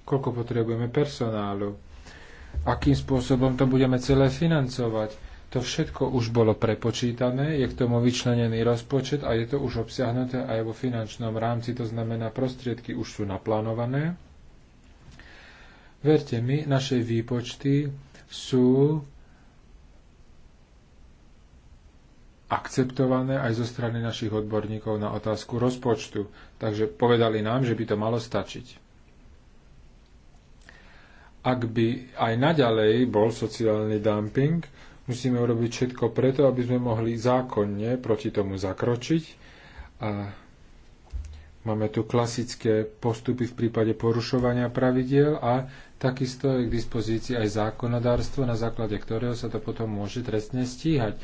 koľko potrebujeme personálu, akým spôsobom to budeme celé financovať, to všetko už bolo prepočítané, je k tomu vyčlenený rozpočet a je to už obsiahnuté aj vo finančnom rámci, to znamená, prostriedky už sú naplánované. Verte mi, naše výpočty sú akceptované aj zo strany našich odborníkov na otázku rozpočtu. Takže povedali nám, že by to malo stačiť. Ak by aj naďalej bol sociálny dumping, Musíme urobiť všetko preto, aby sme mohli zákonne proti tomu zakročiť. A máme tu klasické postupy v prípade porušovania pravidiel a takisto je k dispozícii aj zákonodárstvo, na základe ktorého sa to potom môže trestne stíhať.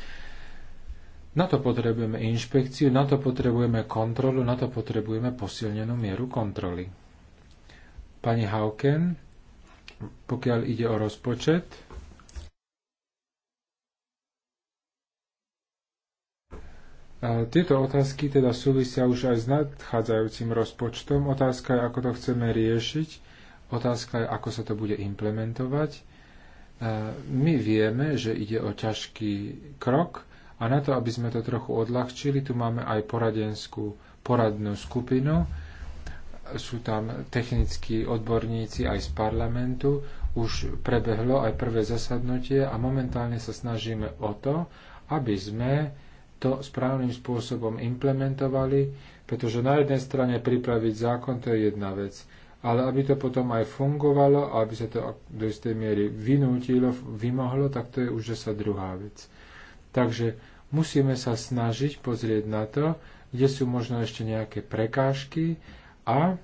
Na to potrebujeme inšpekciu, na to potrebujeme kontrolu, na to potrebujeme posilnenú mieru kontroly. Pani Hauken, pokiaľ ide o rozpočet, Tieto otázky teda súvisia už aj s nadchádzajúcim rozpočtom. Otázka je, ako to chceme riešiť. Otázka je, ako sa to bude implementovať. My vieme, že ide o ťažký krok a na to, aby sme to trochu odľahčili, tu máme aj poradenskú poradnú skupinu. Sú tam technickí odborníci aj z parlamentu. Už prebehlo aj prvé zasadnutie a momentálne sa snažíme o to, aby sme to správnym spôsobom implementovali, pretože na jednej strane pripraviť zákon to je jedna vec, ale aby to potom aj fungovalo a aby sa to do istej miery vynútilo, vymohlo, tak to je už zase druhá vec. Takže musíme sa snažiť pozrieť na to, kde sú možno ešte nejaké prekážky a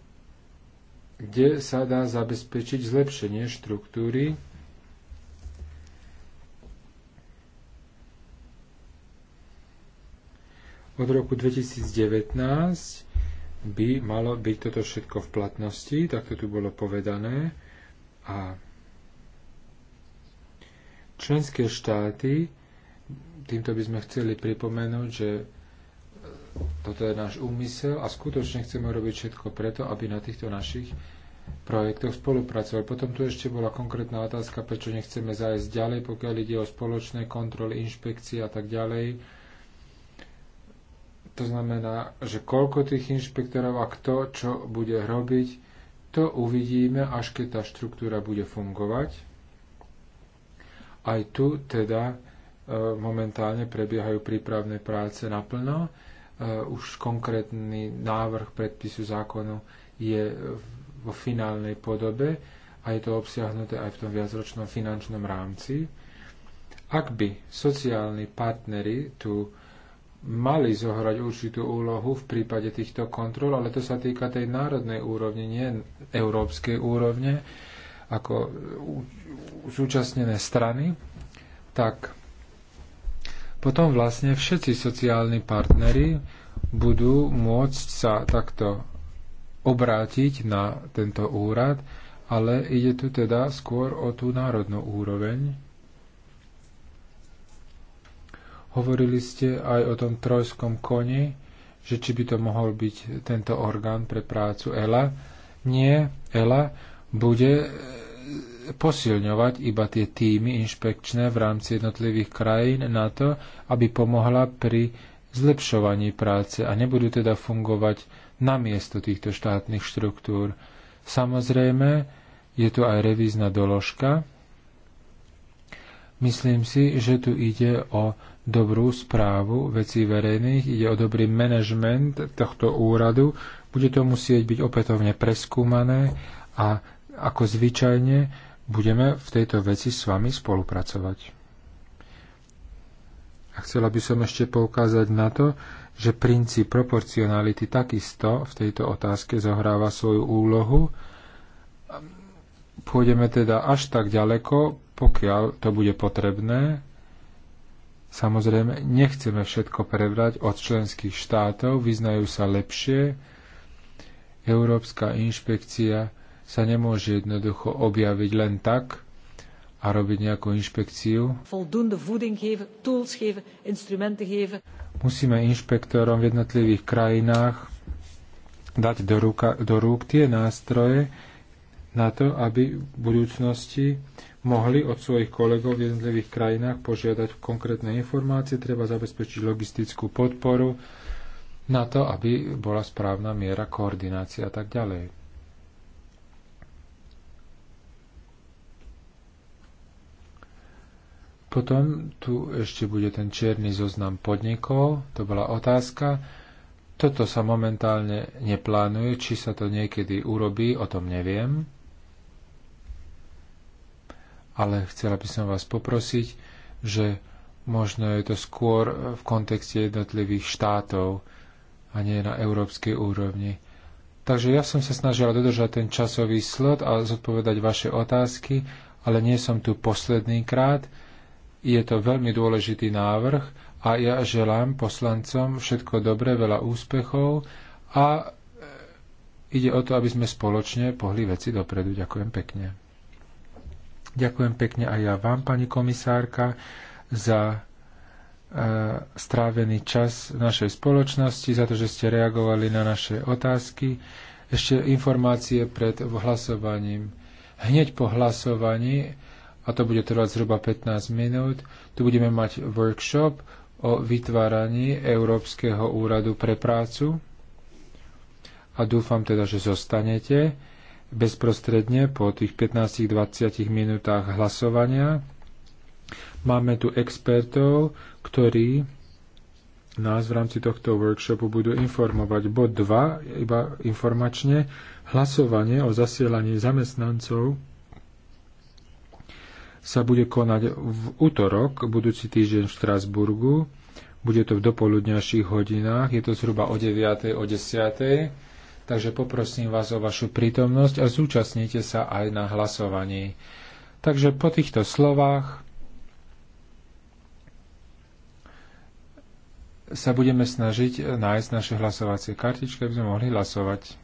kde sa dá zabezpečiť zlepšenie štruktúry Od roku 2019 by malo byť toto všetko v platnosti, tak to tu bolo povedané. A členské štáty, týmto by sme chceli pripomenúť, že e, toto je náš úmysel a skutočne chceme robiť všetko preto, aby na týchto našich projektoch spolupracovali. Potom tu ešte bola konkrétna otázka, prečo nechceme zájsť ďalej, pokiaľ ide o spoločné kontroly, inšpekcie a tak ďalej. To znamená, že koľko tých inšpektorov a kto čo bude robiť, to uvidíme, až keď tá štruktúra bude fungovať. Aj tu teda e, momentálne prebiehajú prípravné práce naplno. E, už konkrétny návrh predpisu zákonu je vo finálnej podobe a je to obsiahnuté aj v tom viacročnom finančnom rámci. Ak by sociálni partnery tu mali zohrať určitú úlohu v prípade týchto kontrol, ale to sa týka tej národnej úrovne, nie európskej úrovne, ako zúčastnené strany, tak potom vlastne všetci sociálni partnery budú môcť sa takto obrátiť na tento úrad, ale ide tu teda skôr o tú národnú úroveň, Hovorili ste aj o tom trojskom koni, že či by to mohol byť tento orgán pre prácu ELA. Nie, ELA bude e, posilňovať iba tie týmy inšpekčné v rámci jednotlivých krajín na to, aby pomohla pri zlepšovaní práce a nebudú teda fungovať na miesto týchto štátnych štruktúr. Samozrejme, je tu aj revízna doložka. Myslím si, že tu ide o dobrú správu vecí verejných, ide o dobrý manažment tohto úradu. Bude to musieť byť opätovne preskúmané a ako zvyčajne budeme v tejto veci s vami spolupracovať. A chcela by som ešte poukázať na to, že princíp proporcionality takisto v tejto otázke zohráva svoju úlohu. Pôjdeme teda až tak ďaleko, pokiaľ to bude potrebné, Samozrejme, nechceme všetko prebrať od členských štátov, vyznajú sa lepšie. Európska inšpekcia sa nemôže jednoducho objaviť len tak a robiť nejakú inšpekciu. Musíme inšpektorom v jednotlivých krajinách dať do, ruka, do rúk tie nástroje, na to, aby v budúcnosti mohli od svojich kolegov v jednotlivých krajinách požiadať konkrétne informácie, treba zabezpečiť logistickú podporu na to, aby bola správna miera koordinácie a tak ďalej. Potom tu ešte bude ten čierny zoznam podnikov, to bola otázka. Toto sa momentálne neplánuje, či sa to niekedy urobí, o tom neviem ale chcela by som vás poprosiť, že možno je to skôr v kontexte jednotlivých štátov a nie na európskej úrovni. Takže ja som sa snažila dodržať ten časový slot a zodpovedať vaše otázky, ale nie som tu posledný krát. Je to veľmi dôležitý návrh a ja želám poslancom všetko dobré, veľa úspechov a e, ide o to, aby sme spoločne pohli veci dopredu. Ďakujem pekne. Ďakujem pekne aj ja vám, pani komisárka, za e, strávený čas našej spoločnosti, za to, že ste reagovali na naše otázky. Ešte informácie pred hlasovaním. Hneď po hlasovaní, a to bude trvať zhruba 15 minút, tu budeme mať workshop o vytváraní Európskeho úradu pre prácu. A dúfam teda, že zostanete bezprostredne po tých 15-20 minútach hlasovania. Máme tu expertov, ktorí nás v rámci tohto workshopu budú informovať. Bod 2, iba informačne, hlasovanie o zasielaní zamestnancov sa bude konať v útorok, budúci týždeň v Štrasburgu. Bude to v dopoludňajších hodinách, je to zhruba o 9.00 o 10. Takže poprosím vás o vašu prítomnosť a zúčastnite sa aj na hlasovaní. Takže po týchto slovách sa budeme snažiť nájsť naše hlasovacie kartičky, aby sme mohli hlasovať.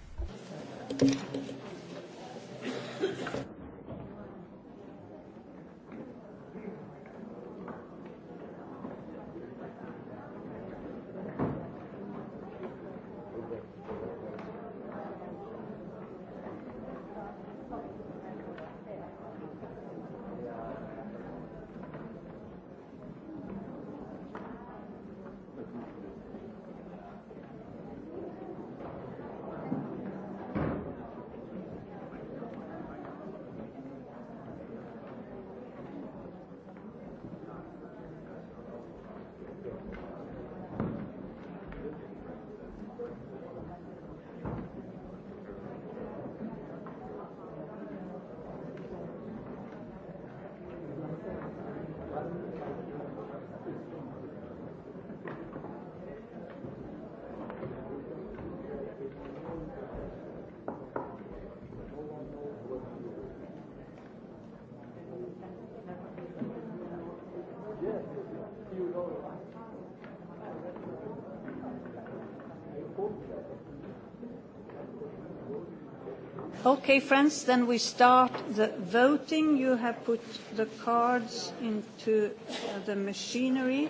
Okay, friends, then we start the voting. You have put the cards into uh, the machinery.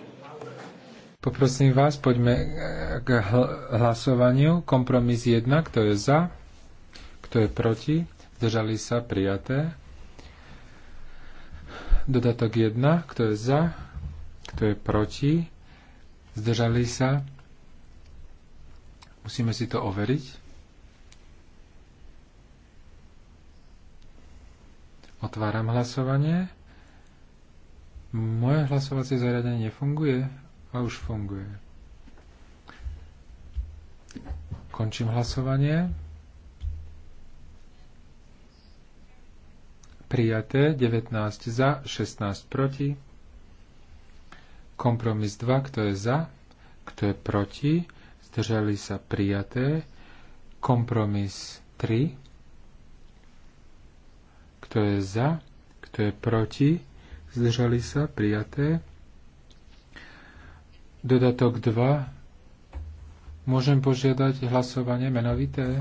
Poprosím vás, poďme uh, k hlasovaniu. Kompromis 1, kto je za, kto je proti, zdržali sa, prijaté. Dodatok 1, kto je za, kto je proti, zdržali sa. Musíme si to overiť. Otváram hlasovanie. Moje hlasovacie zariadenie nefunguje a už funguje. Končím hlasovanie. Prijaté 19 za, 16 proti. Kompromis 2, kto je za, kto je proti. Zdržali sa prijaté. Kompromis 3, kto je za? Kto je proti? Zdržali sa? Prijaté. Dodatok 2. Môžem požiadať hlasovanie menovité?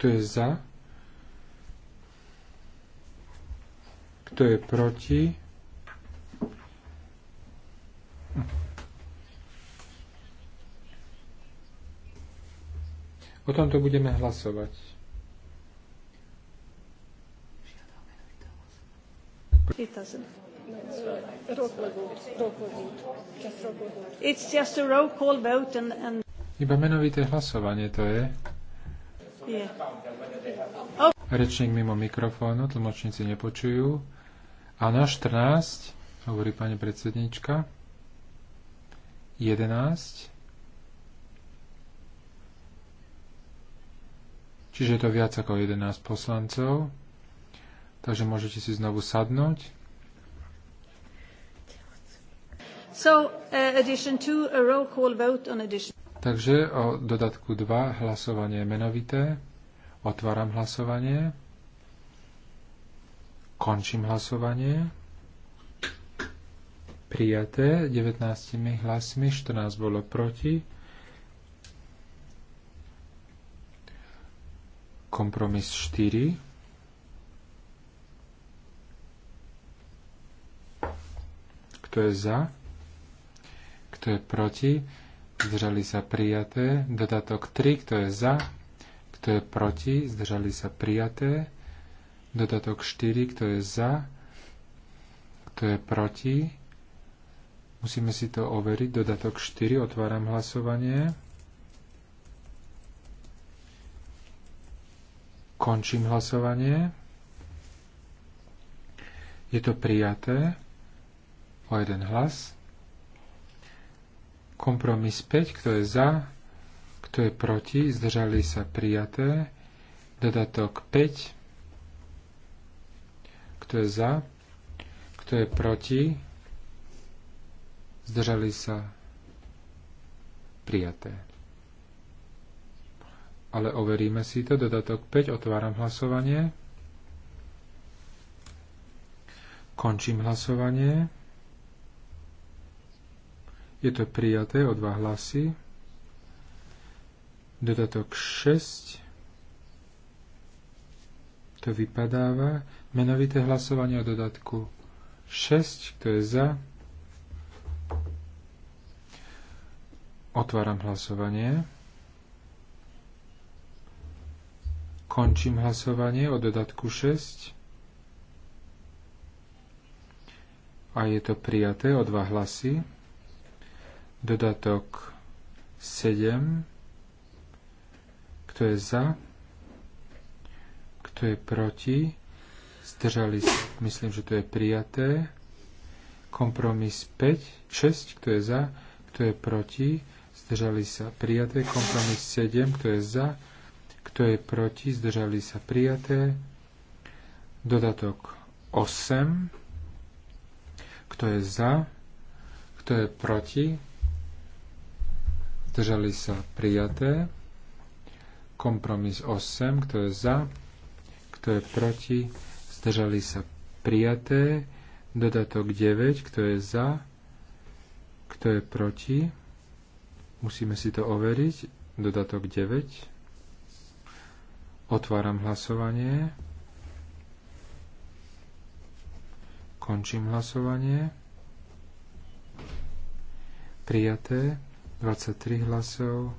Kto je za? Kto je proti? O tomto budeme hlasovať. Iba menovité hlasovanie to je. Oh. Rečník mimo mikrofónu, tlmočníci nepočujú. A na 14, hovorí pani predsednička. 11. čiže je to viac ako 11 poslancov. Takže môžete si znovu sadnúť. So, uh, two, a roll call vote on addition. Takže o dodatku 2 hlasovanie je menovité. Otváram hlasovanie. Končím hlasovanie. Prijaté 19 hlasmi, 14 bolo proti. kompromis 4. Kto je za? Kto je proti? Zdržali sa prijaté. Dodatok 3. Kto je za? Kto je proti? Zdržali sa prijaté. Dodatok 4. Kto je za? Kto je proti? Musíme si to overiť. Dodatok 4. Otváram hlasovanie. Končím hlasovanie. Je to prijaté o jeden hlas. Kompromis 5, kto je za, kto je proti, zdržali sa prijaté. Dodatok 5, kto je za, kto je proti, zdržali sa prijaté ale overíme si to. Dodatok 5, otváram hlasovanie. Končím hlasovanie. Je to prijaté o dva hlasy. Dodatok 6. To vypadáva. Menovité hlasovanie o dodatku 6. Kto je za? Otváram hlasovanie. Končím hlasovanie o dodatku 6. A je to prijaté o dva hlasy. Dodatok 7. Kto je za? Kto je proti? Zdržali, myslím, že to je prijaté. Kompromis 5, 6, kto je za, kto je proti, zdržali sa prijaté. Kompromis 7, kto je za, kto je proti? Zdržali sa prijaté. Dodatok 8. Kto je za? Kto je proti? Zdržali sa prijaté. Kompromis 8. Kto je za? Kto je proti? Zdržali sa prijaté. Dodatok 9. Kto je za? Kto je proti? Musíme si to overiť. Dodatok 9. Otváram hlasovanie. Končím hlasovanie. Prijaté 23 hlasov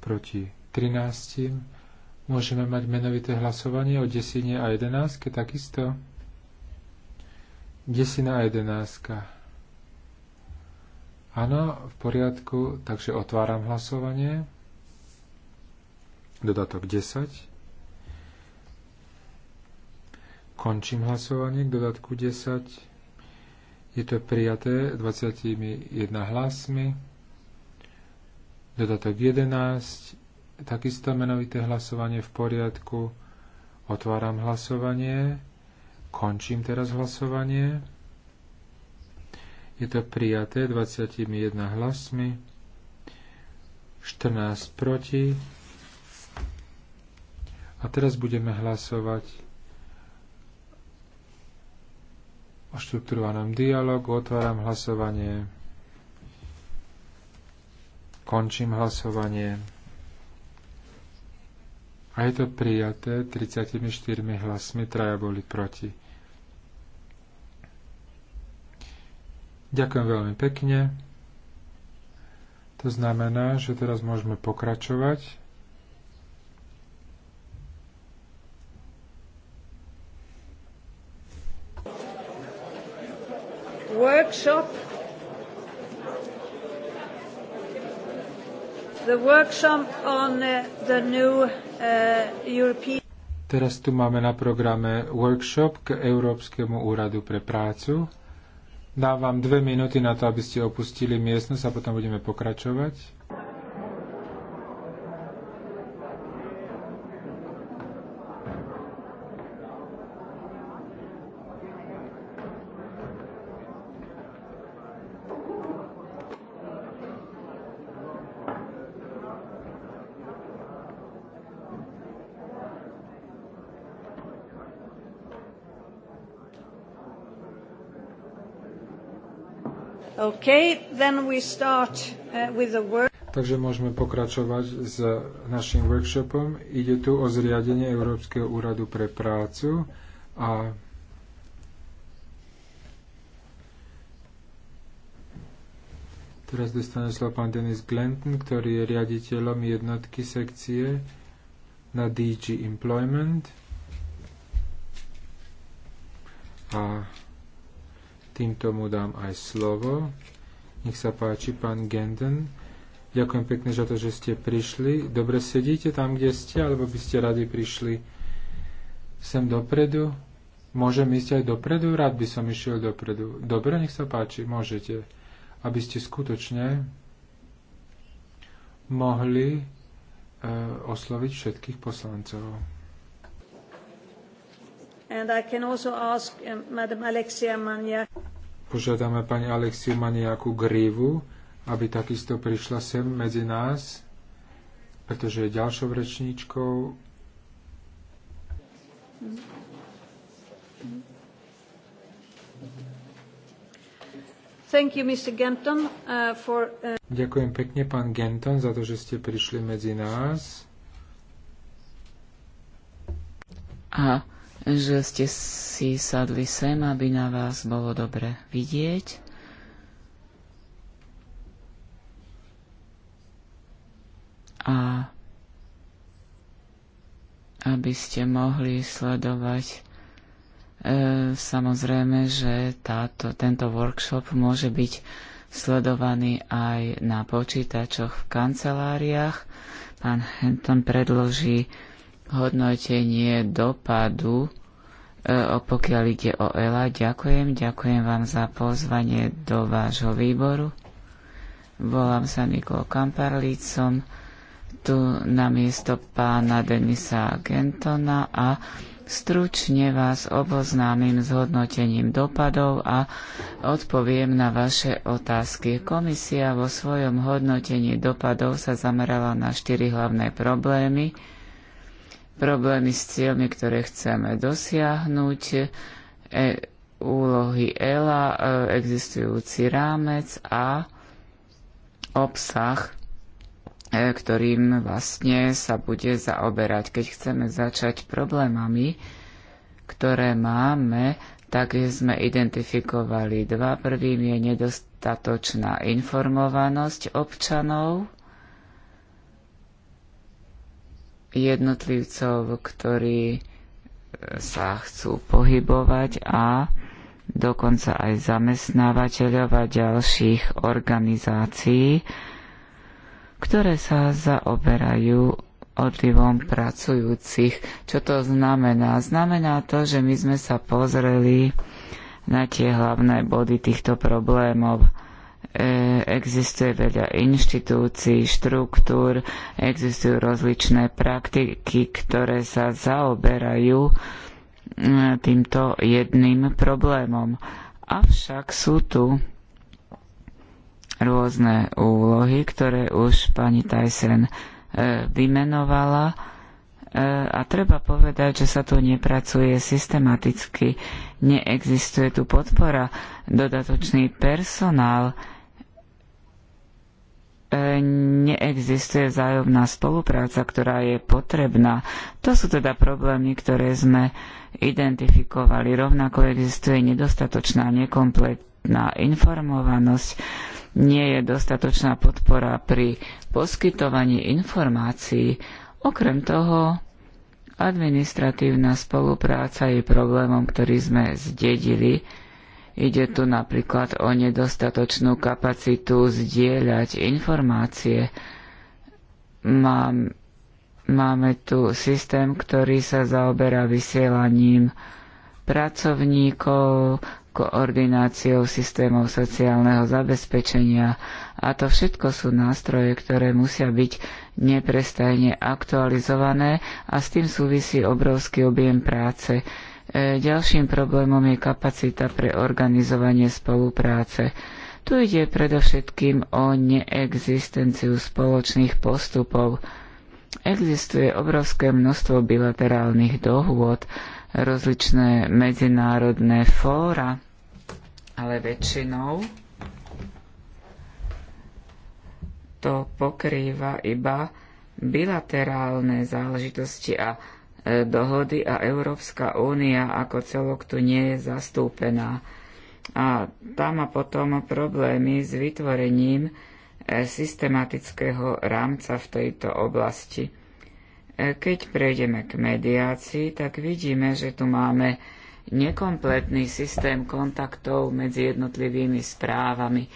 proti 13. Môžeme mať menovité hlasovanie o 10 a 11 takisto. 10 a 11. Áno, v poriadku, takže otváram hlasovanie dodatok 10. Končím hlasovanie k dodatku 10. Je to prijaté 21 hlasmi. Dodatok 11. Takisto menovité hlasovanie v poriadku. Otváram hlasovanie. Končím teraz hlasovanie. Je to prijaté 21 hlasmi. 14 proti. A teraz budeme hlasovať o štruktúrovanom dialogu. Otváram hlasovanie. Končím hlasovanie. A je to prijaté 34 hlasmi, traja boli proti. Ďakujem veľmi pekne. To znamená, že teraz môžeme pokračovať. workshop the workshop on uh, the new uh, European Teraz tu máme na programe workshop k Európskemu úradu pre prácu. Dávam dve minúty na to, aby ste opustili miestnosť a potom budeme pokračovať. Okay, then we start uh, with the work. Takže môžeme pokračovať s našim workshopom. Ide tu o zriadenie Európskeho úradu pre prácu a teraz dostane slovo pán Denis Glenton, ktorý je riaditeľom jednotky sekcie na DG Employment. A Týmto mu dám aj slovo. Nech sa páči, pán Genden. Ďakujem pekne za to, že ste prišli. Dobre sedíte tam, kde ste, alebo by ste radi prišli sem dopredu? Môžem ísť aj dopredu? Rád by som išiel dopredu. Dobre, nech sa páči, môžete. Aby ste skutočne mohli e, osloviť všetkých poslancov. And I can also ask um, Madam Alexia Mania. Požiadame pani Alexiu Maniaku Grívu, aby takisto prišla sem medzi nás, pretože je ďalšou rečníčkou. Mm. You, Genton, uh, for, uh... Ďakujem pekne, pán Genton, za to, že ste prišli medzi nás. Aha že ste si sadli sem, aby na vás bolo dobre vidieť. A aby ste mohli sledovať. E, samozrejme, že táto, tento workshop môže byť sledovaný aj na počítačoch v kanceláriách. Pán Henton predloží hodnotenie dopadu, e, pokiaľ ide o ELA. Ďakujem, ďakujem vám za pozvanie do vášho výboru. Volám sa Nikol Kamparlícom, tu na miesto pána Denisa Gentona a stručne vás oboznámim s hodnotením dopadov a odpoviem na vaše otázky. Komisia vo svojom hodnotení dopadov sa zamerala na štyri hlavné problémy, problémy s cieľmi, ktoré chceme dosiahnuť, e, úlohy ELA, e, existujúci rámec a obsah, e, ktorým vlastne sa bude zaoberať. Keď chceme začať problémami, ktoré máme, tak sme identifikovali dva. Prvým je nedostatočná informovanosť občanov jednotlivcov, ktorí e, sa chcú pohybovať a dokonca aj zamestnávateľov a ďalších organizácií, ktoré sa zaoberajú odlivom pracujúcich. Čo to znamená? Znamená to, že my sme sa pozreli na tie hlavné body týchto problémov E, existuje veľa inštitúcií, štruktúr, existujú rozličné praktiky, ktoré sa zaoberajú e, týmto jedným problémom. Avšak sú tu rôzne úlohy, ktoré už pani Tyson e, vymenovala a treba povedať, že sa tu nepracuje systematicky. Neexistuje tu podpora, dodatočný personál, neexistuje vzájomná spolupráca, ktorá je potrebná. To sú teda problémy, ktoré sme identifikovali. Rovnako existuje nedostatočná, nekompletná informovanosť, nie je dostatočná podpora pri poskytovaní informácií. Okrem toho, administratívna spolupráca je problémom, ktorý sme zdedili Ide tu napríklad o nedostatočnú kapacitu zdieľať informácie. Mám, máme tu systém, ktorý sa zaoberá vysielaním pracovníkov, koordináciou systémov sociálneho zabezpečenia a to všetko sú nástroje, ktoré musia byť neprestajne aktualizované a s tým súvisí obrovský objem práce. E, ďalším problémom je kapacita pre organizovanie spolupráce. Tu ide predovšetkým o neexistenciu spoločných postupov. Existuje obrovské množstvo bilaterálnych dohôd, rozličné medzinárodné fóra, ale väčšinou to pokrýva iba bilaterálne záležitosti a E, dohody a Európska únia ako celok tu nie je zastúpená. A tá má potom problémy s vytvorením e, systematického rámca v tejto oblasti. E, keď prejdeme k mediácii, tak vidíme, že tu máme nekompletný systém kontaktov medzi jednotlivými správami.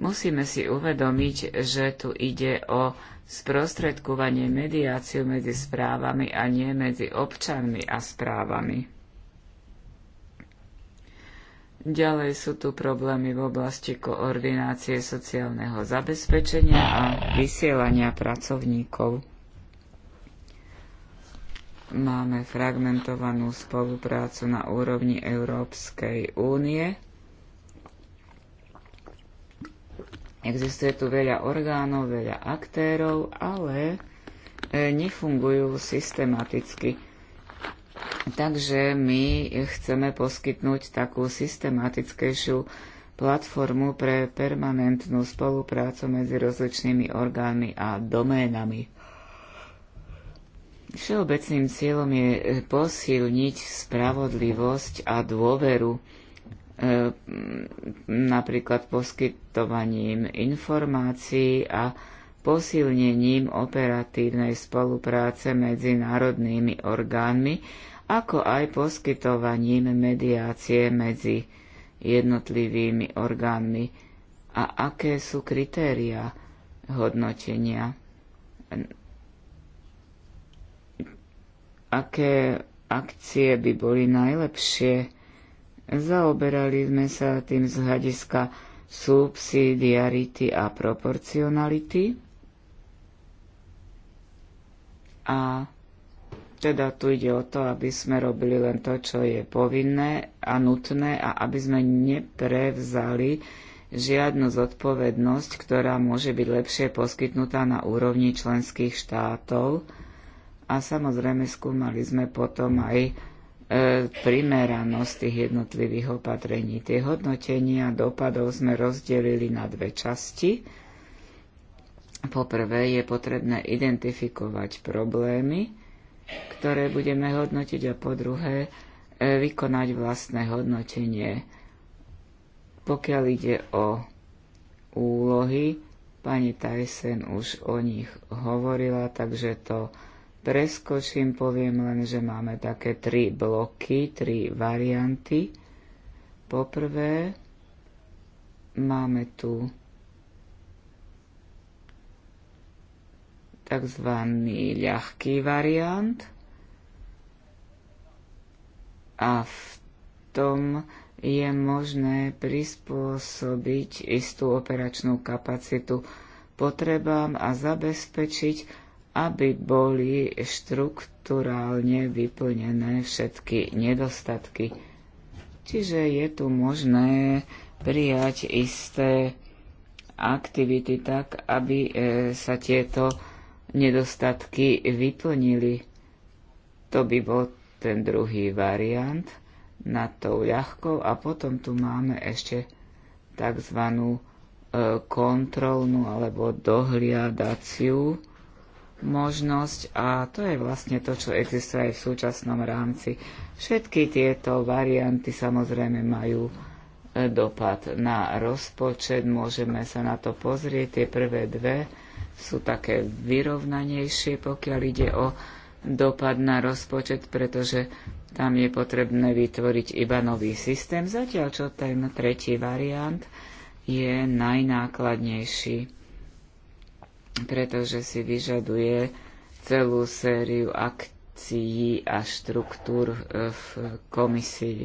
Musíme si uvedomiť, že tu ide o sprostredkovanie mediáciu medzi správami a nie medzi občanmi a správami. Ďalej sú tu problémy v oblasti koordinácie sociálneho zabezpečenia a vysielania pracovníkov. Máme fragmentovanú spoluprácu na úrovni Európskej únie Existuje tu veľa orgánov, veľa aktérov, ale e, nefungujú systematicky. Takže my chceme poskytnúť takú systematickejšiu platformu pre permanentnú spoluprácu medzi rozličnými orgánmi a doménami. Všeobecným cieľom je posilniť spravodlivosť a dôveru E, napríklad poskytovaním informácií a posilnením operatívnej spolupráce medzi národnými orgánmi, ako aj poskytovaním mediácie medzi jednotlivými orgánmi a aké sú kritéria hodnotenia, aké akcie by boli najlepšie Zaoberali sme sa tým z hľadiska subsidiarity a proporcionality. A teda tu ide o to, aby sme robili len to, čo je povinné a nutné a aby sme neprevzali žiadnu zodpovednosť, ktorá môže byť lepšie poskytnutá na úrovni členských štátov. A samozrejme skúmali sme potom aj E, primeranosť tých jednotlivých opatrení. Tie hodnotenia dopadov sme rozdelili na dve časti. Poprvé je potrebné identifikovať problémy, ktoré budeme hodnotiť a po druhé e, vykonať vlastné hodnotenie. Pokiaľ ide o úlohy, pani Tyson už o nich hovorila, takže to Preskočím, poviem len, že máme také tri bloky, tri varianty. Poprvé máme tu tzv. ľahký variant a v tom je možné prispôsobiť istú operačnú kapacitu potrebám a zabezpečiť aby boli štruktúrálne vyplnené všetky nedostatky. Čiže je tu možné prijať isté aktivity tak, aby e, sa tieto nedostatky vyplnili. To by bol ten druhý variant na tou ľahkou a potom tu máme ešte tzv. E, kontrolnú alebo dohliadaciu možnosť a to je vlastne to, čo existuje aj v súčasnom rámci. Všetky tieto varianty samozrejme majú e, dopad na rozpočet, môžeme sa na to pozrieť. Tie prvé dve sú také vyrovnanejšie, pokiaľ ide o dopad na rozpočet, pretože tam je potrebné vytvoriť iba nový systém, zatiaľ čo ten tretí variant je najnákladnejší pretože si vyžaduje celú sériu akcií a štruktúr e, v komisii.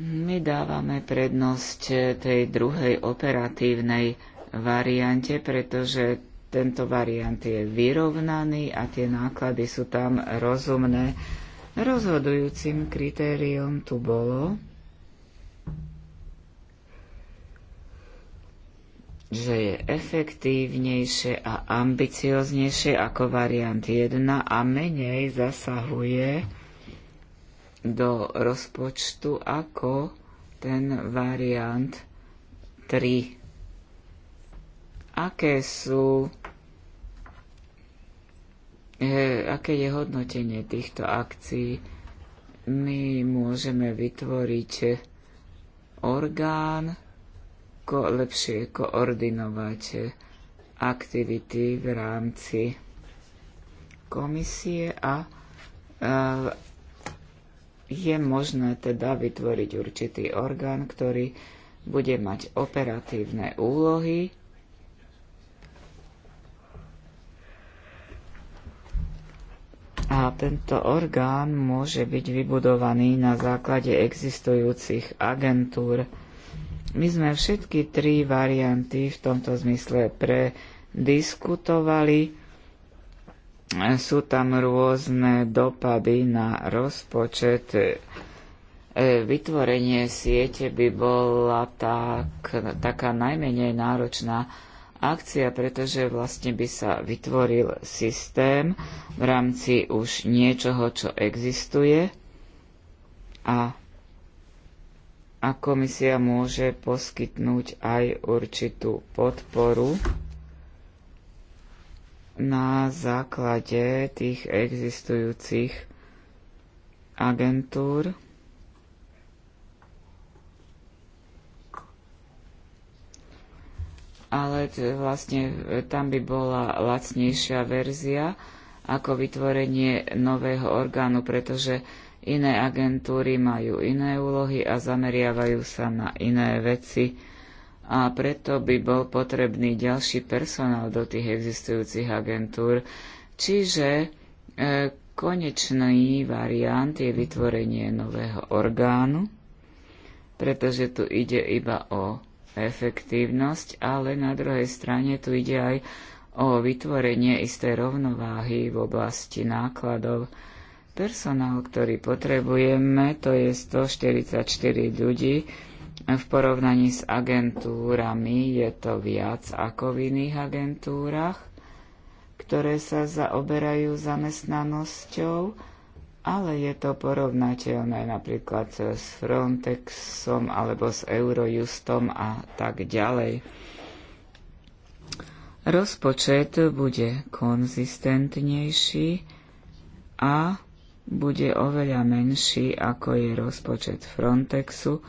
My dávame prednosť e, tej druhej operatívnej variante, pretože tento variant je vyrovnaný a tie náklady sú tam rozumné. Rozhodujúcim kritériom tu bolo, že je efektívnejšie a ambicioznejšie ako variant 1 a menej zasahuje do rozpočtu ako ten variant 3. Aké sú e, aké je hodnotenie týchto akcií? My môžeme vytvoriť orgán, ko- lepšie koordinovať aktivity v rámci komisie a e, je možné teda vytvoriť určitý orgán, ktorý bude mať operatívne úlohy a tento orgán môže byť vybudovaný na základe existujúcich agentúr, my sme všetky tri varianty v tomto zmysle prediskutovali. Sú tam rôzne dopady na rozpočet. E, vytvorenie siete by bola tak, taká najmenej náročná akcia, pretože vlastne by sa vytvoril systém v rámci už niečoho, čo existuje a a komisia môže poskytnúť aj určitú podporu na základe tých existujúcich agentúr. Ale vlastne tam by bola lacnejšia verzia ako vytvorenie nového orgánu, pretože Iné agentúry majú iné úlohy a zameriavajú sa na iné veci a preto by bol potrebný ďalší personál do tých existujúcich agentúr. Čiže e, konečný variant je vytvorenie nového orgánu, pretože tu ide iba o efektívnosť, ale na druhej strane tu ide aj o vytvorenie istej rovnováhy v oblasti nákladov Personál, ktorý potrebujeme, to je 144 ľudí. V porovnaní s agentúrami je to viac ako v iných agentúrach, ktoré sa zaoberajú zamestnanosťou, ale je to porovnateľné napríklad s Frontexom alebo s Eurojustom a tak ďalej. Rozpočet bude konzistentnejší a bude oveľa menší, ako je rozpočet Frontexu,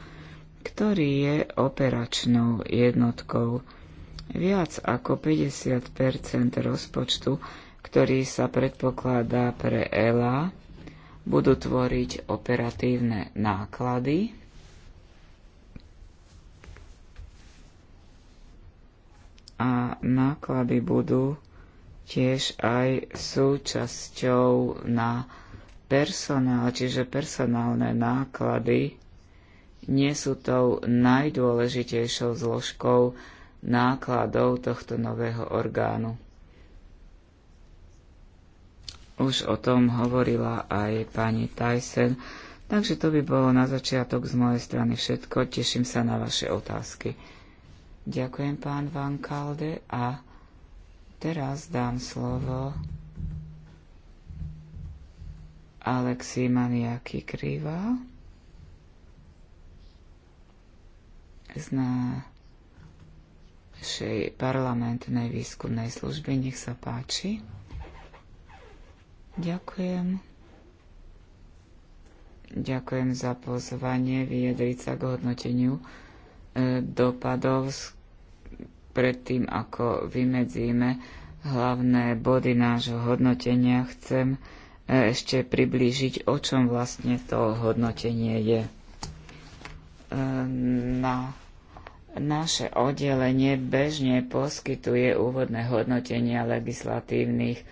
ktorý je operačnou jednotkou. Viac ako 50 rozpočtu, ktorý sa predpokladá pre ELA, budú tvoriť operatívne náklady. A náklady budú tiež aj súčasťou na personál, čiže personálne náklady, nie sú tou najdôležitejšou zložkou nákladov tohto nového orgánu. Už o tom hovorila aj pani Tyson, takže to by bolo na začiatok z mojej strany všetko. Teším sa na vaše otázky. Ďakujem pán Van Kalde a teraz dám slovo Alexi Maniaki Kriva z našej parlamentnej výskumnej služby. Nech sa páči. Ďakujem. Ďakujem za pozvanie vyjadriť sa k hodnoteniu e, dopadov tým, ako vymedzíme hlavné body nášho hodnotenia. Chcem E, ešte priblížiť, o čom vlastne to hodnotenie je. E, na naše oddelenie bežne poskytuje úvodné hodnotenia legislatívnych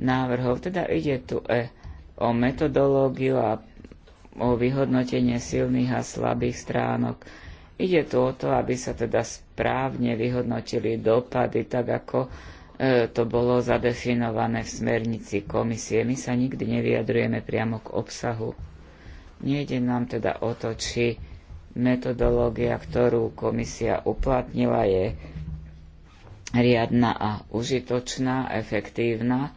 návrhov, teda ide tu e, o metodológiu a o vyhodnotenie silných a slabých stránok. Ide tu o to, aby sa teda správne vyhodnotili dopady, tak ako E, to bolo zadefinované v smernici komisie. My sa nikdy nevyjadrujeme priamo k obsahu. Nejde nám teda o to, či metodológia, ktorú komisia uplatnila, je riadna a užitočná, efektívna.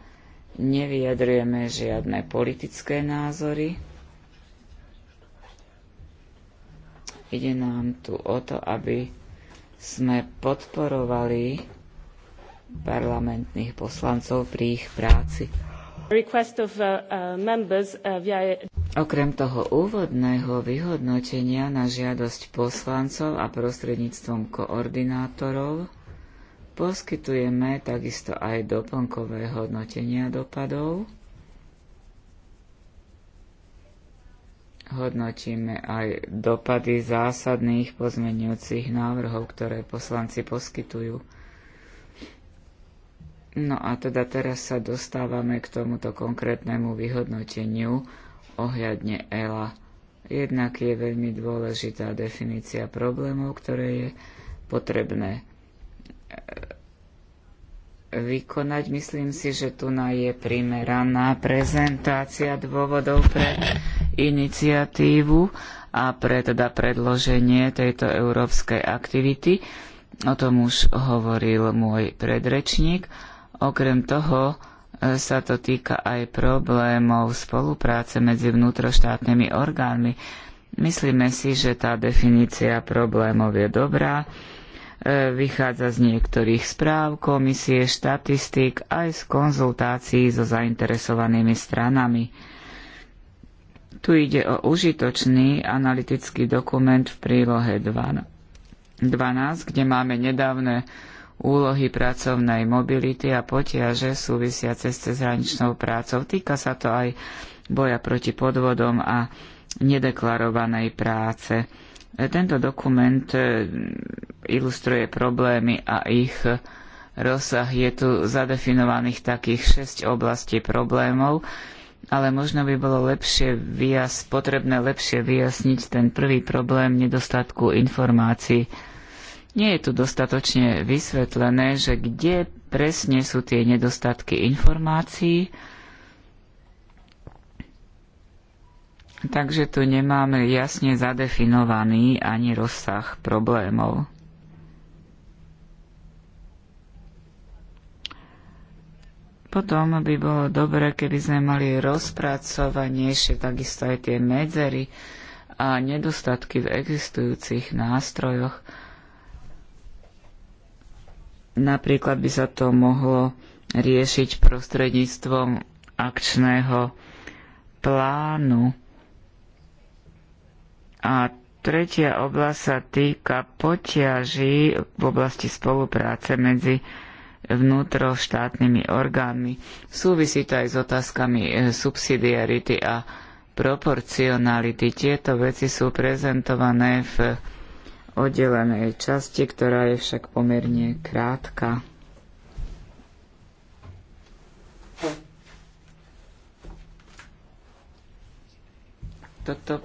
Nevyjadrujeme žiadne politické názory. Ide nám tu o to, aby sme podporovali parlamentných poslancov pri ich práci. Uh, uh, uh, Okrem toho úvodného vyhodnotenia na žiadosť poslancov a prostredníctvom koordinátorov poskytujeme takisto aj doplnkové hodnotenia dopadov. Hodnotíme aj dopady zásadných pozmeňujúcich návrhov, ktoré poslanci poskytujú. No a teda teraz sa dostávame k tomuto konkrétnemu vyhodnoteniu ohľadne ELA. Jednak je veľmi dôležitá definícia problémov, ktoré je potrebné e, vykonať. Myslím si, že tu je primeraná prezentácia dôvodov pre iniciatívu a pre teda predloženie tejto európskej aktivity. O tom už hovoril môj predrečník Okrem toho e, sa to týka aj problémov spolupráce medzi vnútroštátnymi orgánmi. Myslíme si, že tá definícia problémov je dobrá. E, vychádza z niektorých správ, komisie, štatistík, aj z konzultácií so zainteresovanými stranami. Tu ide o užitočný analytický dokument v prílohe 12, 12 kde máme nedávne úlohy pracovnej mobility a potiaže súvisiace s cezhraničnou prácou. Týka sa to aj boja proti podvodom a nedeklarovanej práce. Tento dokument e, ilustruje problémy a ich rozsah. Je tu zadefinovaných takých 6 oblastí problémov, ale možno by bolo lepšie vyjas, potrebné lepšie vyjasniť ten prvý problém nedostatku informácií. Nie je tu dostatočne vysvetlené, že kde presne sú tie nedostatky informácií. Takže tu nemáme jasne zadefinovaný ani rozsah problémov. Potom by bolo dobre, keby sme mali rozpracovanejšie takisto aj tie medzery a nedostatky v existujúcich nástrojoch, Napríklad by sa to mohlo riešiť prostredníctvom akčného plánu. A tretia oblasť sa týka potiaží v oblasti spolupráce medzi vnútroštátnymi orgánmi. Súvisí to aj s otázkami eh, subsidiarity a proporcionality. Tieto veci sú prezentované v oddelenej časti, ktorá je však pomerne krátka. Toto.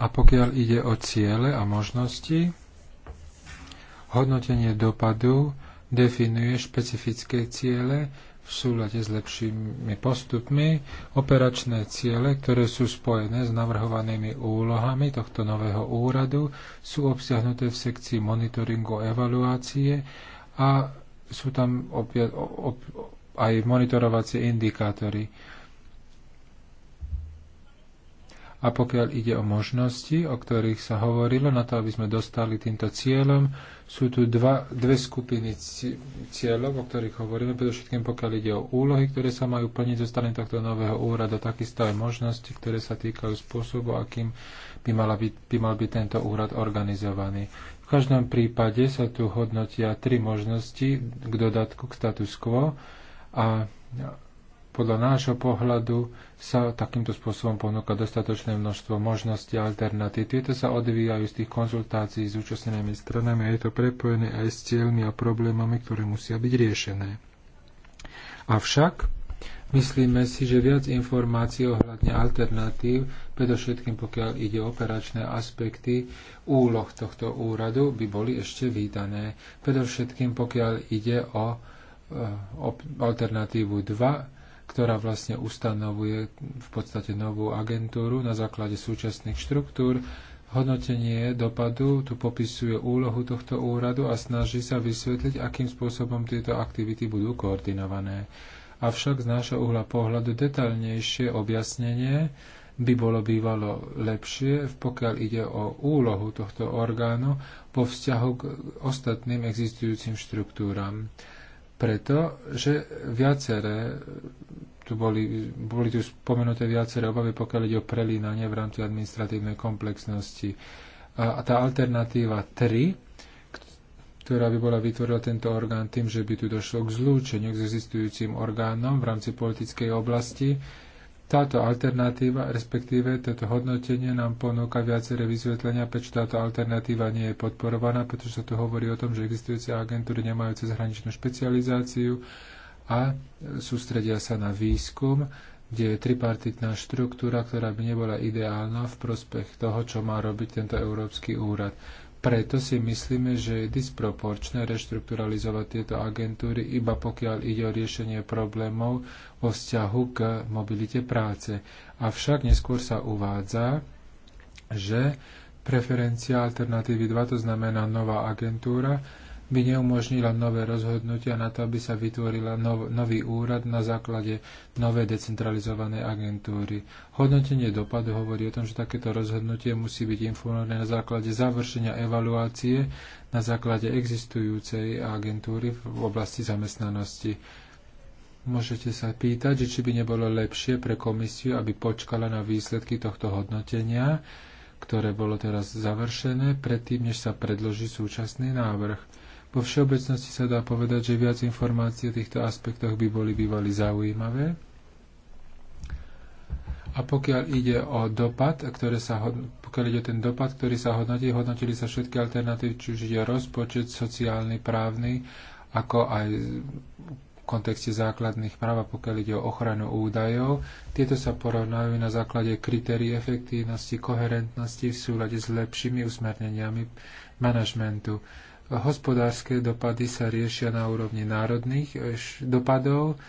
A pokiaľ ide o ciele a možnosti, hodnotenie dopadu definuje špecifické ciele, v súlade s lepšími postupmi operačné ciele, ktoré sú spojené s navrhovanými úlohami tohto nového úradu, sú obsiahnuté v sekcii monitoringu a evaluácie a sú tam aj monitorovacie indikátory. A pokiaľ ide o možnosti, o ktorých sa hovorilo, na to, aby sme dostali týmto cieľom, sú tu dva, dve skupiny cieľov, o ktorých hovoríme, predovšetkým pokiaľ ide o úlohy, ktoré sa majú plniť zo strany tohto nového úradu, takisto aj možnosti, ktoré sa týkajú spôsobu, akým by, mala byť, by mal byť tento úrad organizovaný. V každom prípade sa tu hodnotia tri možnosti k dodatku k status quo a podľa nášho pohľadu sa takýmto spôsobom ponúka dostatočné množstvo možností a alternatív. Tieto sa odvíjajú z tých konzultácií s účastnenými stranami a je to prepojené aj s cieľmi a problémami, ktoré musia byť riešené. Avšak myslíme si, že viac informácií ohľadne alternatív, predovšetkým pokiaľ ide o operačné aspekty úloh tohto úradu, by boli ešte vítané. Predovšetkým pokiaľ ide o e, alternatívu 2, ktorá vlastne ustanovuje v podstate novú agentúru na základe súčasných štruktúr. Hodnotenie dopadu tu popisuje úlohu tohto úradu a snaží sa vysvetliť, akým spôsobom tieto aktivity budú koordinované. Avšak z nášho uhla pohľadu detaľnejšie objasnenie by bolo bývalo lepšie, pokiaľ ide o úlohu tohto orgánu vo vzťahu k ostatným existujúcim štruktúram preto, že viaceré, tu boli, boli tu spomenuté viaceré obavy, pokiaľ ide o prelínanie v rámci administratívnej komplexnosti. A, a tá alternatíva 3, ktorá by bola vytvorila tento orgán tým, že by tu došlo k zlúčeniu k existujúcim orgánom v rámci politickej oblasti, táto alternatíva, respektíve toto hodnotenie nám ponúka viaceré vysvetlenia, prečo táto alternatíva nie je podporovaná, pretože sa tu hovorí o tom, že existujúce agentúry nemajú cezhraničnú špecializáciu a sústredia sa na výskum, kde je tripartitná štruktúra, ktorá by nebola ideálna v prospech toho, čo má robiť tento Európsky úrad. Preto si myslíme, že je disproporčné reštrukturalizovať tieto agentúry iba pokiaľ ide o riešenie problémov vo vzťahu k mobilite práce. Avšak neskôr sa uvádza, že preferencia alternatívy 2, to znamená nová agentúra, by neumožnila nové rozhodnutia na to, aby sa vytvorila nov, nový úrad na základe novej decentralizovanej agentúry. Hodnotenie dopadu hovorí o tom, že takéto rozhodnutie musí byť informované na základe završenia evaluácie na základe existujúcej agentúry v oblasti zamestnanosti. Môžete sa pýtať, či by nebolo lepšie pre komisiu, aby počkala na výsledky tohto hodnotenia, ktoré bolo teraz završené, predtým, než sa predloží súčasný návrh. Vo všeobecnosti sa dá povedať, že viac informácií o týchto aspektoch by boli bývali zaujímavé. A pokiaľ ide o dopad, ktoré sa pokiaľ ide o ten dopad, ktorý sa hodnotí, hodnotili sa všetky alternatívy, či už ide o rozpočet, sociálny, právny, ako aj v kontexte základných práv, pokiaľ ide o ochranu údajov. Tieto sa porovnajú na základe kritérií efektívnosti, koherentnosti v súlade s lepšími usmerneniami manažmentu hospodárske dopady sa riešia na úrovni národných eh, dopadov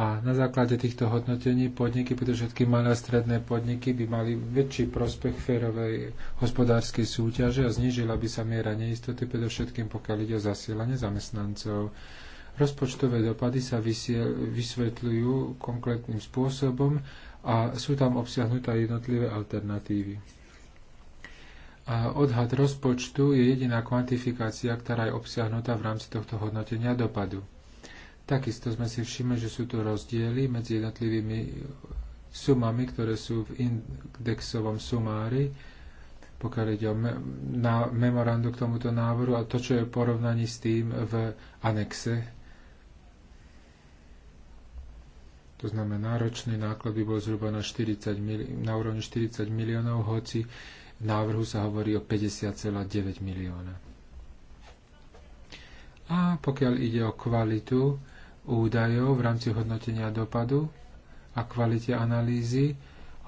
a na základe týchto hodnotení podniky, všetky malé a stredné podniky, by mali väčší prospech férovej hospodárskej súťaže a znižila by sa miera neistoty, predovšetkým pokiaľ ide o zasielanie zamestnancov. Rozpočtové dopady sa vysvetľujú konkrétnym spôsobom a sú tam obsiahnuté jednotlivé alternatívy odhad rozpočtu je jediná kvantifikácia, ktorá je obsiahnutá v rámci tohto hodnotenia dopadu. Takisto sme si všimli, že sú tu rozdiely medzi jednotlivými sumami, ktoré sú v indexovom sumári, pokiaľ ide o me- na memorandu k tomuto návoru a to, čo je v porovnaní s tým v anexe. To znamená, ročný náklad by bol zhruba na, 40 mili- na úrovni 40 miliónov, hoci v návrhu sa hovorí o 50,9 milióna. A pokiaľ ide o kvalitu údajov v rámci hodnotenia dopadu a kvalite analýzy,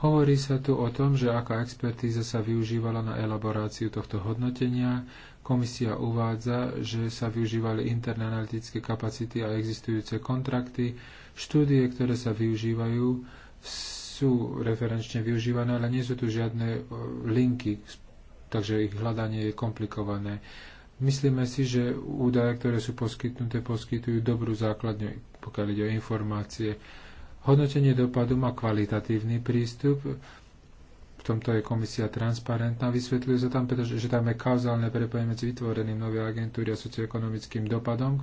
hovorí sa tu o tom, že aká expertíza sa využívala na elaboráciu tohto hodnotenia, Komisia uvádza, že sa využívali interné analytické kapacity a existujúce kontrakty, štúdie, ktoré sa využívajú v sú referenčne využívané, ale nie sú tu žiadne e, linky, takže ich hľadanie je komplikované. Myslíme si, že údaje, ktoré sú poskytnuté, poskytujú dobrú základňu, pokiaľ ide o informácie. Hodnotenie dopadu má kvalitatívny prístup, v tomto je komisia transparentná. Vysvetľuje sa tam, pretože, že tam je kauzálne prepojenie medzi vytvoreným novej agentúry a socioekonomickým dopadom,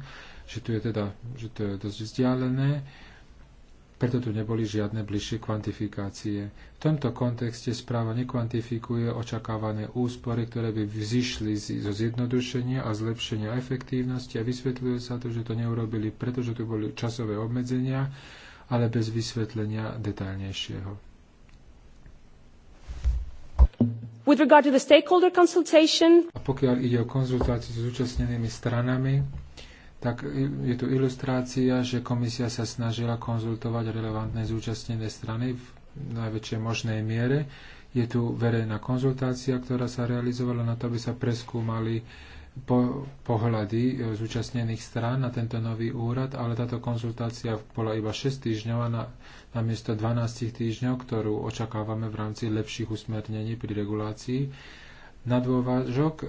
že tu je teda že to je dosť vzdialené preto tu neboli žiadne bližšie kvantifikácie. V tomto kontexte správa nekvantifikuje očakávané úspory, ktoré by vzýšli zo zjednodušenia a zlepšenia efektívnosti a vysvetľuje sa to, že to neurobili, pretože tu boli časové obmedzenia, ale bez vysvetlenia detaľnejšieho. With regard to the stakeholder consultation, a pokiaľ ide o konzultáciu s zúčastnenými stranami, tak je tu ilustrácia, že komisia sa snažila konzultovať relevantné zúčastnené strany v najväčšej možnej miere. Je tu verejná konzultácia, ktorá sa realizovala na to, aby sa preskúmali po, pohľady e, zúčastnených strán na tento nový úrad, ale táto konzultácia bola iba 6 týždňov a na, na miesto 12 týždňov, ktorú očakávame v rámci lepších usmernení pri regulácii. Na dôvážok e,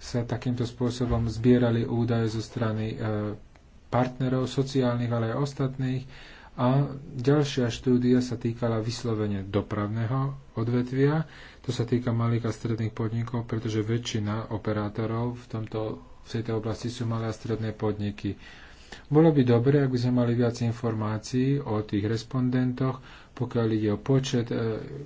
sa takýmto spôsobom zbierali údaje zo strany e, partnerov sociálnych, ale aj ostatných. A ďalšia štúdia sa týkala vyslovene dopravného odvetvia. To sa týka malých a stredných podnikov, pretože väčšina operátorov v, tomto, v tejto oblasti sú malé a stredné podniky. Bolo by dobre, ak by sme mali viac informácií o tých respondentoch, pokiaľ ide o počet e,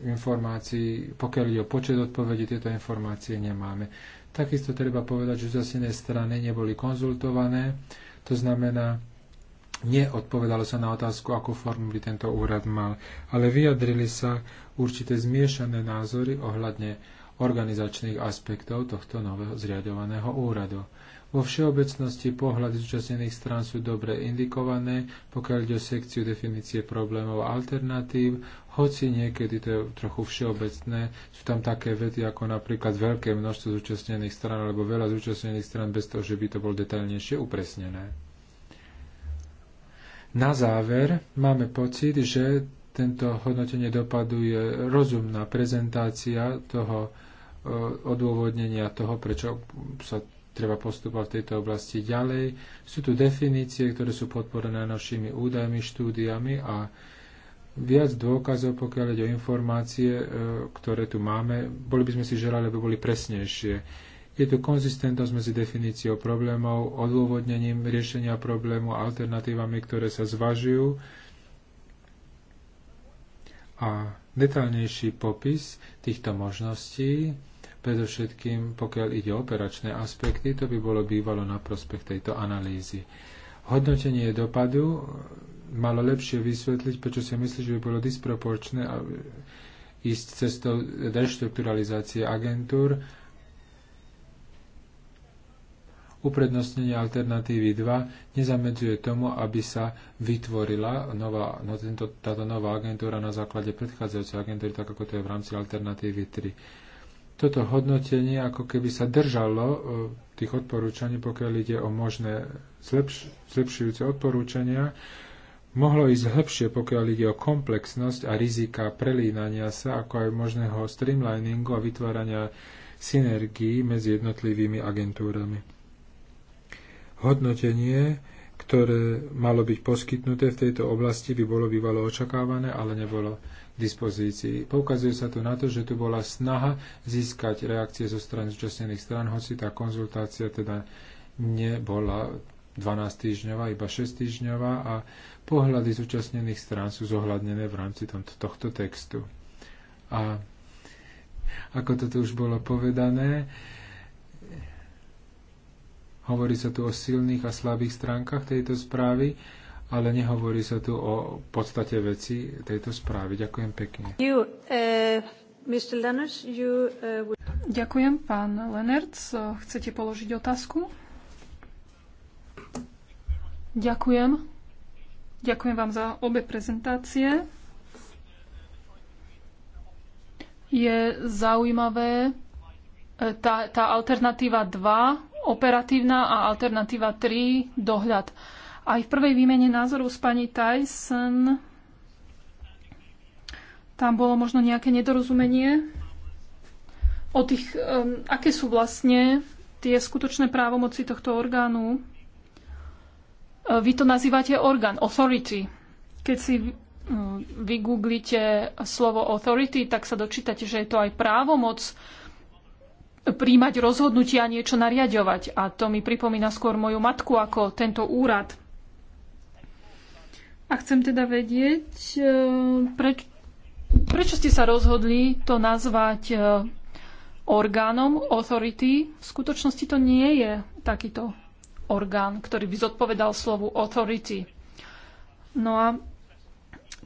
informácií, pokiaľ ide o počet odpovedí, tieto informácie nemáme. Takisto treba povedať, že zasené strany neboli konzultované, to znamená, neodpovedalo sa na otázku, akú formu by tento úrad mal, ale vyjadrili sa určité zmiešané názory ohľadne organizačných aspektov tohto nového zriadovaného úradu. Vo všeobecnosti pohľady zúčastnených strán sú dobre indikované, pokiaľ ide o sekciu definície problémov a alternatív, hoci niekedy to je trochu všeobecné. Sú tam také vety ako napríklad veľké množstvo zúčastnených strán alebo veľa zúčastnených strán bez toho, že by to bolo detaľnejšie upresnené. Na záver máme pocit, že tento hodnotenie dopadu je rozumná prezentácia toho eh, odôvodnenia toho, prečo sa treba postupovať v tejto oblasti ďalej. Sú tu definície, ktoré sú podporené našimi údajmi, štúdiami a viac dôkazov, pokiaľ ide o informácie, e, ktoré tu máme. Boli by sme si želali, aby boli presnejšie. Je tu konzistentnosť medzi definíciou problémov, odôvodnením riešenia problému, alternatívami, ktoré sa zvažujú a detaľnejší popis týchto možností Predovšetkým, pokiaľ ide o operačné aspekty, to by bolo bývalo na prospech tejto analýzy. Hodnotenie dopadu e, malo lepšie vysvetliť, prečo si myslí, že by bolo disproporčné e, ísť cestou deštrukturalizácie agentúr, uprednostnenie alternatívy 2 nezamedzuje tomu, aby sa vytvorila nová, no tento, táto nová agentúra na základe predchádzajúcej agentúry, tak ako to je v rámci alternatívy 3 toto hodnotenie ako keby sa držalo e, tých odporúčaní, pokiaľ ide o možné zlepš- zlepšujúce odporúčania, mohlo ísť hĺbšie, pokiaľ ide o komplexnosť a rizika prelínania sa, ako aj možného streamliningu a vytvárania synergií medzi jednotlivými agentúrami. Hodnotenie, ktoré malo byť poskytnuté v tejto oblasti, by bolo bývalo očakávané, ale nebolo dispozícii. Poukazuje sa tu na to, že tu bola snaha získať reakcie zo strany zúčastnených stran, hoci tá konzultácia teda nebola 12 týždňová, iba 6 týždňová a pohľady zúčastnených strán sú zohľadnené v rámci tomto, tohto textu. A ako to tu už bolo povedané, hovorí sa tu o silných a slabých stránkach tejto správy ale nehovorí sa tu o podstate veci tejto správy. Ďakujem pekne. You, uh, Lenners, you, uh... Ďakujem, pán Lenertz. Chcete položiť otázku? Ďakujem. Ďakujem vám za obe prezentácie. Je zaujímavé e, tá, tá alternatíva 2, operatívna a alternatíva 3, dohľad. Aj v prvej výmene názorov s pani Tyson tam bolo možno nejaké nedorozumenie o tých, um, aké sú vlastne tie skutočné právomoci tohto orgánu. E, vy to nazývate orgán, authority. Keď si vygooglite slovo authority, tak sa dočítate, že je to aj právomoc príjmať rozhodnutia a niečo nariadovať. A to mi pripomína skôr moju matku ako tento úrad. A chcem teda vedieť, e, preč, prečo ste sa rozhodli to nazvať e, orgánom authority. V skutočnosti to nie je takýto orgán, ktorý by zodpovedal slovu authority. No a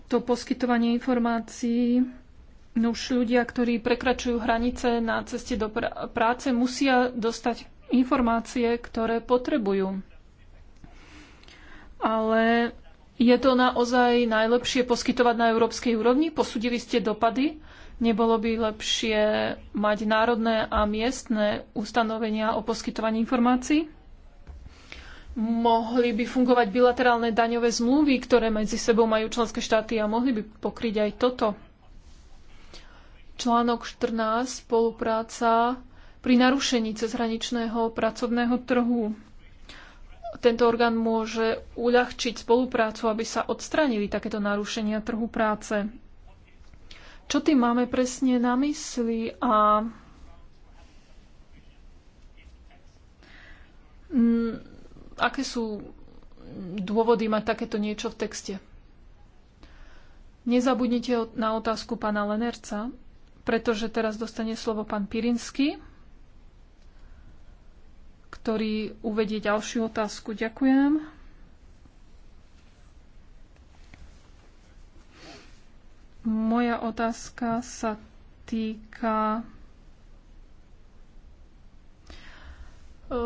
to poskytovanie informácií No už ľudia, ktorí prekračujú hranice na ceste do pr- práce, musia dostať informácie, ktoré potrebujú. Ale je to naozaj najlepšie poskytovať na európskej úrovni? Posudili ste dopady? Nebolo by lepšie mať národné a miestne ustanovenia o poskytovaní informácií? Mohli by fungovať bilaterálne daňové zmluvy, ktoré medzi sebou majú členské štáty a mohli by pokryť aj toto. Článok 14. Spolupráca pri narušení cezhraničného pracovného trhu tento orgán môže uľahčiť spoluprácu, aby sa odstranili takéto narušenia trhu práce. Čo tým máme presne na mysli a mm, aké sú dôvody mať takéto niečo v texte? Nezabudnite na otázku pána Lenerca, pretože teraz dostane slovo pán Pirinsky ktorý uvedie ďalšiu otázku. Ďakujem. Moja otázka sa týka e,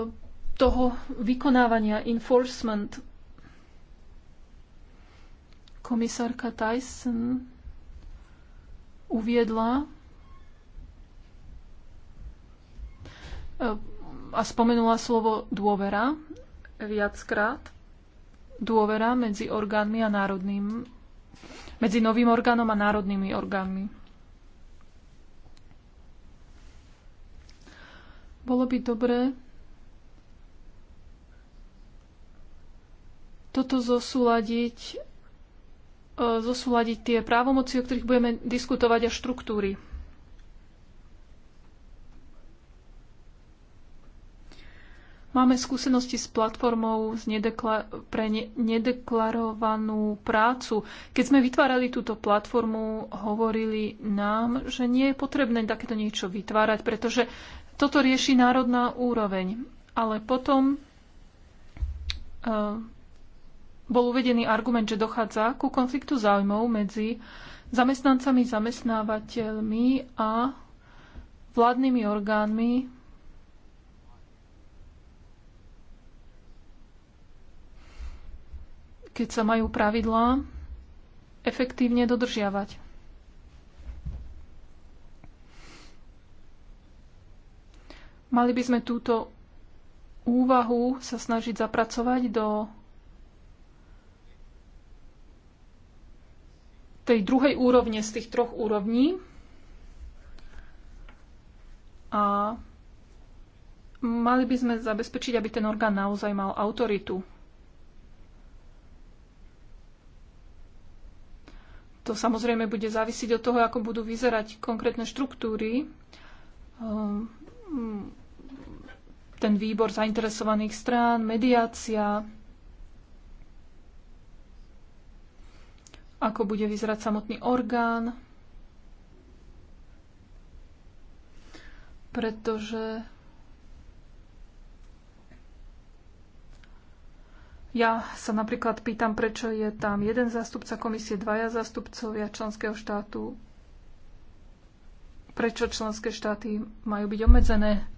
toho vykonávania enforcement. Komisárka Tyson uviedla e, a spomenula slovo dôvera viackrát. Dôvera medzi orgánmi a národným, medzi novým orgánom a národnými orgánmi. Bolo by dobré toto zosúľadiť, e, zosúľadiť tie právomoci, o ktorých budeme diskutovať a štruktúry Máme skúsenosti s platformou z nedekla- pre ne- nedeklarovanú prácu. Keď sme vytvárali túto platformu, hovorili nám, že nie je potrebné takéto niečo vytvárať, pretože toto rieši národná úroveň. Ale potom uh, bol uvedený argument, že dochádza ku konfliktu záujmov medzi zamestnancami, zamestnávateľmi a vládnymi orgánmi keď sa majú pravidlá efektívne dodržiavať. Mali by sme túto úvahu sa snažiť zapracovať do tej druhej úrovne z tých troch úrovní. A mali by sme zabezpečiť, aby ten orgán naozaj mal autoritu. To samozrejme bude závisiť od toho, ako budú vyzerať konkrétne štruktúry. Ehm, ten výbor zainteresovaných strán, mediácia, ako bude vyzerať samotný orgán, pretože Ja sa napríklad pýtam, prečo je tam jeden zástupca komisie, dvaja zástupcovia členského štátu. Prečo členské štáty majú byť obmedzené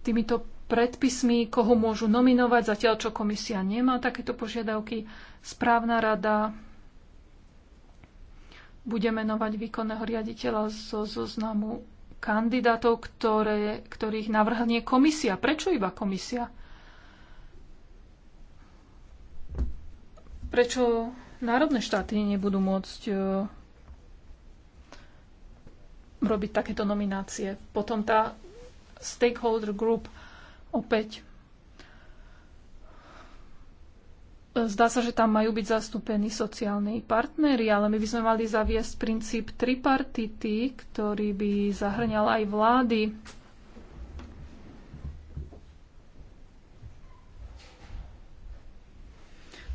týmito predpismi, koho môžu nominovať, zatiaľ čo komisia nemá takéto požiadavky. Správna rada bude menovať výkonného riaditeľa zo zoznamu kandidátov, ktoré, ktorých navrhne komisia. Prečo iba komisia? prečo národné štáty nebudú môcť e, robiť takéto nominácie. Potom tá stakeholder group opäť Zdá sa, že tam majú byť zastúpení sociálni partnery, ale my by sme mali zaviesť princíp tripartity, ktorý by zahrňal aj vlády,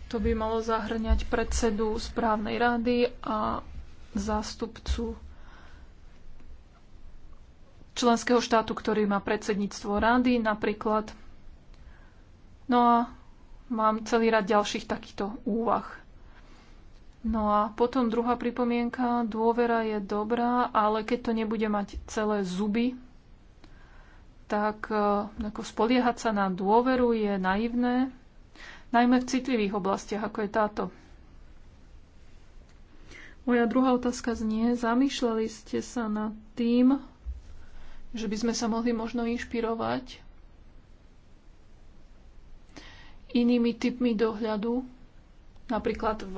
To by malo zahrňať predsedu správnej rady a zástupcu členského štátu, ktorý má predsedníctvo rady napríklad. No a mám celý rad ďalších takýchto úvah. No a potom druhá pripomienka, dôvera je dobrá, ale keď to nebude mať celé zuby, tak eh, ako spoliehať sa na dôveru je naivné, najmä v citlivých oblastiach, ako je táto. Moja druhá otázka znie, zamýšľali ste sa nad tým, že by sme sa mohli možno inšpirovať inými typmi dohľadu, napríklad v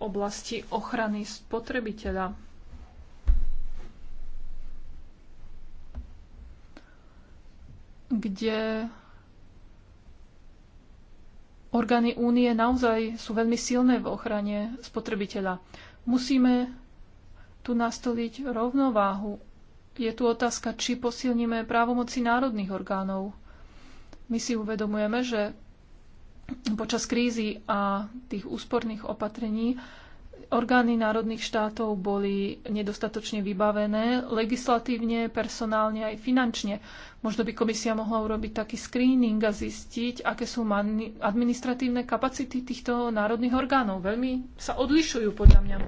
oblasti ochrany spotrebiteľa. Kde orgány únie naozaj sú veľmi silné v ochrane spotrebiteľa. Musíme tu nastoliť rovnováhu. Je tu otázka, či posilníme právomoci národných orgánov. My si uvedomujeme, že počas krízy a tých úsporných opatrení Orgány národných štátov boli nedostatočne vybavené legislatívne, personálne aj finančne. Možno by komisia mohla urobiť taký screening a zistiť, aké sú administratívne kapacity týchto národných orgánov. Veľmi sa odlišujú podľa mňa.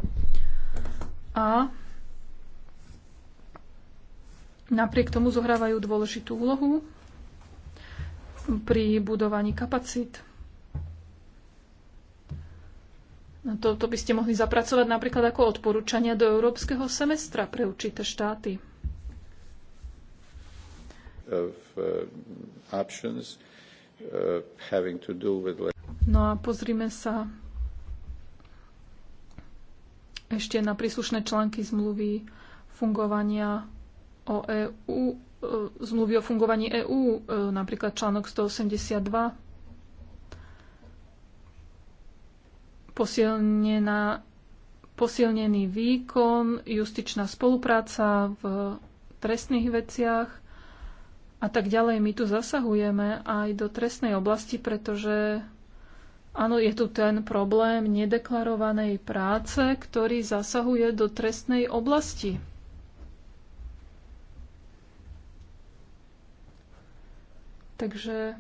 A napriek tomu zohrávajú dôležitú úlohu pri budovaní kapacít. No to, to by ste mohli zapracovať napríklad ako odporúčania do európskeho semestra pre určité štáty. Of, uh, options, uh, to do with... No a pozrime sa ešte na príslušné články zmluvy fungovania o EU, e, zmluvy o fungovaní EÚ, e, napríklad článok 182 posilnená, posilnený výkon, justičná spolupráca v trestných veciach a tak ďalej. My tu zasahujeme aj do trestnej oblasti, pretože áno, je tu ten problém nedeklarovanej práce, ktorý zasahuje do trestnej oblasti. Takže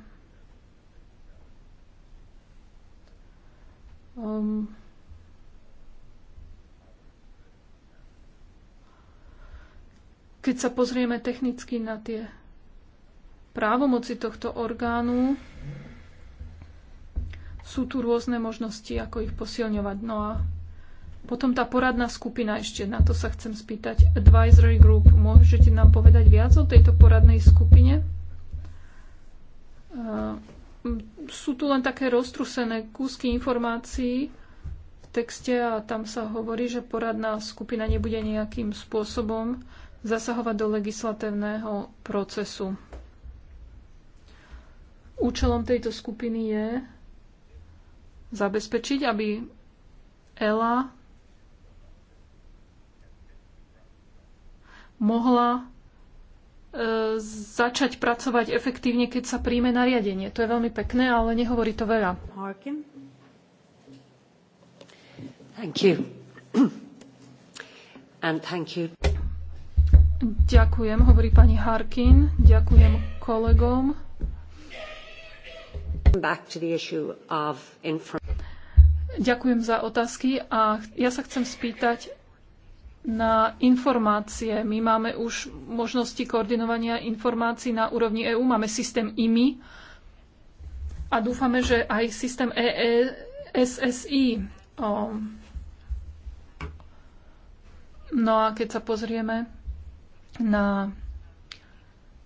Um, keď sa pozrieme technicky na tie právomoci tohto orgánu, sú tu rôzne možnosti, ako ich posilňovať. No a potom tá poradná skupina ešte, na to sa chcem spýtať. Advisory Group, môžete nám povedať viac o tejto poradnej skupine? Uh, sú tu len také roztrusené kúsky informácií v texte a tam sa hovorí, že poradná skupina nebude nejakým spôsobom zasahovať do legislatívneho procesu. Účelom tejto skupiny je zabezpečiť, aby ELA mohla začať pracovať efektívne, keď sa príjme nariadenie. To je veľmi pekné, ale nehovorí to veľa. Harkin. Thank you. <clears throat> And thank you. Ďakujem, hovorí pani Harkin. Ďakujem kolegom. Back to the issue of Ďakujem za otázky a ja sa chcem spýtať, na informácie. My máme už možnosti koordinovania informácií na úrovni EÚ, máme systém IMI a dúfame, že aj systém ESSI. E no a keď sa pozrieme na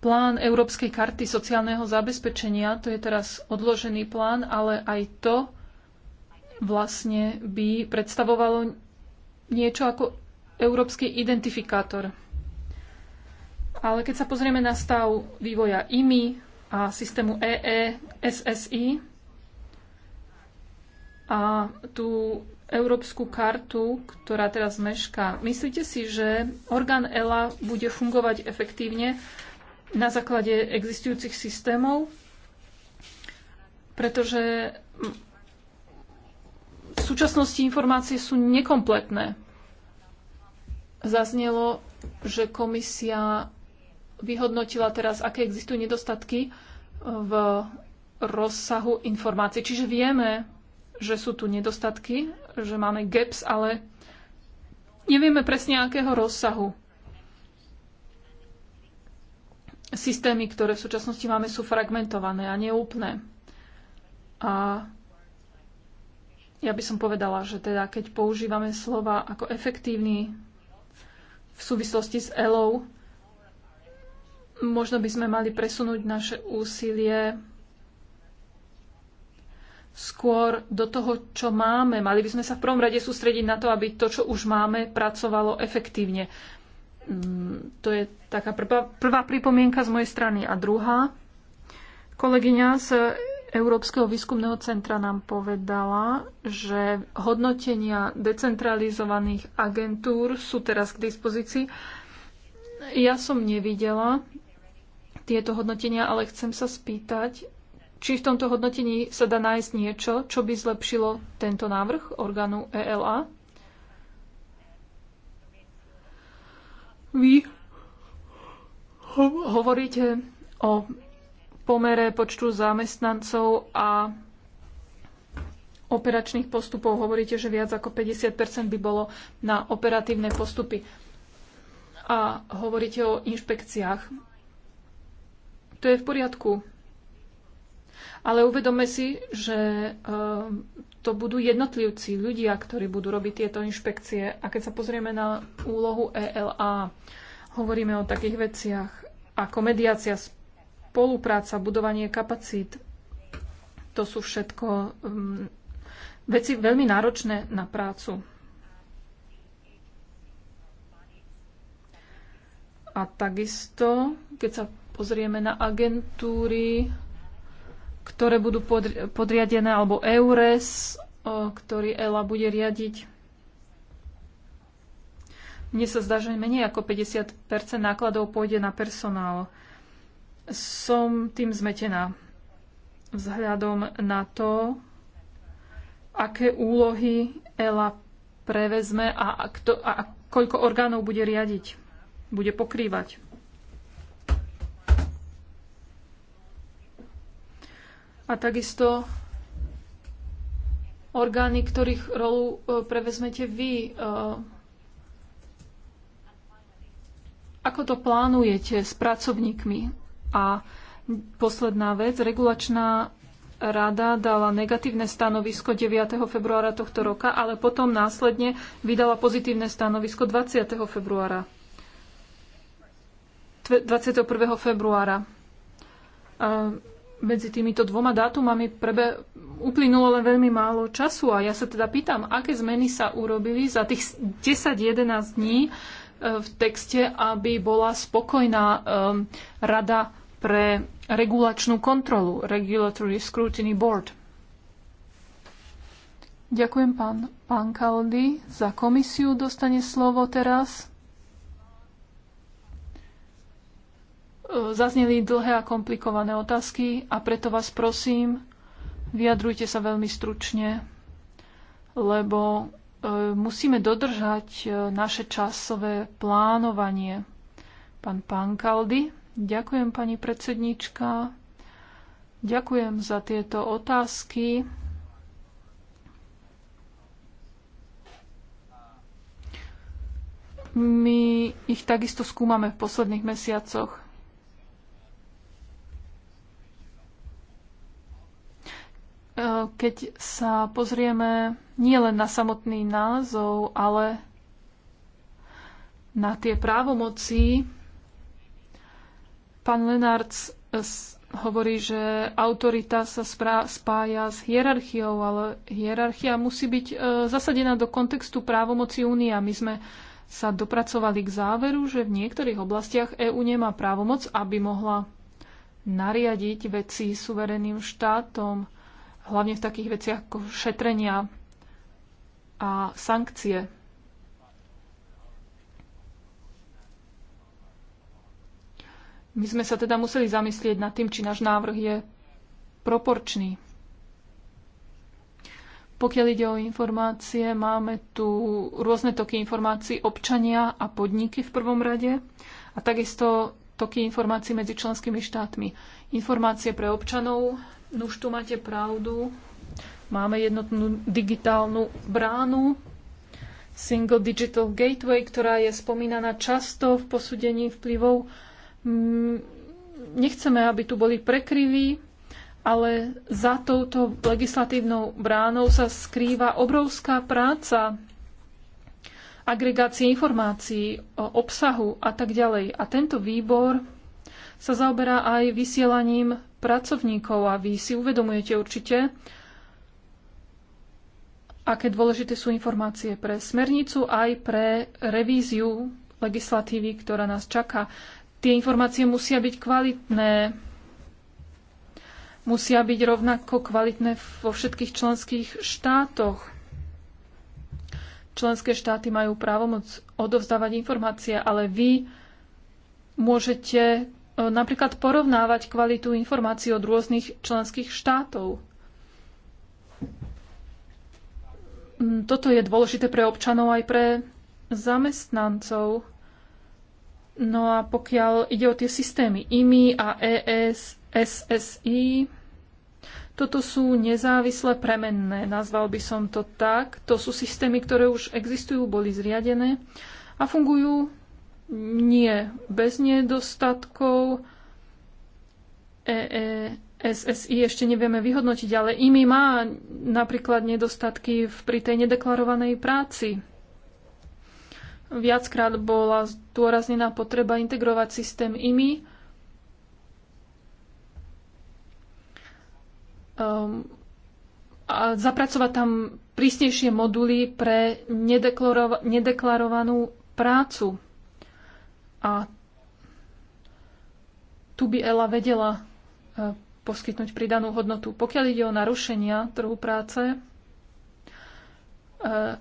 plán Európskej karty sociálneho zabezpečenia, to je teraz odložený plán, ale aj to vlastne by predstavovalo niečo ako európsky identifikátor. Ale keď sa pozrieme na stav vývoja IMI a systému EE, SSI a tú európsku kartu, ktorá teraz mešká. Myslíte si, že orgán ELA bude fungovať efektívne na základe existujúcich systémov? Pretože v súčasnosti informácie sú nekompletné zaznelo, že komisia vyhodnotila teraz, aké existujú nedostatky v rozsahu informácií. Čiže vieme, že sú tu nedostatky, že máme gaps, ale nevieme presne akého rozsahu. Systémy, ktoré v súčasnosti máme, sú fragmentované a neúplné. A ja by som povedala, že teda keď používame slova ako efektívny, v súvislosti s ELO. Možno by sme mali presunúť naše úsilie skôr do toho, čo máme. Mali by sme sa v prvom rade sústrediť na to, aby to, čo už máme, pracovalo efektívne. Mm, to je taká prvá, prvá pripomienka z mojej strany. A druhá, kolegyňa z Európskeho výskumného centra nám povedala, že hodnotenia decentralizovaných agentúr sú teraz k dispozícii. Ja som nevidela tieto hodnotenia, ale chcem sa spýtať, či v tomto hodnotení sa dá nájsť niečo, čo by zlepšilo tento návrh orgánu ELA? Vy hovoríte o pomere počtu zamestnancov a operačných postupov hovoríte, že viac ako 50 by bolo na operatívne postupy. A hovoríte o inšpekciách. To je v poriadku. Ale uvedome si, že eh, to budú jednotlivci, ľudia, ktorí budú robiť tieto inšpekcie. A keď sa pozrieme na úlohu ELA, hovoríme o takých veciach ako mediácia, spolupráca, budovanie kapacít. To sú všetko um, veci veľmi náročné na prácu. A takisto, keď sa pozrieme na agentúry, ktoré budú podri podriadené, alebo EURES, ktorý ELA bude riadiť. Mne sa zdá, že menej ako 50 nákladov pôjde na personál som tým zmetená vzhľadom na to, aké úlohy ELA prevezme a, kto, a koľko orgánov bude riadiť, bude pokrývať. A takisto orgány, ktorých rolu e, prevezmete vy, e, ako to plánujete s pracovníkmi? A posledná vec, regulačná rada dala negatívne stanovisko 9. februára tohto roka, ale potom následne vydala pozitívne stanovisko 20. februára. 21. februára. A medzi týmito dvoma dátumami prebe uplynulo len veľmi málo času a ja sa teda pýtam, aké zmeny sa urobili za tých 10-11 dní e, v texte, aby bola spokojná e, rada pre regulačnú kontrolu, Regulatory Scrutiny Board. Ďakujem pán, pán Kaldy. Za komisiu dostane slovo teraz. Zazneli dlhé a komplikované otázky a preto vás prosím, vyjadrujte sa veľmi stručne, lebo e, musíme dodržať e, naše časové plánovanie. Pán Pankaldy. Ďakujem, pani predsednička. Ďakujem za tieto otázky. My ich takisto skúmame v posledných mesiacoch. Keď sa pozrieme nielen na samotný názov, ale na tie právomoci, Pán Lenard eh, hovorí, že autorita sa spája s hierarchiou, ale hierarchia musí byť e, zasadená do kontextu právomoci únie. My sme sa dopracovali k záveru, že v niektorých oblastiach EÚ nemá právomoc, aby mohla nariadiť veci suverenným štátom, hlavne v takých veciach ako šetrenia a sankcie. My sme sa teda museli zamyslieť nad tým, či náš návrh je proporčný. Pokiaľ ide o informácie, máme tu rôzne toky informácií občania a podniky v prvom rade a takisto toky informácií medzi členskými štátmi. Informácie pre občanov, no už tu máte pravdu, máme jednotnú digitálnu bránu, Single Digital Gateway, ktorá je spomínaná často v posúdení vplyvov Mm, nechceme, aby tu boli prekryví, ale za touto legislatívnou bránou sa skrýva obrovská práca agregácie informácií o obsahu a tak ďalej. A tento výbor sa zaoberá aj vysielaním pracovníkov a vy si uvedomujete určite, aké dôležité sú informácie pre smernicu aj pre revíziu legislatívy, ktorá nás čaká. Tie informácie musia byť kvalitné, musia byť rovnako kvalitné vo všetkých členských štátoch. Členské štáty majú právomoc odovzdávať informácie, ale vy môžete e, napríklad porovnávať kvalitu informácií od rôznych členských štátov. Mm, toto je dôležité pre občanov aj pre zamestnancov. No a pokiaľ ide o tie systémy IMI a ES, SSI, toto sú nezávislé premenné, nazval by som to tak. To sú systémy, ktoré už existujú, boli zriadené a fungujú nie bez nedostatkov. EE, SSI ešte nevieme vyhodnotiť, ale IMI má napríklad nedostatky pri tej nedeklarovanej práci. Viackrát bola zdôraznená potreba integrovať systém IMI. Um, ehm, a zapracovať tam prísnejšie moduly pre nedeklarovanú prácu. A tu by Ela vedela e, poskytnúť pridanú hodnotu. Pokiaľ ide o narušenia trhu práce, e,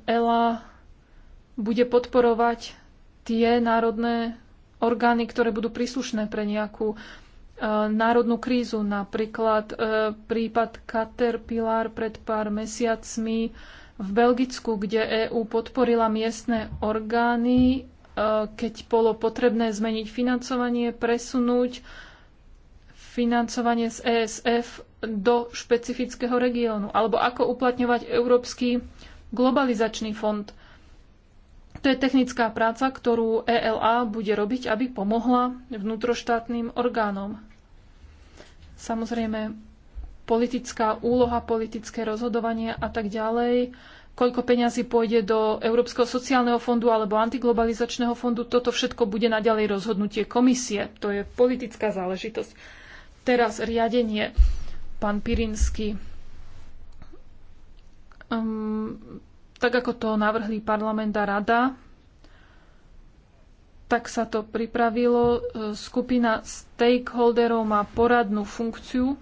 Ela bude podporovať tie národné orgány, ktoré budú príslušné pre nejakú e, národnú krízu. Napríklad e, prípad Caterpillar pred pár mesiacmi v Belgicku, kde EÚ podporila miestne orgány, e, keď bolo potrebné zmeniť financovanie, presunúť financovanie z ESF do špecifického regiónu. Alebo ako uplatňovať Európsky globalizačný fond – to je technická práca, ktorú ELA bude robiť, aby pomohla vnútroštátnym orgánom. Samozrejme, politická úloha, politické rozhodovanie a tak ďalej, koľko peňazí pôjde do Európskeho sociálneho fondu alebo antiglobalizačného fondu, toto všetko bude naďalej rozhodnutie komisie. To je politická záležitosť. Teraz riadenie. Pán Pirinsky. Um, tak ako to navrhli parlament a rada, tak sa to pripravilo. Skupina stakeholderov má poradnú funkciu,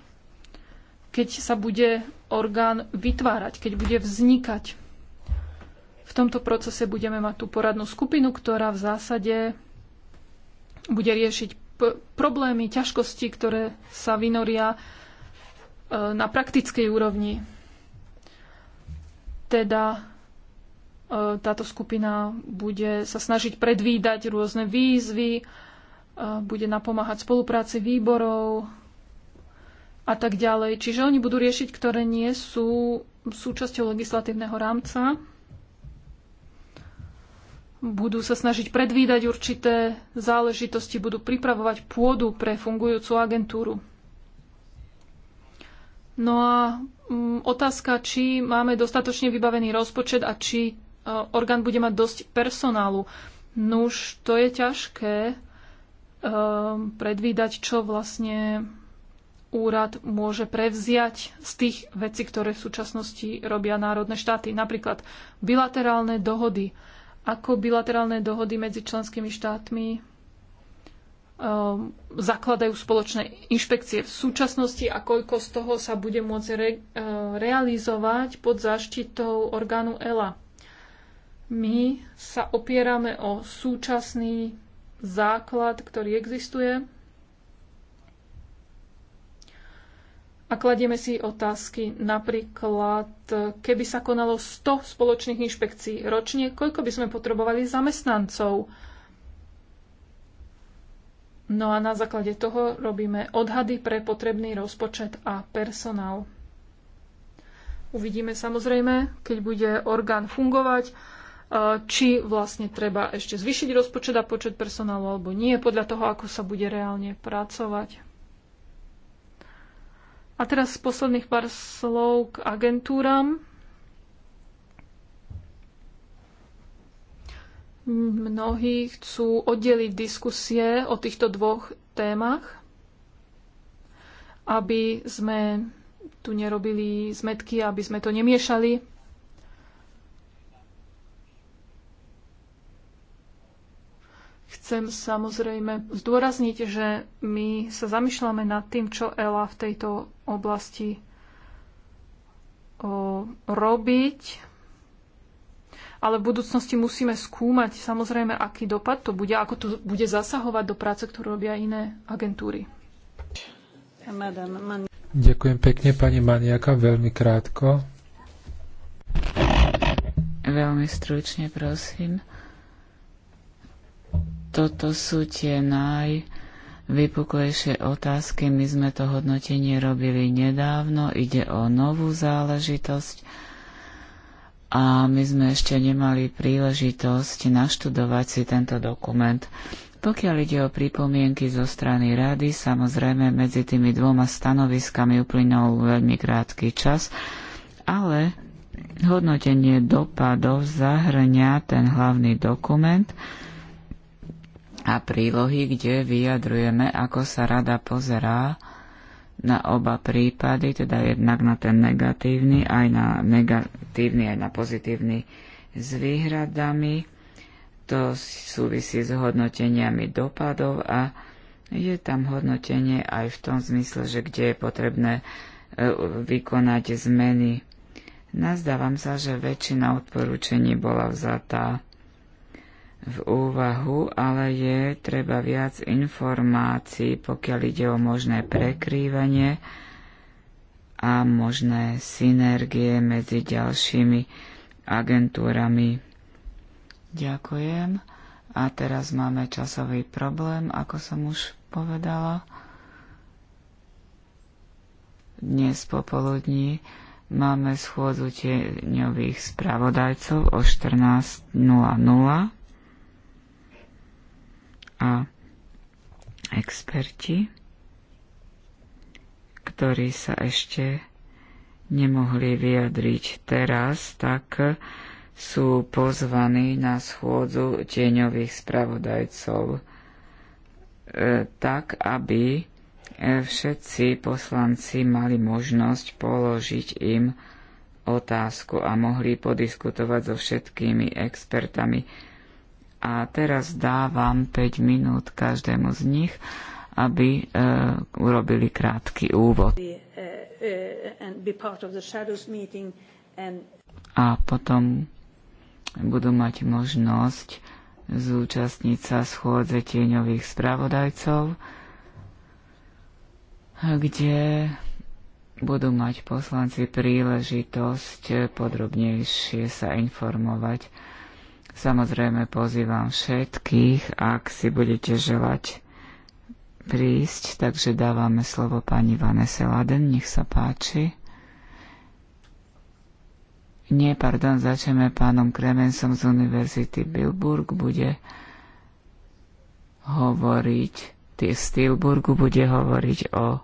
keď sa bude orgán vytvárať, keď bude vznikať. V tomto procese budeme mať tú poradnú skupinu, ktorá v zásade bude riešiť problémy, ťažkosti, ktoré sa vynoria e, na praktickej úrovni. Teda E, táto skupina bude sa snažiť predvídať rôzne výzvy, e, bude napomáhať spolupráci výborov a tak ďalej. Čiže oni budú riešiť, ktoré nie sú súčasťou legislatívneho rámca. Budú sa snažiť predvídať určité záležitosti, budú pripravovať pôdu pre fungujúcu agentúru. No a mm, otázka, či máme dostatočne vybavený rozpočet a či orgán bude mať dosť personálu. Nuž, to je ťažké ehm, predvídať, čo vlastne úrad môže prevziať z tých vecí, ktoré v súčasnosti robia národné štáty. Napríklad bilaterálne dohody. Ako bilaterálne dohody medzi členskými štátmi um, zakladajú spoločné inšpekcie v súčasnosti a koľko z toho sa bude môcť re, uh, realizovať pod záštitou orgánu ELA. My sa opierame o súčasný základ, ktorý existuje a kladieme si otázky napríklad, keby sa konalo 100 spoločných inšpekcií ročne, koľko by sme potrebovali zamestnancov? No a na základe toho robíme odhady pre potrebný rozpočet a personál. Uvidíme samozrejme, keď bude orgán fungovať, či vlastne treba ešte zvyšiť rozpočet a počet personálu alebo nie, podľa toho, ako sa bude reálne pracovať. A teraz posledných pár slov k agentúram. Mnohí chcú oddeliť diskusie o týchto dvoch témach, aby sme tu nerobili zmetky, aby sme to nemiešali. Chcem samozrejme zdôrazniť, že my sa zamýšľame nad tým, čo ELA v tejto oblasti robiť, ale v budúcnosti musíme skúmať samozrejme, aký dopad to bude, ako to bude zasahovať do práce, ktorú robia iné agentúry. Ďakujem pekne, pani Maniaka, veľmi krátko. Veľmi stručne, prosím. Toto sú tie najvypuklejšie otázky. My sme to hodnotenie robili nedávno. Ide o novú záležitosť a my sme ešte nemali príležitosť naštudovať si tento dokument. Pokiaľ ide o pripomienky zo strany rady, samozrejme medzi tými dvoma stanoviskami uplynul veľmi krátky čas, ale hodnotenie dopadov zahrňa ten hlavný dokument a prílohy, kde vyjadrujeme, ako sa rada pozerá na oba prípady, teda jednak na ten negatívny, aj na negatívny, aj na pozitívny s výhradami. To súvisí s hodnoteniami dopadov a je tam hodnotenie aj v tom zmysle, že kde je potrebné e, vykonať zmeny. Nazdávam sa, že väčšina odporúčení bola vzatá v úvahu, ale je treba viac informácií, pokiaľ ide o možné prekrývanie a možné synergie medzi ďalšími agentúrami. Ďakujem. A teraz máme časový problém, ako som už povedala. Dnes popoludní máme schôdzu tieňových spravodajcov o 14.00 a experti, ktorí sa ešte nemohli vyjadriť teraz, tak sú pozvaní na schôdzu tieňových spravodajcov e, tak, aby e, všetci poslanci mali možnosť položiť im otázku a mohli podiskutovať so všetkými expertami a teraz dávam 5 minút každému z nich, aby e, urobili krátky úvod. E, e, A potom budú mať možnosť zúčastniť sa schôdze tieňových spravodajcov, kde budú mať poslanci príležitosť podrobnejšie sa informovať Samozrejme pozývam všetkých, ak si budete želať prísť, takže dávame slovo pani Vanese Laden, nech sa páči. Nie, pardon, začneme pánom Kremensom z Univerzity Bilburg, bude hovoriť, z Tilburgu bude hovoriť o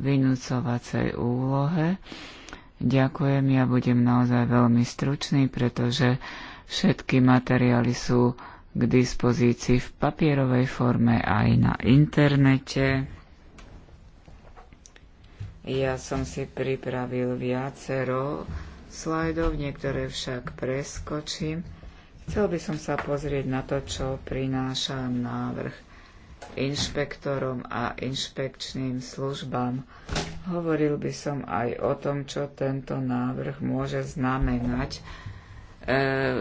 vynúcovacej úlohe. Ďakujem, ja budem naozaj veľmi stručný, pretože Všetky materiály sú k dispozícii v papierovej forme aj na internete. Ja som si pripravil viacero slajdov, niektoré však preskočím. Chcel by som sa pozrieť na to, čo prináša návrh inšpektorom a inšpekčným službám. Hovoril by som aj o tom, čo tento návrh môže znamenať E,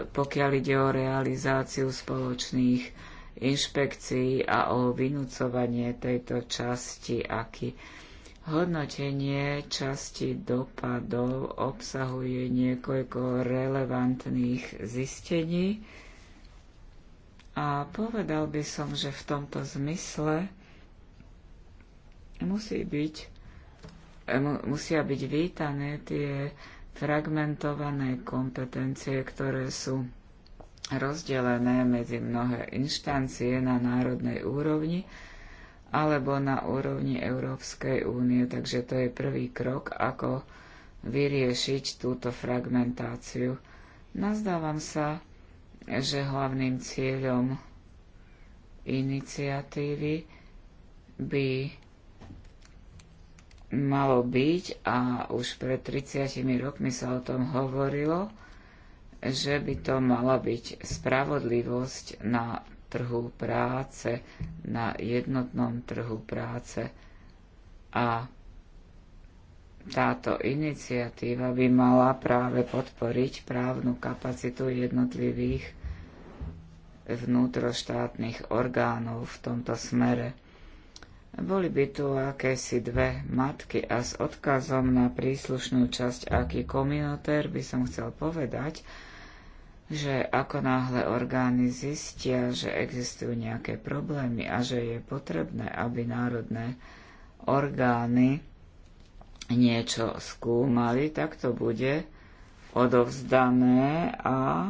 pokiaľ ide o realizáciu spoločných inšpekcií a o vynúcovanie tejto časti aký. Hodnotenie časti dopadov obsahuje niekoľko relevantných zistení a povedal by som, že v tomto zmysle musí byť, e, musia byť vítané tie fragmentované kompetencie, ktoré sú rozdelené medzi mnohé inštancie na národnej úrovni alebo na úrovni Európskej únie. Takže to je prvý krok, ako vyriešiť túto fragmentáciu. Nazdávam sa, že hlavným cieľom iniciatívy by malo byť a už pred 30 rokmi sa o tom hovorilo, že by to mala byť spravodlivosť na trhu práce, na jednotnom trhu práce. A táto iniciatíva by mala práve podporiť právnu kapacitu jednotlivých vnútroštátnych orgánov v tomto smere. Boli by tu akési dve matky a s odkazom na príslušnú časť aký komunitér by som chcel povedať, že ako náhle orgány zistia, že existujú nejaké problémy a že je potrebné, aby národné orgány niečo skúmali, tak to bude odovzdané a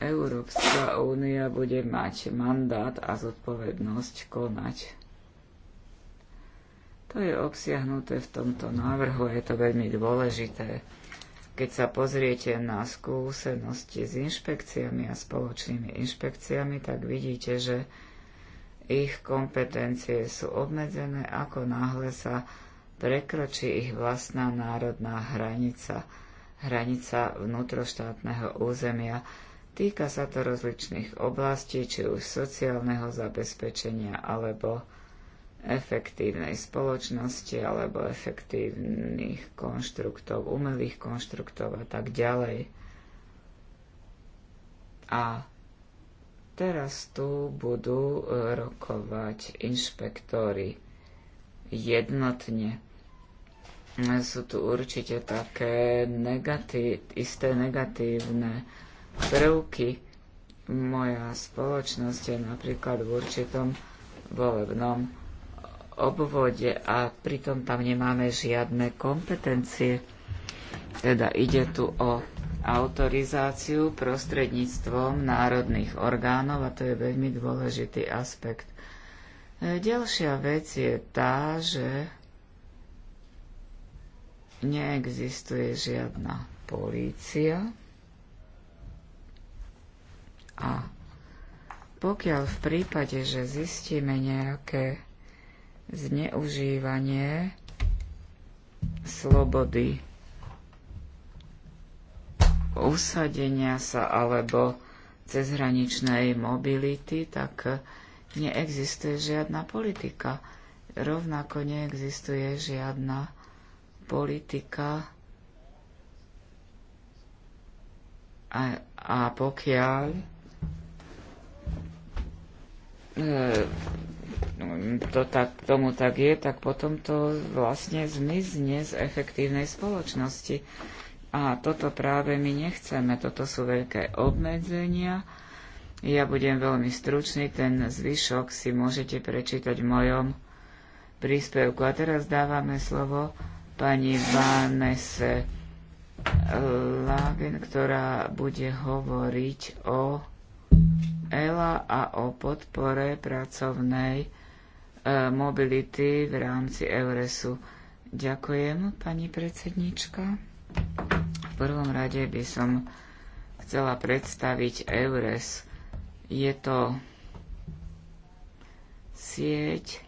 Európska únia bude mať mandát a zodpovednosť konať. To je obsiahnuté v tomto návrhu a je to veľmi dôležité. Keď sa pozriete na skúsenosti s inšpekciami a spoločnými inšpekciami, tak vidíte, že ich kompetencie sú obmedzené, ako náhle sa prekročí ich vlastná národná hranica, hranica vnútroštátneho územia, Týka sa to rozličných oblastí, či už sociálneho zabezpečenia, alebo efektívnej spoločnosti, alebo efektívnych konštruktov, umelých konštruktov a tak ďalej. A teraz tu budú e, rokovať inšpektory jednotne e, sú tu určite také negatí- isté negatívne prvky. Moja spoločnosť je napríklad v určitom volebnom obvode a pritom tam nemáme žiadne kompetencie. Teda ide tu o autorizáciu prostredníctvom národných orgánov a to je veľmi dôležitý aspekt. Ďalšia vec je tá, že neexistuje žiadna polícia, a pokiaľ v prípade, že zistíme nejaké zneužívanie slobody usadenia sa alebo cezhraničnej mobility, tak neexistuje žiadna politika. Rovnako neexistuje žiadna politika a, a pokiaľ E, to tak, tomu tak je, tak potom to vlastne zmizne z efektívnej spoločnosti. A toto práve my nechceme, toto sú veľké obmedzenia. Ja budem veľmi stručný, ten zvyšok si môžete prečítať v mojom príspevku. A teraz dávame slovo pani Vanese e, Lagen, ktorá bude hovoriť o ELA a o podpore pracovnej e, mobility v rámci Euresu. Ďakujem, pani predsednička. V prvom rade by som chcela predstaviť Eures. Je to sieť,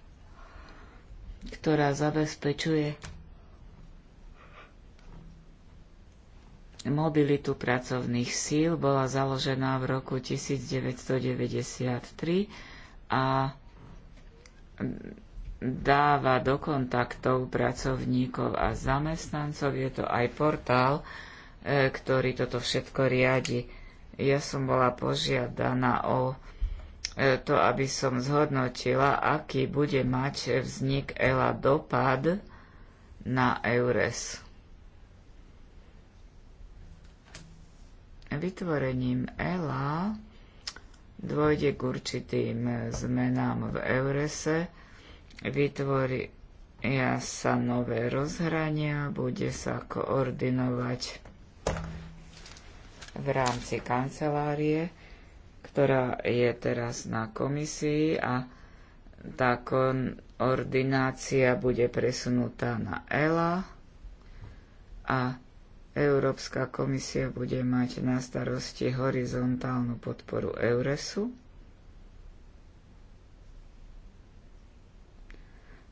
ktorá zabezpečuje mobilitu pracovných síl bola založená v roku 1993 a dáva do kontaktov pracovníkov a zamestnancov. Je to aj portál, e, ktorý toto všetko riadi. Ja som bola požiadaná o e, to, aby som zhodnotila, aký bude mať vznik ELA dopad na EURES. Vytvorením ELA dôjde k určitým zmenám v Eurese, vytvoria sa nové rozhrania, bude sa koordinovať v rámci kancelárie, ktorá je teraz na komisii a tá koordinácia bude presunutá na ELA a Európska komisia bude mať na starosti horizontálnu podporu Euresu.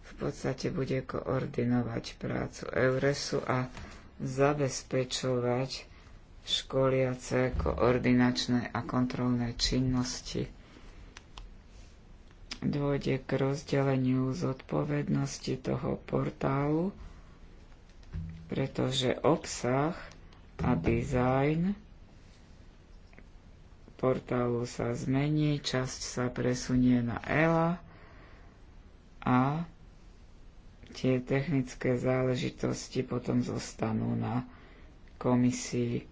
V podstate bude koordinovať prácu Euresu a zabezpečovať školiace, koordinačné a kontrolné činnosti. Dôjde k rozdeleniu zodpovednosti toho portálu pretože obsah a dizajn portálu sa zmení, časť sa presunie na ELA a tie technické záležitosti potom zostanú na komisii.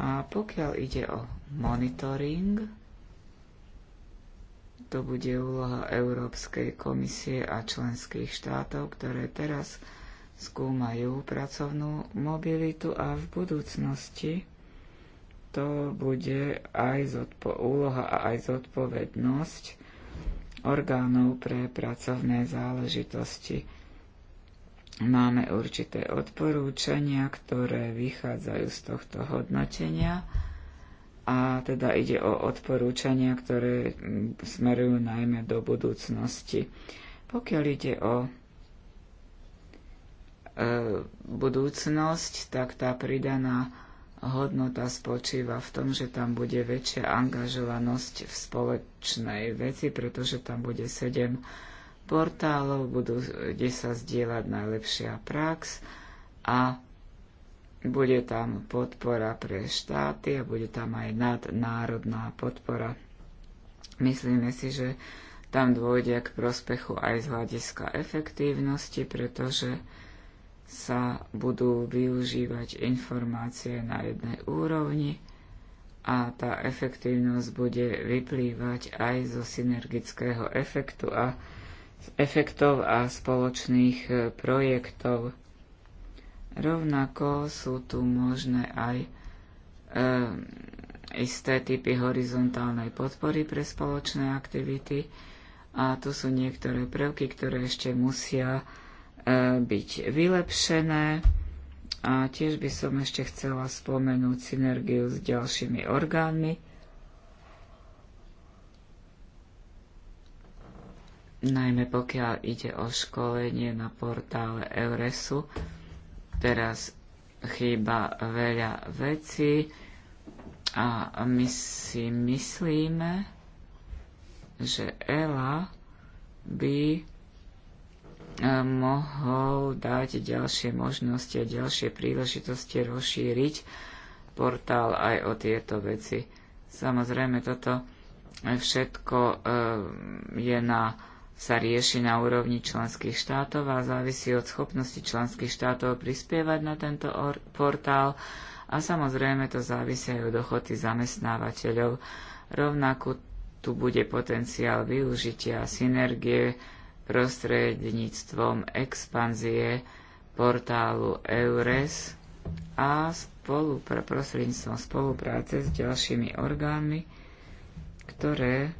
A pokiaľ ide o monitoring, to bude úloha Európskej komisie a členských štátov, ktoré teraz skúmajú pracovnú mobilitu a v budúcnosti to bude aj zodpo- úloha a aj zodpovednosť orgánov pre pracovné záležitosti. Máme určité odporúčania, ktoré vychádzajú z tohto hodnotenia a teda ide o odporúčania, ktoré smerujú najmä do budúcnosti. Pokiaľ ide o E, budúcnosť, tak tá pridaná hodnota spočíva v tom, že tam bude väčšia angažovanosť v spoločnej veci, pretože tam bude 7 portálov, budú, kde sa zdieľať najlepšia prax a bude tam podpora pre štáty a bude tam aj nadnárodná podpora. Myslíme si, že tam dôjde k prospechu aj z hľadiska efektívnosti, pretože sa budú využívať informácie na jednej úrovni a tá efektívnosť bude vyplývať aj zo synergického efektu a efektov a spoločných e, projektov. Rovnako sú tu možné aj e, isté typy horizontálnej podpory pre spoločné aktivity a tu sú niektoré prvky, ktoré ešte musia E, byť vylepšené. A tiež by som ešte chcela spomenúť synergiu s ďalšími orgánmi. Najmä pokiaľ ide o školenie na portále Euresu, teraz chýba veľa vecí a my si myslíme, že Ela by mohol dať ďalšie možnosti a ďalšie príležitosti rozšíriť portál aj o tieto veci. Samozrejme, toto všetko eh, je na, sa rieši na úrovni členských štátov a závisí od schopnosti členských štátov prispievať na tento portál a samozrejme to závisí aj od ochoty zamestnávateľov. Rovnako tu bude potenciál využitia synergie prostredníctvom expanzie portálu EURES a spolupra- prostredníctvom spolupráce s ďalšími orgánmi, ktoré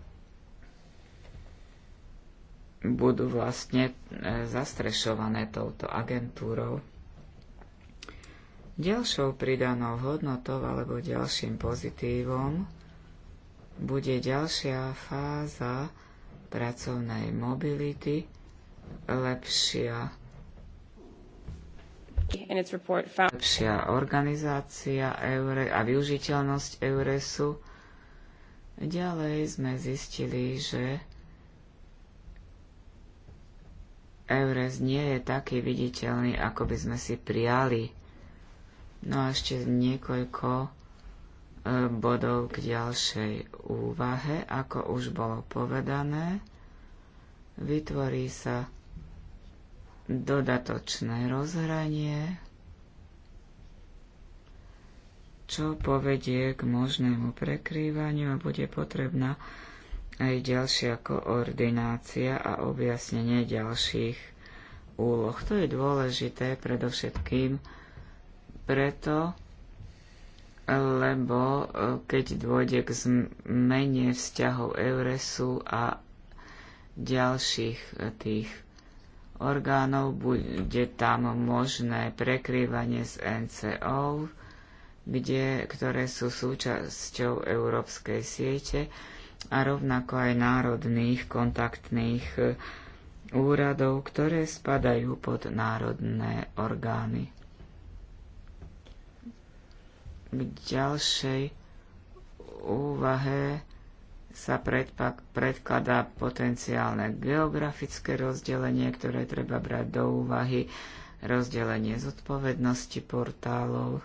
budú vlastne e, zastrešované touto agentúrou. Ďalšou pridanou hodnotou alebo ďalším pozitívom bude ďalšia fáza pracovnej mobility, lepšia lepšia organizácia EURE a využiteľnosť EURESu. Ďalej sme zistili, že EURES nie je taký viditeľný, ako by sme si prijali. No a ešte niekoľko bodov k ďalšej úvahe. Ako už bolo povedané, vytvorí sa dodatočné rozhranie, čo povedie k možnému prekrývaniu a bude potrebná aj ďalšia koordinácia a objasnenie ďalších úloh. To je dôležité predovšetkým preto, lebo e, keď dôjde k zmene vzťahov Euresu a ďalších e, tých orgánov, bude tam možné prekrývanie s NCO, kde, ktoré sú súčasťou európskej siete a rovnako aj národných kontaktných e, úradov, ktoré spadajú pod národné orgány v ďalšej úvahe sa predpak, predkladá potenciálne geografické rozdelenie, ktoré treba brať do úvahy, rozdelenie zodpovednosti portálov.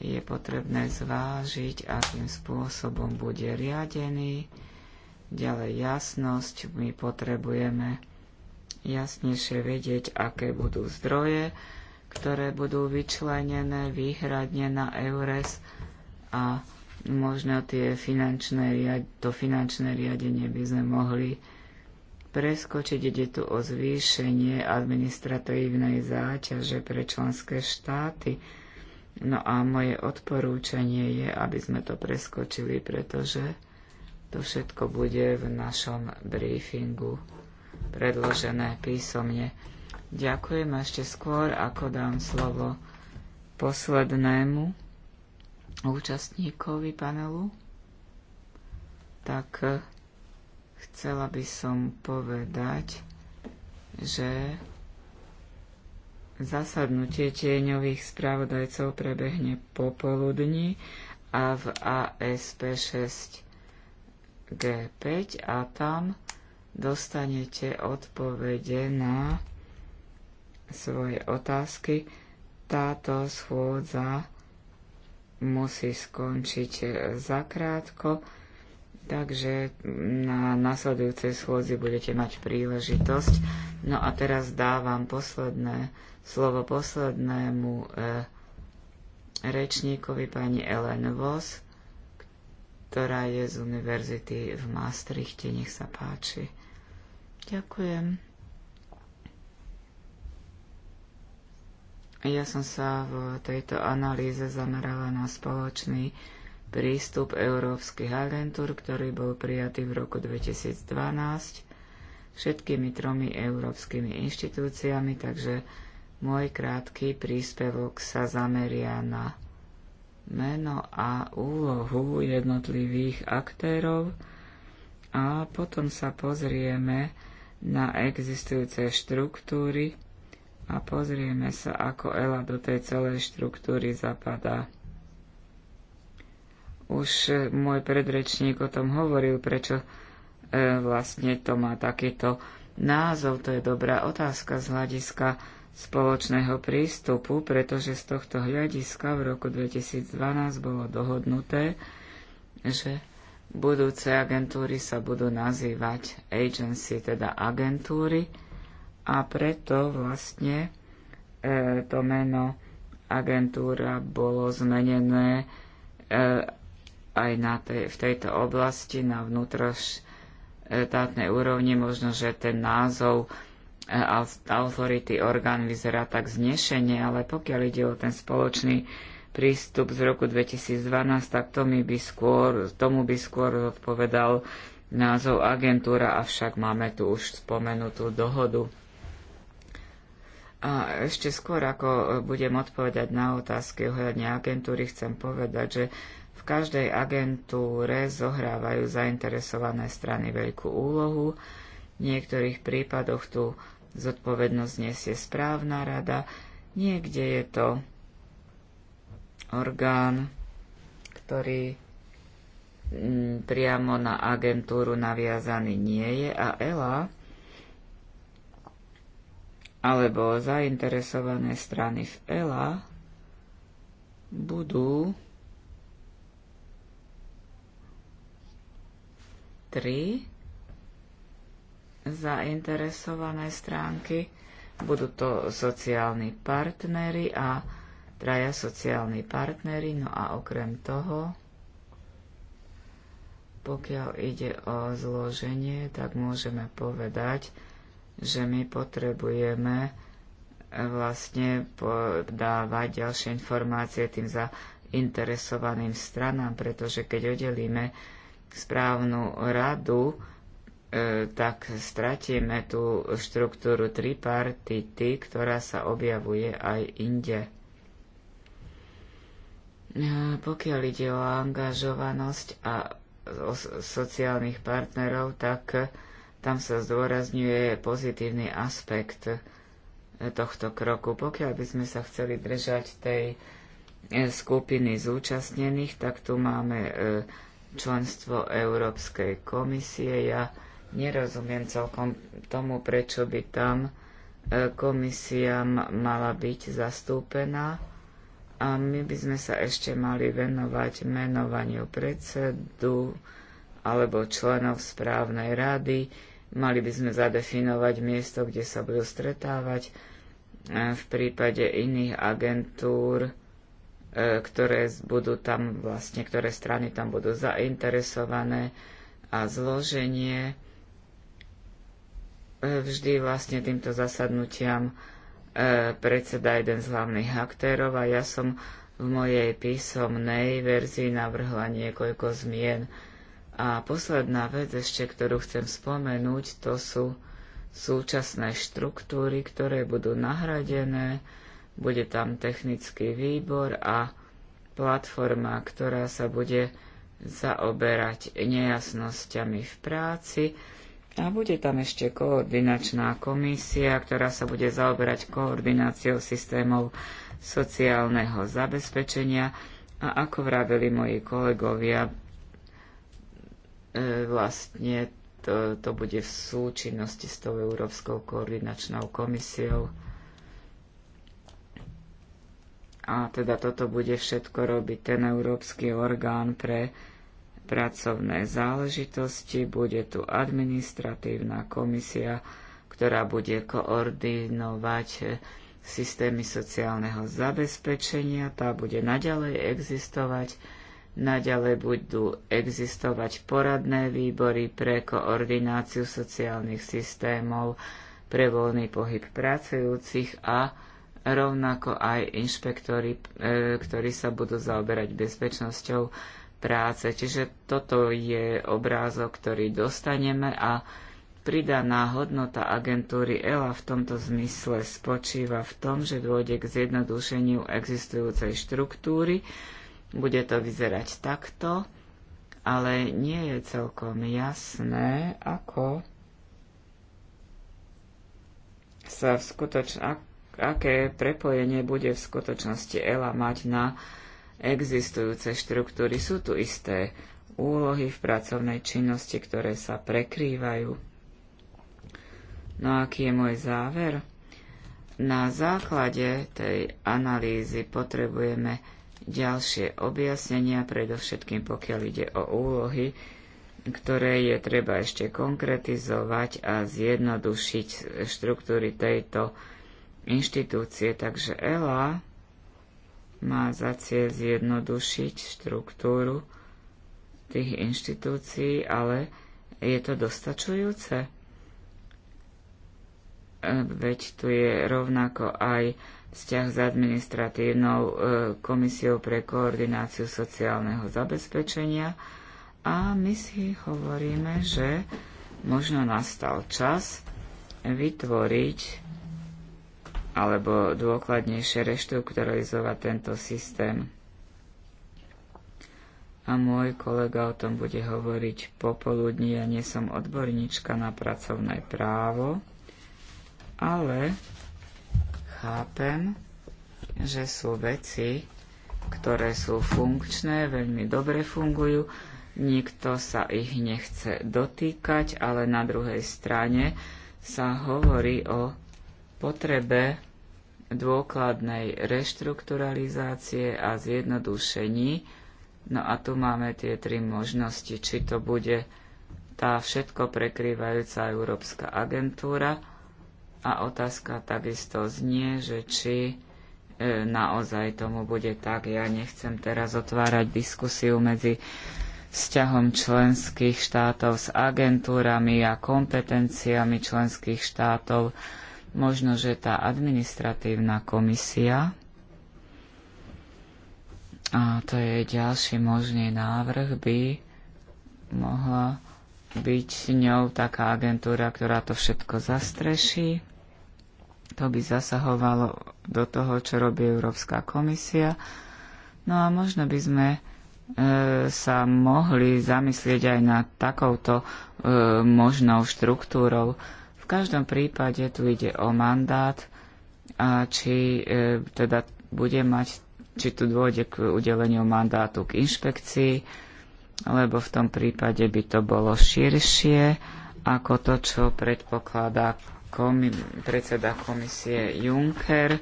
Je potrebné zvážiť, akým spôsobom bude riadený. Ďalej jasnosť. My potrebujeme jasnejšie vedieť, aké budú zdroje ktoré budú vyčlenené výhradne na EURES a možno tie finančné, to finančné riadenie by sme mohli preskočiť. Ide tu o zvýšenie administratívnej záťaže pre členské štáty. No a moje odporúčanie je, aby sme to preskočili, pretože to všetko bude v našom briefingu predložené písomne. Ďakujem ešte skôr, ako dám slovo poslednému účastníkovi panelu. Tak eh, chcela by som povedať, že zasadnutie tieňových spravodajcov prebehne popoludní a v ASP 6G5 a tam dostanete odpovede na svoje otázky. Táto schôdza musí skončiť zakrátko, takže na nasledujúcej schôdzi budete mať príležitosť. No a teraz dávam posledné slovo poslednému e, rečníkovi pani Ellen Voss, ktorá je z univerzity v Maastrichte. Nech sa páči. Ďakujem. Ja som sa v tejto analýze zamerala na spoločný prístup európskych agentúr, ktorý bol prijatý v roku 2012 všetkými tromi európskymi inštitúciami, takže môj krátky príspevok sa zameria na meno a úlohu jednotlivých aktérov a potom sa pozrieme na existujúce štruktúry, a pozrieme sa, ako Ela do tej celej štruktúry zapadá. Už e, môj predrečník o tom hovoril, prečo e, vlastne to má takýto názov. To je dobrá otázka z hľadiska spoločného prístupu, pretože z tohto hľadiska v roku 2012 bolo dohodnuté, že budúce agentúry sa budú nazývať agency, teda agentúry, a preto vlastne e, to meno agentúra bolo zmenené e, aj na tej, v tejto oblasti na vnútroštátnej úrovni. Možno, že ten názov e, authority orgán vyzerá tak znešenie, ale pokiaľ ide o ten spoločný prístup z roku 2012, tak to by skôr, tomu by skôr odpovedal názov agentúra, avšak máme tu už spomenutú dohodu. A ešte skôr, ako e, budem odpovedať na otázky ohľadne agentúry, chcem povedať, že v každej agentúre zohrávajú zainteresované strany veľkú úlohu. V niektorých prípadoch tu zodpovednosť nesie správna rada, niekde je to orgán, ktorý priamo na agentúru naviazaný nie je a ELA alebo zainteresované strany v ELA budú 3 zainteresované stránky, budú to sociálni partnery a traja sociálni partnery, no a okrem toho, pokiaľ ide o zloženie, tak môžeme povedať, že my potrebujeme eh, vlastne podávať ďalšie informácie tým zainteresovaným stranám, pretože keď oddelíme správnu radu, eh, tak stratíme tú štruktúru tripartity, ktorá sa objavuje aj inde. Eh, pokiaľ ide o angažovanosť a o sociálnych partnerov, tak tam sa zdôrazňuje pozitívny aspekt e, tohto kroku. Pokiaľ by sme sa chceli držať tej e, skupiny zúčastnených, tak tu máme e, členstvo Európskej komisie. Ja nerozumiem celkom tomu, prečo by tam komisia mala byť zastúpená a my by sme sa ešte mali venovať menovaniu predsedu alebo členov správnej rady, Mali by sme zadefinovať miesto, kde sa budú stretávať. V prípade iných agentúr, e, ktoré budú tam vlastne, ktoré strany tam budú zainteresované a zloženie e, vždy vlastne týmto zasadnutiam e, predseda jeden z hlavných aktérov a ja som v mojej písomnej verzii navrhla niekoľko zmien. A posledná vec ešte, ktorú chcem spomenúť, to sú súčasné štruktúry, ktoré budú nahradené, bude tam technický výbor a platforma, ktorá sa bude zaoberať nejasnosťami v práci a bude tam ešte koordinačná komisia, ktorá sa bude zaoberať koordináciou systémov sociálneho zabezpečenia a ako vraveli moji kolegovia, E, vlastne to, to bude v súčinnosti s tou Európskou koordinačnou komisiou. A teda toto bude všetko robiť ten Európsky orgán pre pracovné záležitosti. Bude tu administratívna komisia, ktorá bude koordinovať systémy sociálneho zabezpečenia. Tá bude naďalej existovať Naďalej budú existovať poradné výbory pre koordináciu sociálnych systémov, pre voľný pohyb pracujúcich a rovnako aj inšpektori, e, ktorí sa budú zaoberať bezpečnosťou práce. Čiže toto je obrázok, ktorý dostaneme a pridaná hodnota agentúry ELA v tomto zmysle spočíva v tom, že dôjde k zjednodušeniu existujúcej štruktúry, bude to vyzerať takto, ale nie je celkom jasné, ako sa v skutoč- aké prepojenie bude v skutočnosti ELA mať na existujúce štruktúry. Sú tu isté úlohy v pracovnej činnosti, ktoré sa prekrývajú. No a aký je môj záver? Na základe tej analýzy potrebujeme ďalšie objasnenia, predovšetkým pokiaľ ide o úlohy, ktoré je treba ešte konkretizovať a zjednodušiť štruktúry tejto inštitúcie. Takže ELA má za cieľ zjednodušiť štruktúru tých inštitúcií, ale je to dostačujúce? E, veď tu je rovnako aj vzťah s administratívnou e, komisiou pre koordináciu sociálneho zabezpečenia a my si hovoríme, že možno nastal čas vytvoriť alebo dôkladnejšie reštrukturalizovať tento systém. A môj kolega o tom bude hovoriť popoludní. Ja nie som odborníčka na pracovné právo, ale chápem, že sú veci, ktoré sú funkčné, veľmi dobre fungujú, nikto sa ich nechce dotýkať, ale na druhej strane sa hovorí o potrebe dôkladnej reštrukturalizácie a zjednodušení. No a tu máme tie tri možnosti, či to bude tá všetko prekrývajúca európska agentúra, a otázka takisto znie, že či e, naozaj tomu bude tak. Ja nechcem teraz otvárať diskusiu medzi vzťahom členských štátov s agentúrami a kompetenciami členských štátov. Možno, že tá administratívna komisia, a to je ďalší možný návrh, by mohla byť ňou taká agentúra, ktorá to všetko zastreší to by zasahovalo do toho, čo robí Európska komisia. No a možno by sme e, sa mohli zamyslieť aj nad takouto e, možnou štruktúrou. V každom prípade tu ide o mandát a či e, teda bude mať, či tu dôjde k udeleniu mandátu k inšpekcii, lebo v tom prípade by to bolo širšie ako to, čo predpokladá komi- predseda komisie Juncker.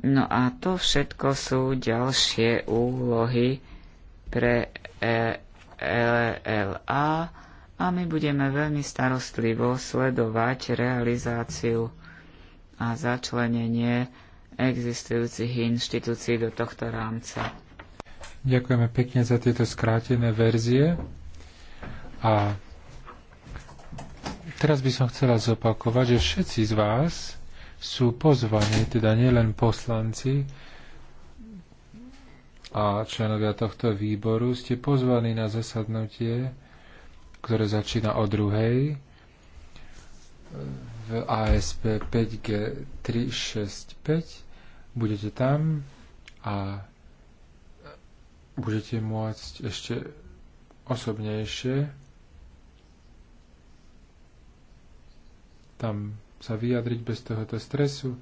No a to všetko sú ďalšie úlohy pre e- e LLA a my budeme veľmi starostlivo sledovať realizáciu a začlenenie existujúcich inštitúcií do tohto rámca. Ďakujeme pekne za tieto skrátené verzie a Teraz by som chcela zopakovať, že všetci z vás sú pozvaní, teda nielen poslanci a členovia tohto výboru, ste pozvaní na zasadnutie, ktoré začína o druhej v ASP 5G365. Budete tam a budete môcť ešte osobnejšie tam sa vyjadriť bez tohoto stresu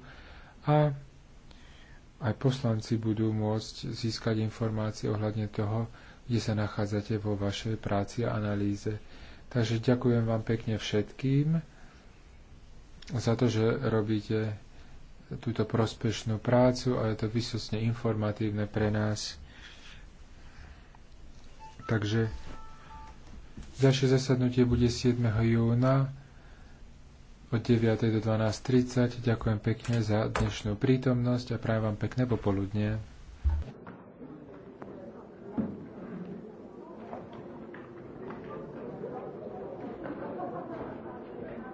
a aj poslanci budú môcť získať informácie ohľadne toho, kde sa nachádzate vo vašej práci a analýze. Takže ďakujem vám pekne všetkým za to, že robíte túto prospešnú prácu a je to vysosne informatívne pre nás. Takže ďalšie zasadnutie bude 7. júna od 9. do 12.30. Ďakujem pekne za dnešnú prítomnosť a prajem vám pekné popoludnie.